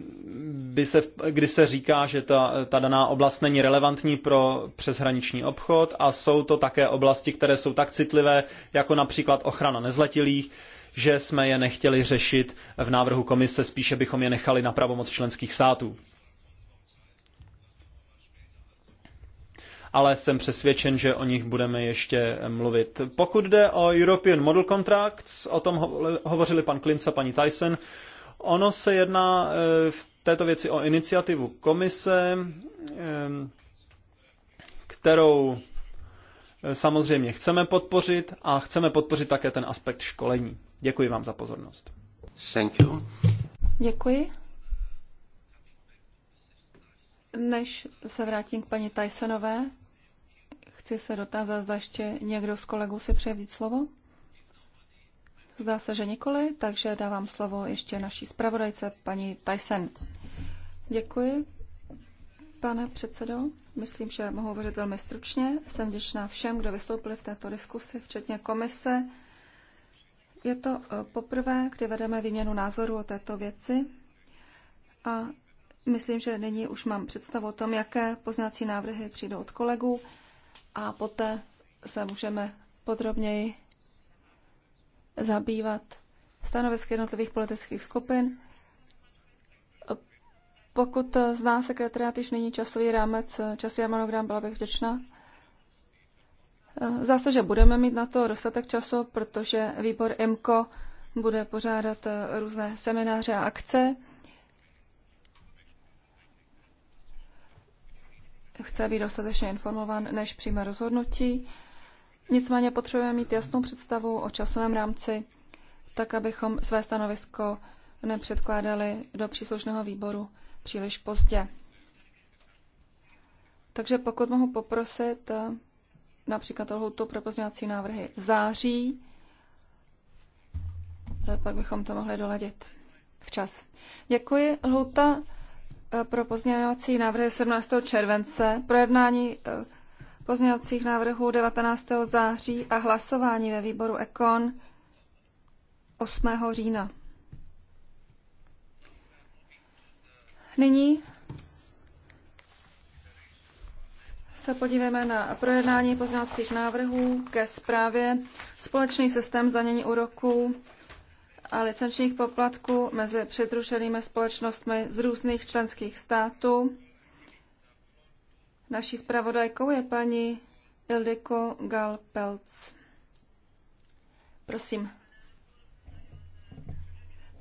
by se, kdy se říká, že ta, ta daná oblast není relevantní pro přeshraniční obchod a jsou to také oblasti, které jsou tak citlivé, jako například ochrana nezletilých, že jsme je nechtěli řešit v návrhu komise, spíše bychom je nechali na pravomoc členských států. ale jsem přesvědčen, že o nich budeme ještě mluvit. Pokud jde o European Model Contracts, o tom hovořili pan Klinz a paní Tyson, Ono se jedná eh, v této věci o iniciativu komise, eh, kterou eh, samozřejmě chceme podpořit a chceme podpořit také ten aspekt školení. Děkuji vám za pozornost. Thank you. Děkuji. Než se vrátím k paní Tysonové, chci se dotázat, zda ještě někdo z kolegů si přeje vzít slovo. Zdá se, že nikoli, takže dávám slovo ještě naší zpravodajce, paní Tyson. Děkuji, pane předsedo. Myslím, že mohu hovořit velmi stručně. Jsem vděčná všem, kdo vystoupili v této diskusi, včetně komise. Je to eh, poprvé, kdy vedeme výměnu názoru o této věci a myslím, že nyní už mám představu o tom, jaké poznací návrhy přijdou od kolegů a poté se můžeme podrobněji zabývat stanovisky jednotlivých politických skupin. Pokud zná sekretariat již nyní časový rámec, časový monogram, byla bych vděčná. Zase, že budeme mít na to dostatek času, protože výbor IMCO bude pořádat eh, různé semináře a akce. Chce být dostatečně informován, než přijme rozhodnutí. Nicméně potřebujeme mít jasnou představu o časovém rámci, tak abychom své stanovisko nepředkládali do příslušného výboru příliš pozdě. Takže pokud mohu poprosit eh, například lhutu pro pozměňovací návrhy v září, eh, pak bychom to mohli doladit včas. Děkuji. Lhuta eh, pro pozměňovací návrhy 17. července. Projednání pozměňovacích návrhů 19. září a hlasování ve výboru Ekon 8. října. Nyní se podívejme na projednání pozměňovacích návrhů ke zprávě Společný systém zdanění úroků a licenčních poplatků mezi přidruženými společnostmi z různých členských států. Naší zpravodajkou je paní Ildiko Galpelc. Prosím.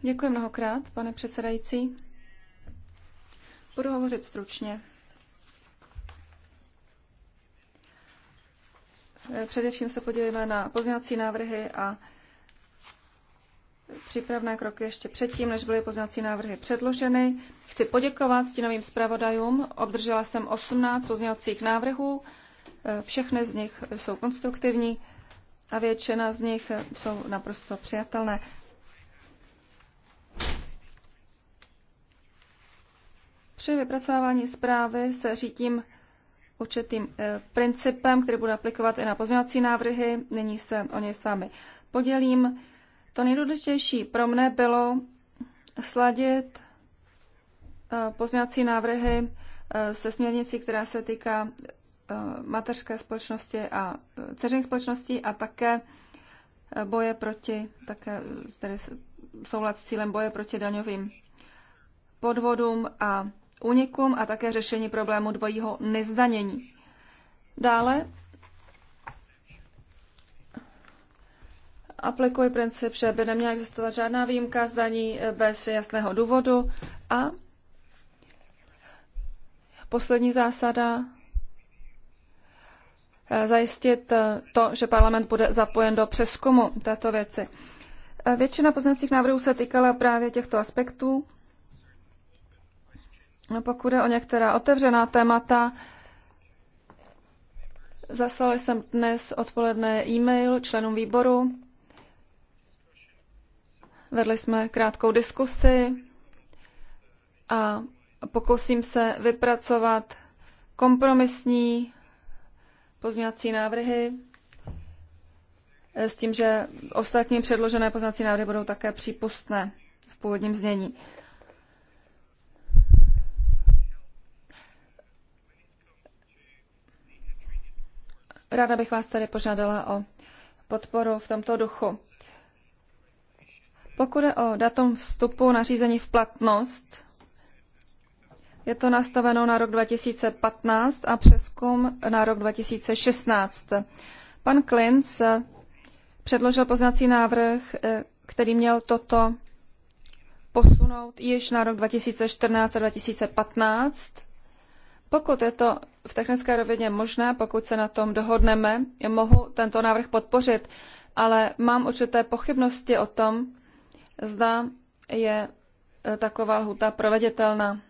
Děkuji mnohokrát, pane předsedající. Budu hovořit stručně. Především se podívejme na pozměňovací návrhy a přípravné kroky ještě předtím, než byly pozměňovací návrhy předloženy. Chci poděkovat stínovým zpravodajům. Obdržela jsem 18 pozměňovacích návrhů. Všechny z nich jsou konstruktivní a většina z nich jsou naprosto přijatelné. Při vypracování zprávy se řídím určitým eh, principem, který budu aplikovat i na pozměňovací návrhy. Nyní se o něj s vámi podělím. To nejdůležitější pro mne bylo sladit eh, pozměňovací návrhy eh, se směrnicí, která se týká eh, mateřské společnosti a dceřiných společností a také boje proti, také tedy souhlad s cílem boje proti daňovým podvodům a únikům a také řešení problému dvojího nezdanění. Dále aplikuje princip, že by neměla existovat žádná výjimka z daní eh, bez jasného důvodu. A poslední zásada eh, zajistit eh, to, že parlament bude zapojen do přeskumu této věci. Většina poznacích návrhů se týkala právě těchto aspektů. No pokud je o některá otevřená témata, zaslali jsem dnes odpoledne e-mail členům výboru Vedli jsme krátkou diskusi a pokusím se vypracovat kompromisní pozměňovací návrhy s tím, že ostatní předložené pozměňovací návrhy budou také přípustné v původním znění. Ráda bych vás tady požádala o podporu v tomto duchu. Pokud je o datum vstupu nařízení v platnost, je to nastaveno na rok 2015 a přeskum na rok 2016. Pan Klinc předložil poznací návrh, eh, který měl toto posunout již na rok 2014 a 2015. Pokud je to v technické rovině možné, pokud se na tom dohodneme, mohu tento návrh podpořit, ale mám určité pochybnosti o tom, zda je e, taková lhuta proveditelná.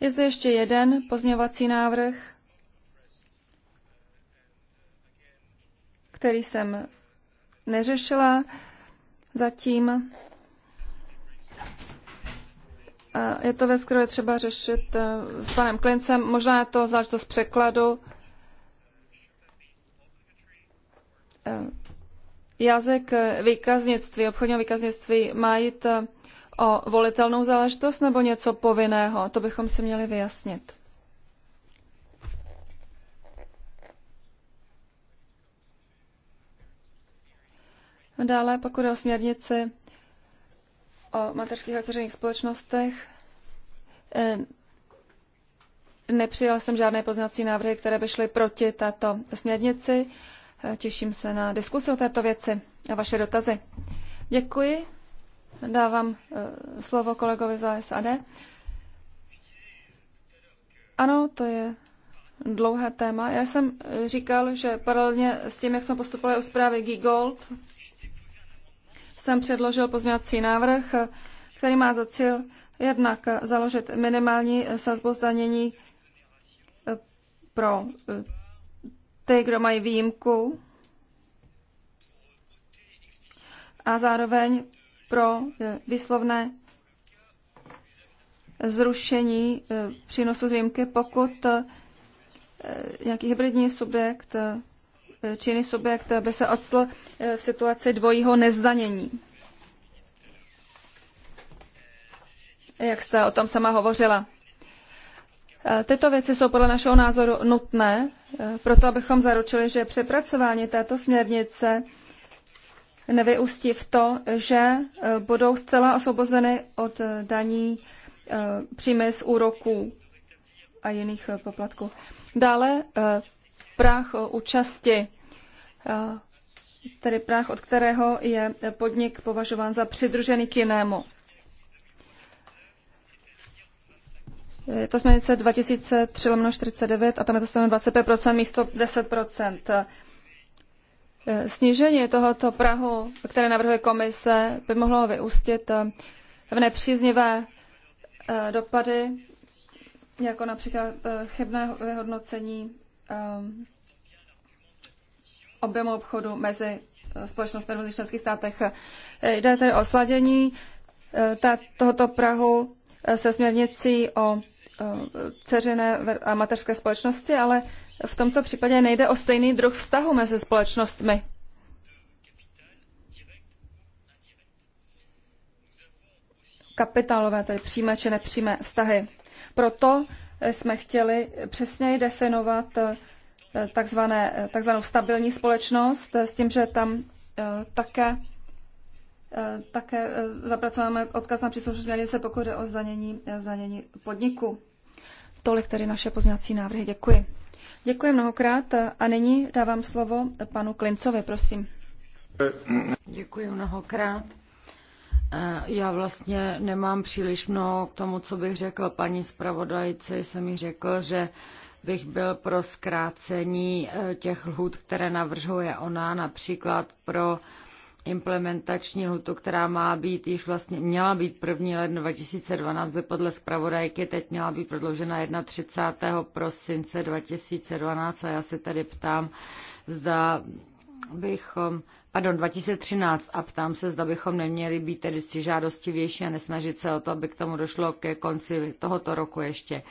Je zde ještě jeden pozměňovací návrh, který jsem neřešila zatím. Je to věc, kterou je třeba řešit e, s panem Klincem. Možná je to záležitost překladu. Eh, jazyk eh, výkaznictví, obchodního výkaznictví má jít eh, o volitelnou záležitost nebo něco povinného? To bychom si měli vyjasnit. Dále, pokud o směrnici o mateřských a dceřiných společnostech, nepřijal jsem žádné poznací návrhy, které by šly proti této směrnici. Těším se na diskusi o této věci a vaše dotazy. Děkuji. Dávám eh, slovo kolegovi za SAD. Ano, to je dlouhé téma. Já jsem eh, říkal, že paralelně s tím, jak jsme postupovali u zprávy Gigold, jsem předložil pozměňovací návrh, eh, který má za cíl jednak založit minimální sazbu zdanění pro ty, kdo mají výjimku a zároveň pro eh, výslovné zrušení eh, přínosu z výjimky, pokud eh, nějaký hybridní subjekt činný subjekt by se odstl v situaci dvojího nezdanění. Jak jste o tom sama hovořila. Eh, tyto věci jsou podle našeho názoru nutné, eh, proto abychom zaručili, že přepracování této směrnice nevyústí v to, že eh, budou zcela osvobozeny od daní příjmy z úroků a jiných poplatků. Dále práh účasti, tedy práh, od kterého je podnik považován za přidružený k jinému. Je to směrnice 2003 49 a tam je to stanoveno 25 místo 10 Snížení tohoto Prahu, které navrhuje komise, by mohlo vyústit v nepříznivé eh, dopady, jako například eh, chybné vyhodnocení eh, objemu obchodu mezi společnostmi v členských státech. Jde tedy o sladění tohoto Prahu se směrnicí o dceřiné a mateřské společnosti, ale v tomto případě nejde o stejný druh vztahu mezi společnostmi. Kapitálové, tedy přímé či nepřímé vztahy. Proto jsme chtěli přesněji definovat e, takzvané, e, takzvanou stabilní společnost e, s tím, že tam také Eh, také eh, zapracujeme odkaz na příslušnou směrnice, pokud jde o zdanění, eh, zdanění podniku. Tolik tedy naše pozměňovací návrhy. Děkuji. Děkuji mnohokrát a nyní dávám slovo panu Klincovi, prosím. Děkuji mnohokrát. Já vlastně nemám příliš mnoho k tomu, co bych řekl paní zpravodajce. Jsem mi řekl, že bych byl pro zkrácení těch lhůt, které navrhuje ona, například pro implementační lhutu, která má být, již vlastně měla být 1. let 2012, by podle zpravodajky teď měla být prodloužena 31. prosince 2012 a já se tady ptám, zda bychom pardon, 2013 a ptám se, zda bychom neměli být tedy žádostivější a nesnažit se o to, aby k tomu došlo ke konci tohoto roku ještě.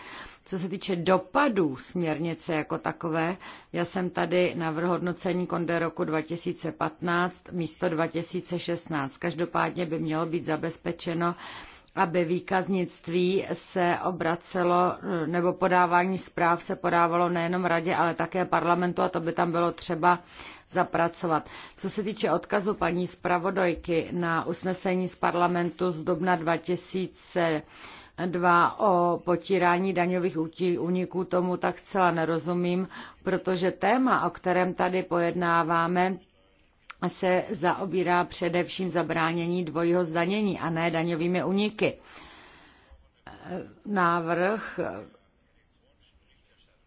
Co se týče dopadů směrnice jako takové, já jsem tady na vrhodnocení konde roku 2015 místo 2016. Každopádně by mělo být zabezpečeno, aby výkaznictví se obracelo, nebo podávání zpráv se podávalo nejenom radě, ale také parlamentu a to by tam bylo třeba zapracovat. Co se týče odkazu paní zpravodajky na usnesení z parlamentu z dubna 2000, Dva o potírání daňových úniků tomu tak zcela nerozumím, protože téma, o kterém tady pojednáváme, se zaobírá především zabránění dvojího zdanění a ne daňovými úniky. Návrh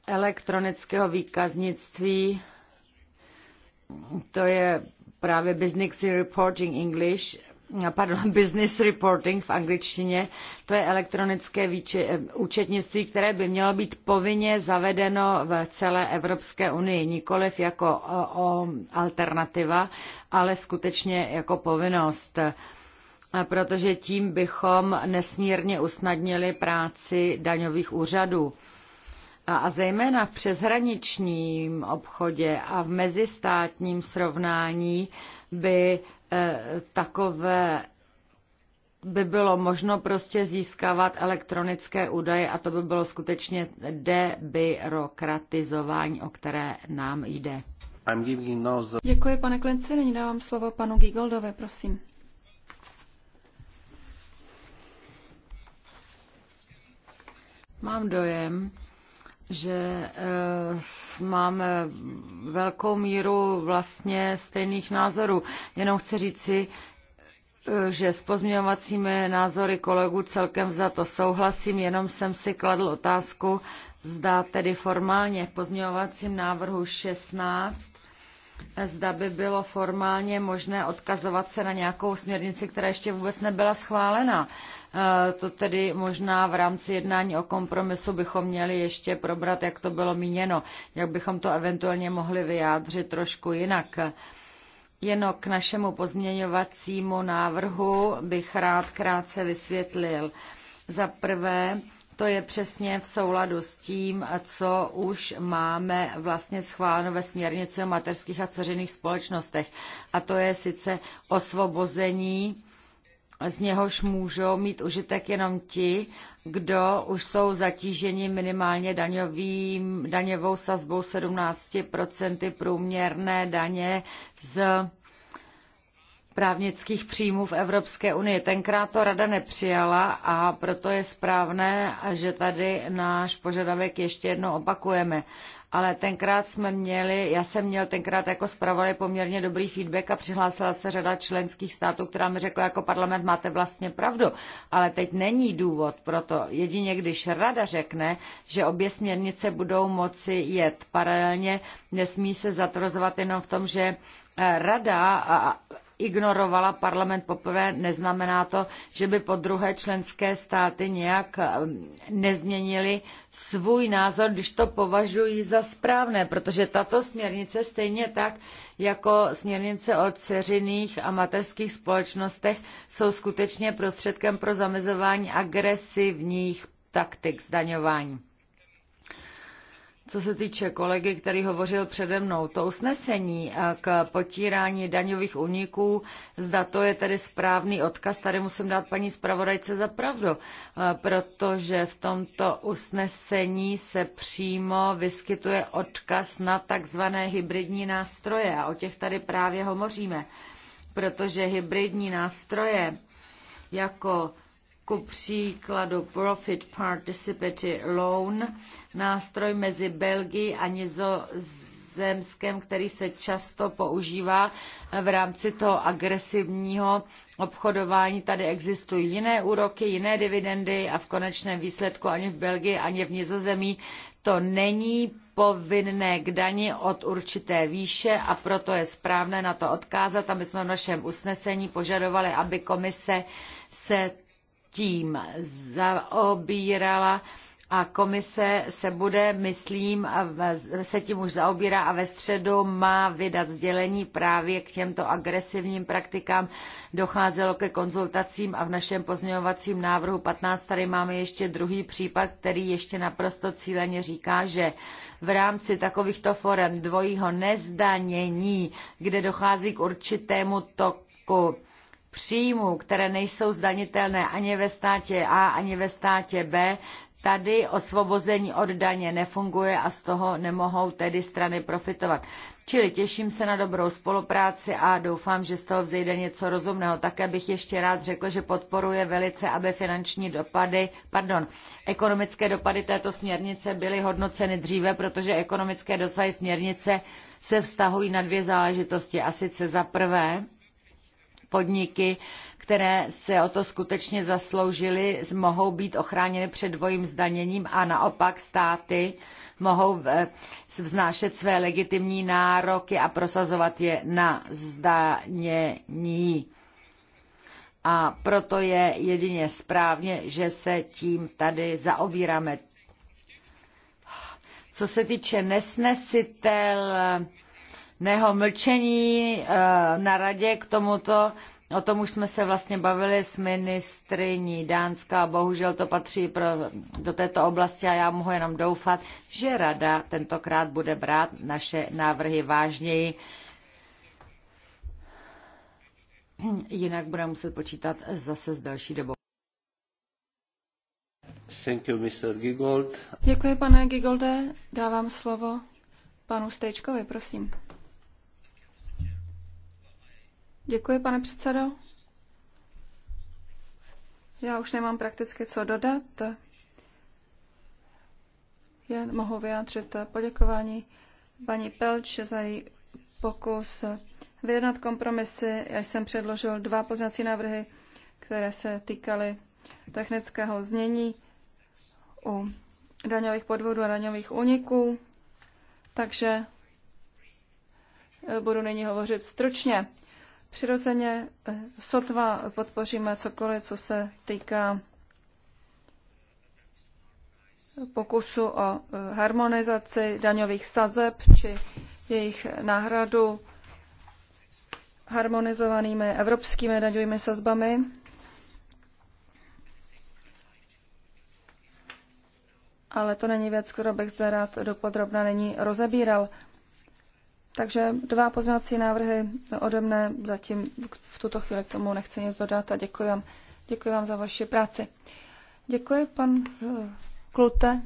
elektronického výkaznictví to je právě Business Reporting English, pardon, Business Reporting v angličtině, to je elektronické výče, eh, účetnictví, které by mělo být povinně zavedeno v celé Evropské unii, nikoliv jako o, o alternativa, ale skutečně jako povinnost protože tím bychom nesmírně usnadnili práci daňových úřadů a, zejména v přeshraničním obchodě a v mezistátním srovnání by eh, takové by bylo možno prostě získávat elektronické údaje a to by bylo skutečně debyrokratizování, o které nám jde. The... Děkuji, pane Klenci. Nyní dávám slovo panu Gigoldovi, prosím. Mám dojem, že eh, máme velkou míru vlastně stejných názorů. Jenom chci říci, eh, že s pozměňovacími názory kolegů celkem za to souhlasím, jenom jsem si kladl otázku, zda tedy formálně v pozměňovacím návrhu 16 zda by bylo formálně možné odkazovat se na nějakou směrnici, která ještě vůbec nebyla schválena. E, to tedy možná v rámci jednání o kompromisu bychom měli ještě probrat, jak to bylo míněno, jak bychom to eventuálně mohli vyjádřit trošku jinak. Jenom k našemu pozměňovacímu návrhu bych rád krátce vysvětlil. Za prvé, to je přesně v souladu s tím, co už máme vlastně schváleno ve směrnici o mateřských a dceřiných společnostech. A to je sice osvobození, z něhož můžou mít užitek jenom ti, kdo už jsou zatíženi minimálně daňovým, daňovou sazbou 17% průměrné daně z právnických příjmů v Evropské unii. Tenkrát to rada nepřijala a proto je správné, že tady náš požadavek ještě jednou opakujeme. Ale tenkrát jsme měli, já jsem měl tenkrát jako zpravodaj poměrně dobrý feedback a přihlásila se řada členských států, která mi řekla jako parlament máte vlastně pravdu, ale teď není důvod pro to. Jedině když rada řekne, že obě směrnice budou moci jet paralelně, nesmí se zatrozovat jenom v tom, že eh, Rada ignorovala parlament poprvé, neznamená to, že by po druhé členské státy nějak um, nezměnili svůj názor, když to považují za správné, protože tato směrnice stejně tak jako směrnice o dceřiných mateřských společnostech jsou skutečně prostředkem pro zamezování agresivních taktik zdaňování. Co se týče kolegy, který hovořil přede mnou, to usnesení eh, k potírání daňových úniků, zda to je tedy správný odkaz, tady musím dát paní zpravodajce za pravdu, eh, protože v tomto usnesení se přímo vyskytuje odkaz na takzvané hybridní nástroje a o těch tady právě hovoříme, protože hybridní nástroje jako ku příkladu Profit Participity Loan, nástroj mezi Belgií a Nizozemskem, který se často používá v rámci toho agresivního obchodování. Tady existují jiné úroky, jiné dividendy a v konečném výsledku ani v Belgii, ani v Nizozemí to není povinné k dani od určité výše a proto je správné na to odkázat a my jsme v našem usnesení požadovali, aby komise se tím zaobírala a komise se bude, myslím, a se tím už zaobírá a ve středu má vydat sdělení právě k těmto agresivním praktikám. Docházelo ke konzultacím a v našem pozměňovacím návrhu 15 tady máme ještě druhý případ, který ještě naprosto cíleně říká, že v rámci takovýchto forem dvojího nezdanění, kde dochází k určitému toku, příjmů, které nejsou zdanitelné ani ve státě A, ani ve státě B, tady osvobození od daně nefunguje a z toho nemohou tedy strany profitovat. Čili těším se na dobrou spolupráci a doufám, že z toho vzejde něco rozumného. Také bych ještě rád řekl, že podporuje velice, aby finanční dopady, pardon, ekonomické dopady této směrnice byly hodnoceny dříve, protože ekonomické dosahy směrnice se vztahují na dvě záležitosti. A sice za prvé, podniky, které se o to skutečně zasloužily, mohou být ochráněny před dvojím zdaněním a naopak státy mohou eh, vznášet své legitimní nároky a prosazovat je na zdanění. A proto je jedině správně, že se tím tady zaobíráme. Co se týče nesnesitel, mého mlčení eh, na radě k tomuto. O tom už jsme se vlastně bavili s ministriní Dánska, bohužel to patří pro, do této oblasti a já mohu jenom doufat, že rada tentokrát bude brát naše návrhy vážněji. Jinak budeme muset počítat zase s další dobou. Thank you, Mr. Gigold. Děkuji, pane Gigolde. Dávám slovo panu Stejčkovi, prosím. Děkuji, pane předsedo. Já už nemám prakticky co dodat. Jen mohu vyjádřit poděkování paní Pelč za její pokus vyjednat kompromisy. Já jsem předložil dva poznací návrhy, které se týkaly technického znění u daňových podvodů a daňových úniků, takže budu nyní hovořit stručně. Přirozeně eh, sotva podpoříme cokoliv, co se týká pokusu o eh, harmonizaci daňových sazeb či jejich náhradu harmonizovanými evropskými daňovými sazbami. Ale to není věc, kterou bych zde rád dopodrobna není rozebíral. Takže dva pozměňovací návrhy ode mne. Zatím v tuto chvíli k tomu nechci nic dodat a děkuji vám, děkuji vám za vaši práci. Děkuji, pan eh, Klute.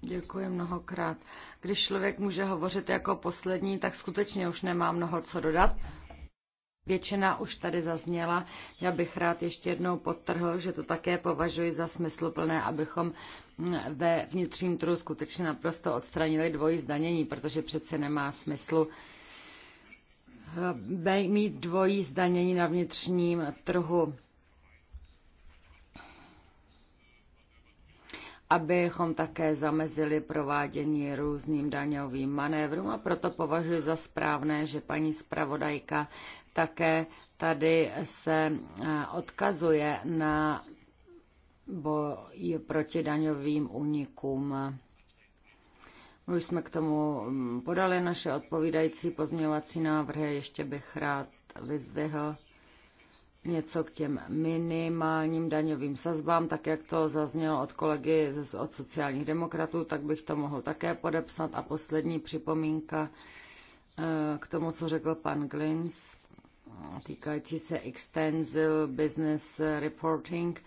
Děkuji mnohokrát. Když člověk může hovořit jako poslední, tak skutečně už nemá mnoho co dodat. Většina už tady zazněla. Já bych rád ještě jednou podtrhl, že to také považuji za smysluplné, abychom ve vnitřním trhu skutečně naprosto odstranili dvojí zdanění, protože přece nemá smyslu eh, mít dvojí zdanění na vnitřním trhu. abychom také zamezili provádění různým daňovým manévrům a proto považuji za správné, že paní zpravodajka také tady se eh, odkazuje na boj proti daňovým únikům. My už jsme k tomu mm, podali naše odpovídající pozměňovací návrhy. Ještě bych rád vyzdvihl něco k těm minimálním daňovým sazbám, tak jak to zaznělo od kolegy od sociálních demokratů, tak bych to mohl také podepsat. A poslední připomínka eh, k tomu, co řekl pan Glins týkající se Extensive Business Reporting.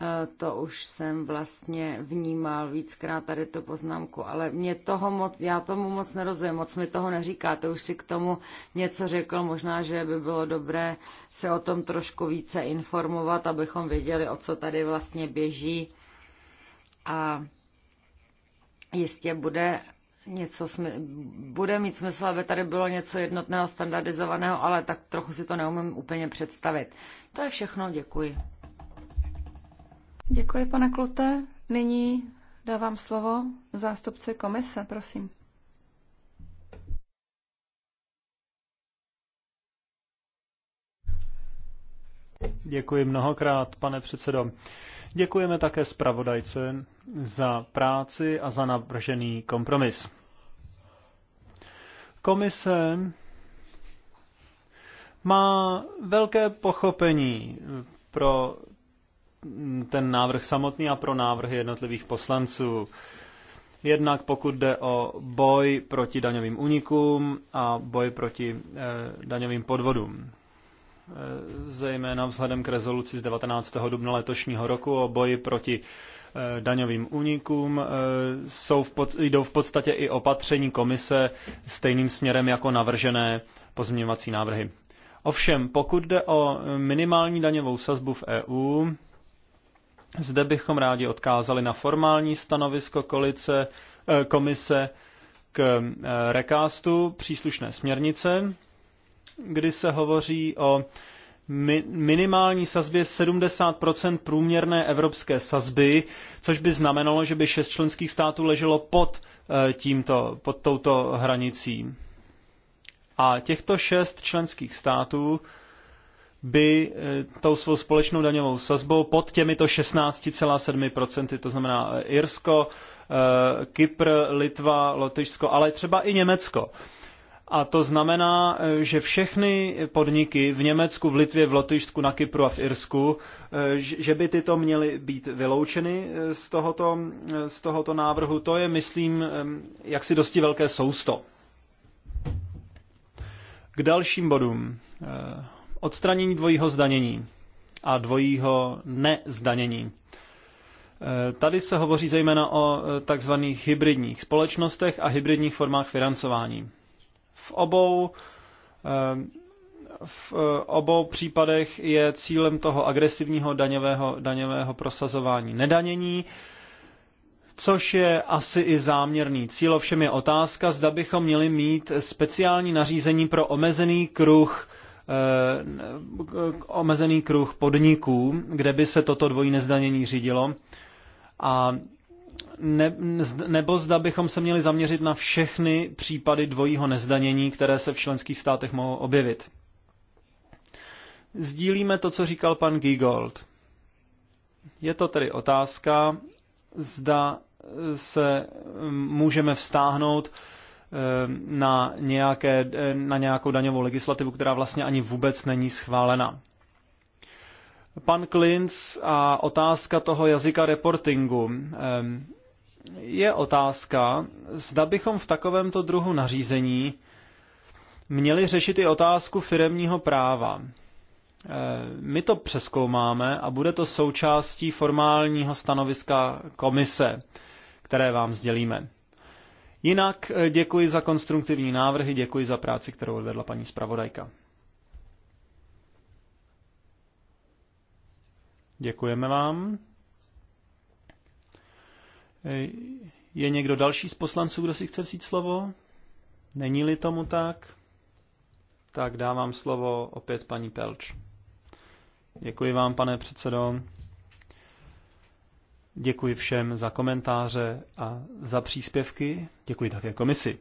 Eh, to už jsem vlastně vnímal víckrát tady tu poznámku, ale mě toho moc, já tomu moc nerozumím, moc mi toho neříkáte, už si k tomu něco řekl, možná, že by bylo dobré se o tom trošku více informovat, abychom věděli, o co tady vlastně běží. A jistě bude něco smy, bude mít smysl, aby tady bylo něco jednotného, standardizovaného, ale tak trochu si to neumím úplně představit. To je všechno, děkuji. Děkuji, pane Klute. Nyní dávám slovo zástupci komise, prosím. Děkuji mnohokrát, pane předsedo. Děkujeme také zpravodajce za práci a za navržený kompromis. Komise má velké pochopení pro ten návrh samotný a pro návrhy jednotlivých poslanců. Jednak pokud jde o boj proti daňovým unikům a boj proti eh, daňovým podvodům. Eh, zejména vzhledem k rezoluci z 19. dubna letošního roku o boji proti eh, daňovým únikům. Eh, jsou v pod, jdou v podstatě i opatření komise stejným směrem jako navržené pozměňovací návrhy. Ovšem, pokud jde o minimální daňovou sazbu v EU, zde bychom rádi odkázali na formální stanovisko kolice, komise k rekástu příslušné směrnice, kdy se hovoří o minimální sazbě 70 průměrné evropské sazby, což by znamenalo, že by šest členských států leželo pod, eh, tímto, pod touto hranicí. A těchto šest členských států by eh, tou svou společnou daňovou sazbou pod těmito 16,7%, to znamená eh, Irsko, Kypr, Litva, Lotyšsko, ale třeba i Německo. A to znamená, eh, že všechny podniky v Německu, v Litvě, v Lotyšsku, na Kypru a v Irsku, eh, že by tyto měly být vyloučeny eh, z tohoto, z tohoto návrhu, to je, myslím, jaksi dosti velké sousto. K dalším bodům. Odstranění dvojího zdanění a dvojího nezdanění. Tady se hovoří zejména o takzvaných hybridních společnostech a hybridních formách financování. V obou, eh, v eh, obou případech je cílem toho agresivního daňového, daňového prosazování nedanění, což je asi i záměrný cíl. Ovšem je otázka, zda bychom měli mít speciální nařízení pro omezený kruh eh, omezený kruh podniků, kde by se toto dvojí nezdanění řídilo. A ne, nebo zda bychom se měli zaměřit na všechny případy dvojího nezdanění, které se v členských státech mohou objevit. Sdílíme to, co říkal pan Giegold. Je to tedy otázka, zda se můžeme vstáhnout eh, na, nějaké, eh, na nějakou daňovou legislativu, která vlastně ani vůbec není schválena. Pan Klinc a otázka toho jazyka reportingu. Ehm, je otázka, zda bychom v takovémto druhu nařízení měli řešit i otázku firemního práva. E, my to přeskoumáme a bude to součástí formálního stanoviska komise, které vám sdělíme. Jinak e, děkuji za konstruktivní návrhy, děkuji za práci, kterou odvedla paní zpravodajka. Děkujeme vám. Je někdo další z poslanců, kdo si chce vzít slovo? Není-li tomu tak, tak dávám slovo opět paní Pelč. Děkuji vám, pane předsedo. Děkuji všem za komentáře a za příspěvky. Děkuji také komisi.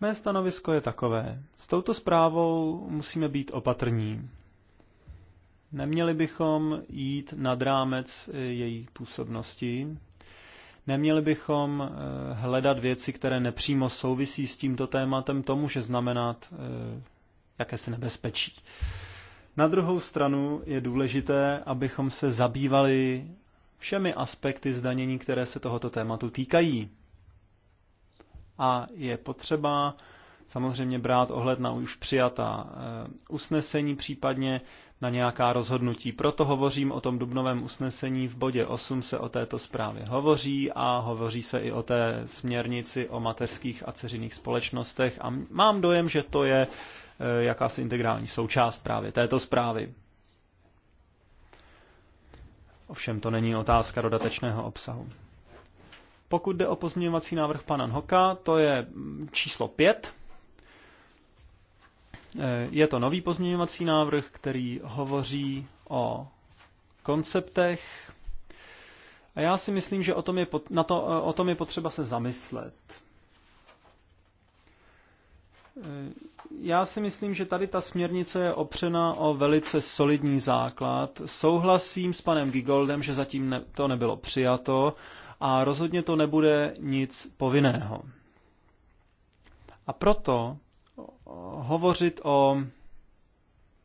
Mé stanovisko je takové. S touto zprávou musíme být opatrní. Neměli bychom jít nad rámec eh, její působnosti, neměli bychom eh, hledat věci, které nepřímo souvisí s tímto tématem, to může znamenat eh, jakési nebezpečí. Na druhou stranu je důležité, abychom se zabývali všemi aspekty zdanění, které se tohoto tématu týkají. A je potřeba samozřejmě brát ohled na už přijatá usnesení, případně na nějaká rozhodnutí. Proto hovořím o tom dubnovém usnesení. V bodě 8 se o této zprávě hovoří a hovoří se i o té směrnici o mateřských a ceřiných společnostech a mám dojem, že to je eh, jakási integrální součást právě této zprávy. Ovšem to není otázka dodatečného obsahu. Pokud jde o pozměňovací návrh pana Hoka, to je mm, číslo 5. Eh, je to nový pozměňovací návrh, který hovoří o konceptech. A já si myslím, že o tom je, pot, na to, eh, o tom je potřeba se zamyslet. Eh, já si myslím, že tady ta směrnice je opřena o velice solidní základ. Souhlasím s panem Gigoldem, že zatím ne, to nebylo přijato a rozhodně to nebude nic povinného. A proto hovořit o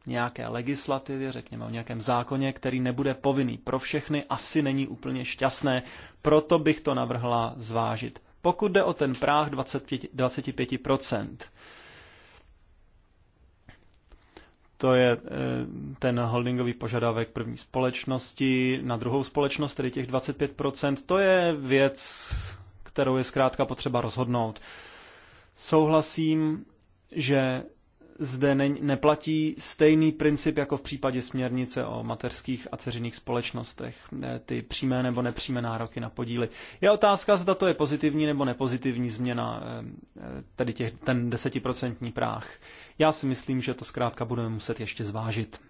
nějaké legislativě, řekněme o nějakém zákoně, který nebude povinný pro všechny, asi není úplně šťastné, proto bych to navrhla zvážit. Pokud jde o ten práh 25, 25%, to je eh, ten holdingový požadavek první společnosti na druhou společnost, tedy těch 25%, to je věc, kterou je zkrátka potřeba rozhodnout. Souhlasím že zde ne, neplatí stejný princip jako v případě směrnice o mateřských a ceřiných společnostech, ty přímé nebo nepřímé nároky na podíly. Je otázka, zda to je pozitivní nebo nepozitivní změna, eh, eh, tedy těch, ten desetiprocentní práh. Já si myslím, že to zkrátka budeme muset ještě zvážit.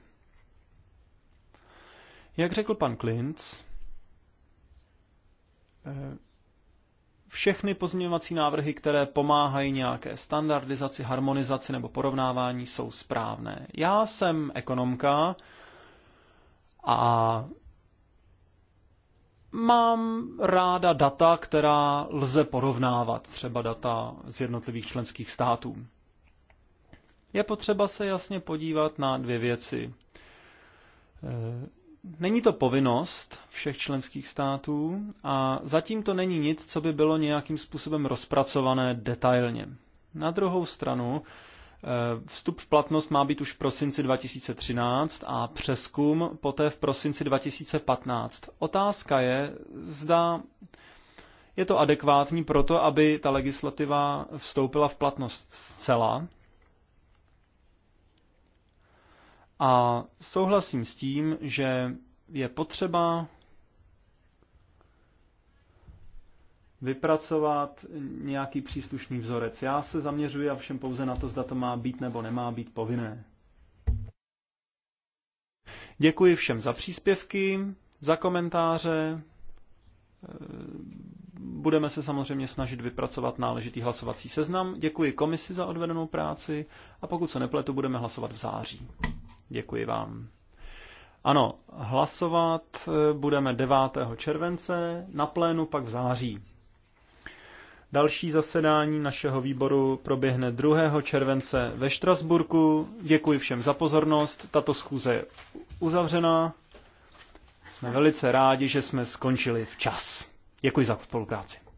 Jak řekl pan Klinc, eh, všechny pozměňovací návrhy, které pomáhají nějaké standardizaci, harmonizaci nebo porovnávání, jsou správné. Já jsem ekonomka a mám ráda data, která lze porovnávat, třeba data z jednotlivých členských států. Je potřeba se jasně podívat na dvě věci. Není to povinnost všech členských států a zatím to není nic, co by bylo nějakým způsobem rozpracované detailně. Na druhou stranu, eh, Vstup v platnost má být už v prosinci 2013 a přeskum poté v prosinci 2015. Otázka je, zda je to adekvátní pro to, aby ta legislativa vstoupila v platnost zcela, A souhlasím s tím, že je potřeba vypracovat nějaký příslušný vzorec. Já se zaměřuji a všem pouze na to, zda to má být nebo nemá být povinné. Děkuji všem za příspěvky, za komentáře. Budeme se samozřejmě snažit vypracovat náležitý hlasovací seznam. Děkuji komisi za odvedenou práci a pokud se nepletu, budeme hlasovat v září. Děkuji vám. Ano, hlasovat eh, budeme 9. července, na plénu pak v září. Další zasedání našeho výboru proběhne 2. července ve Štrasburku. Děkuji všem za pozornost. Tato schůze je uzavřena. Jsme velice rádi, že jsme skončili včas. Děkuji za spolupráci.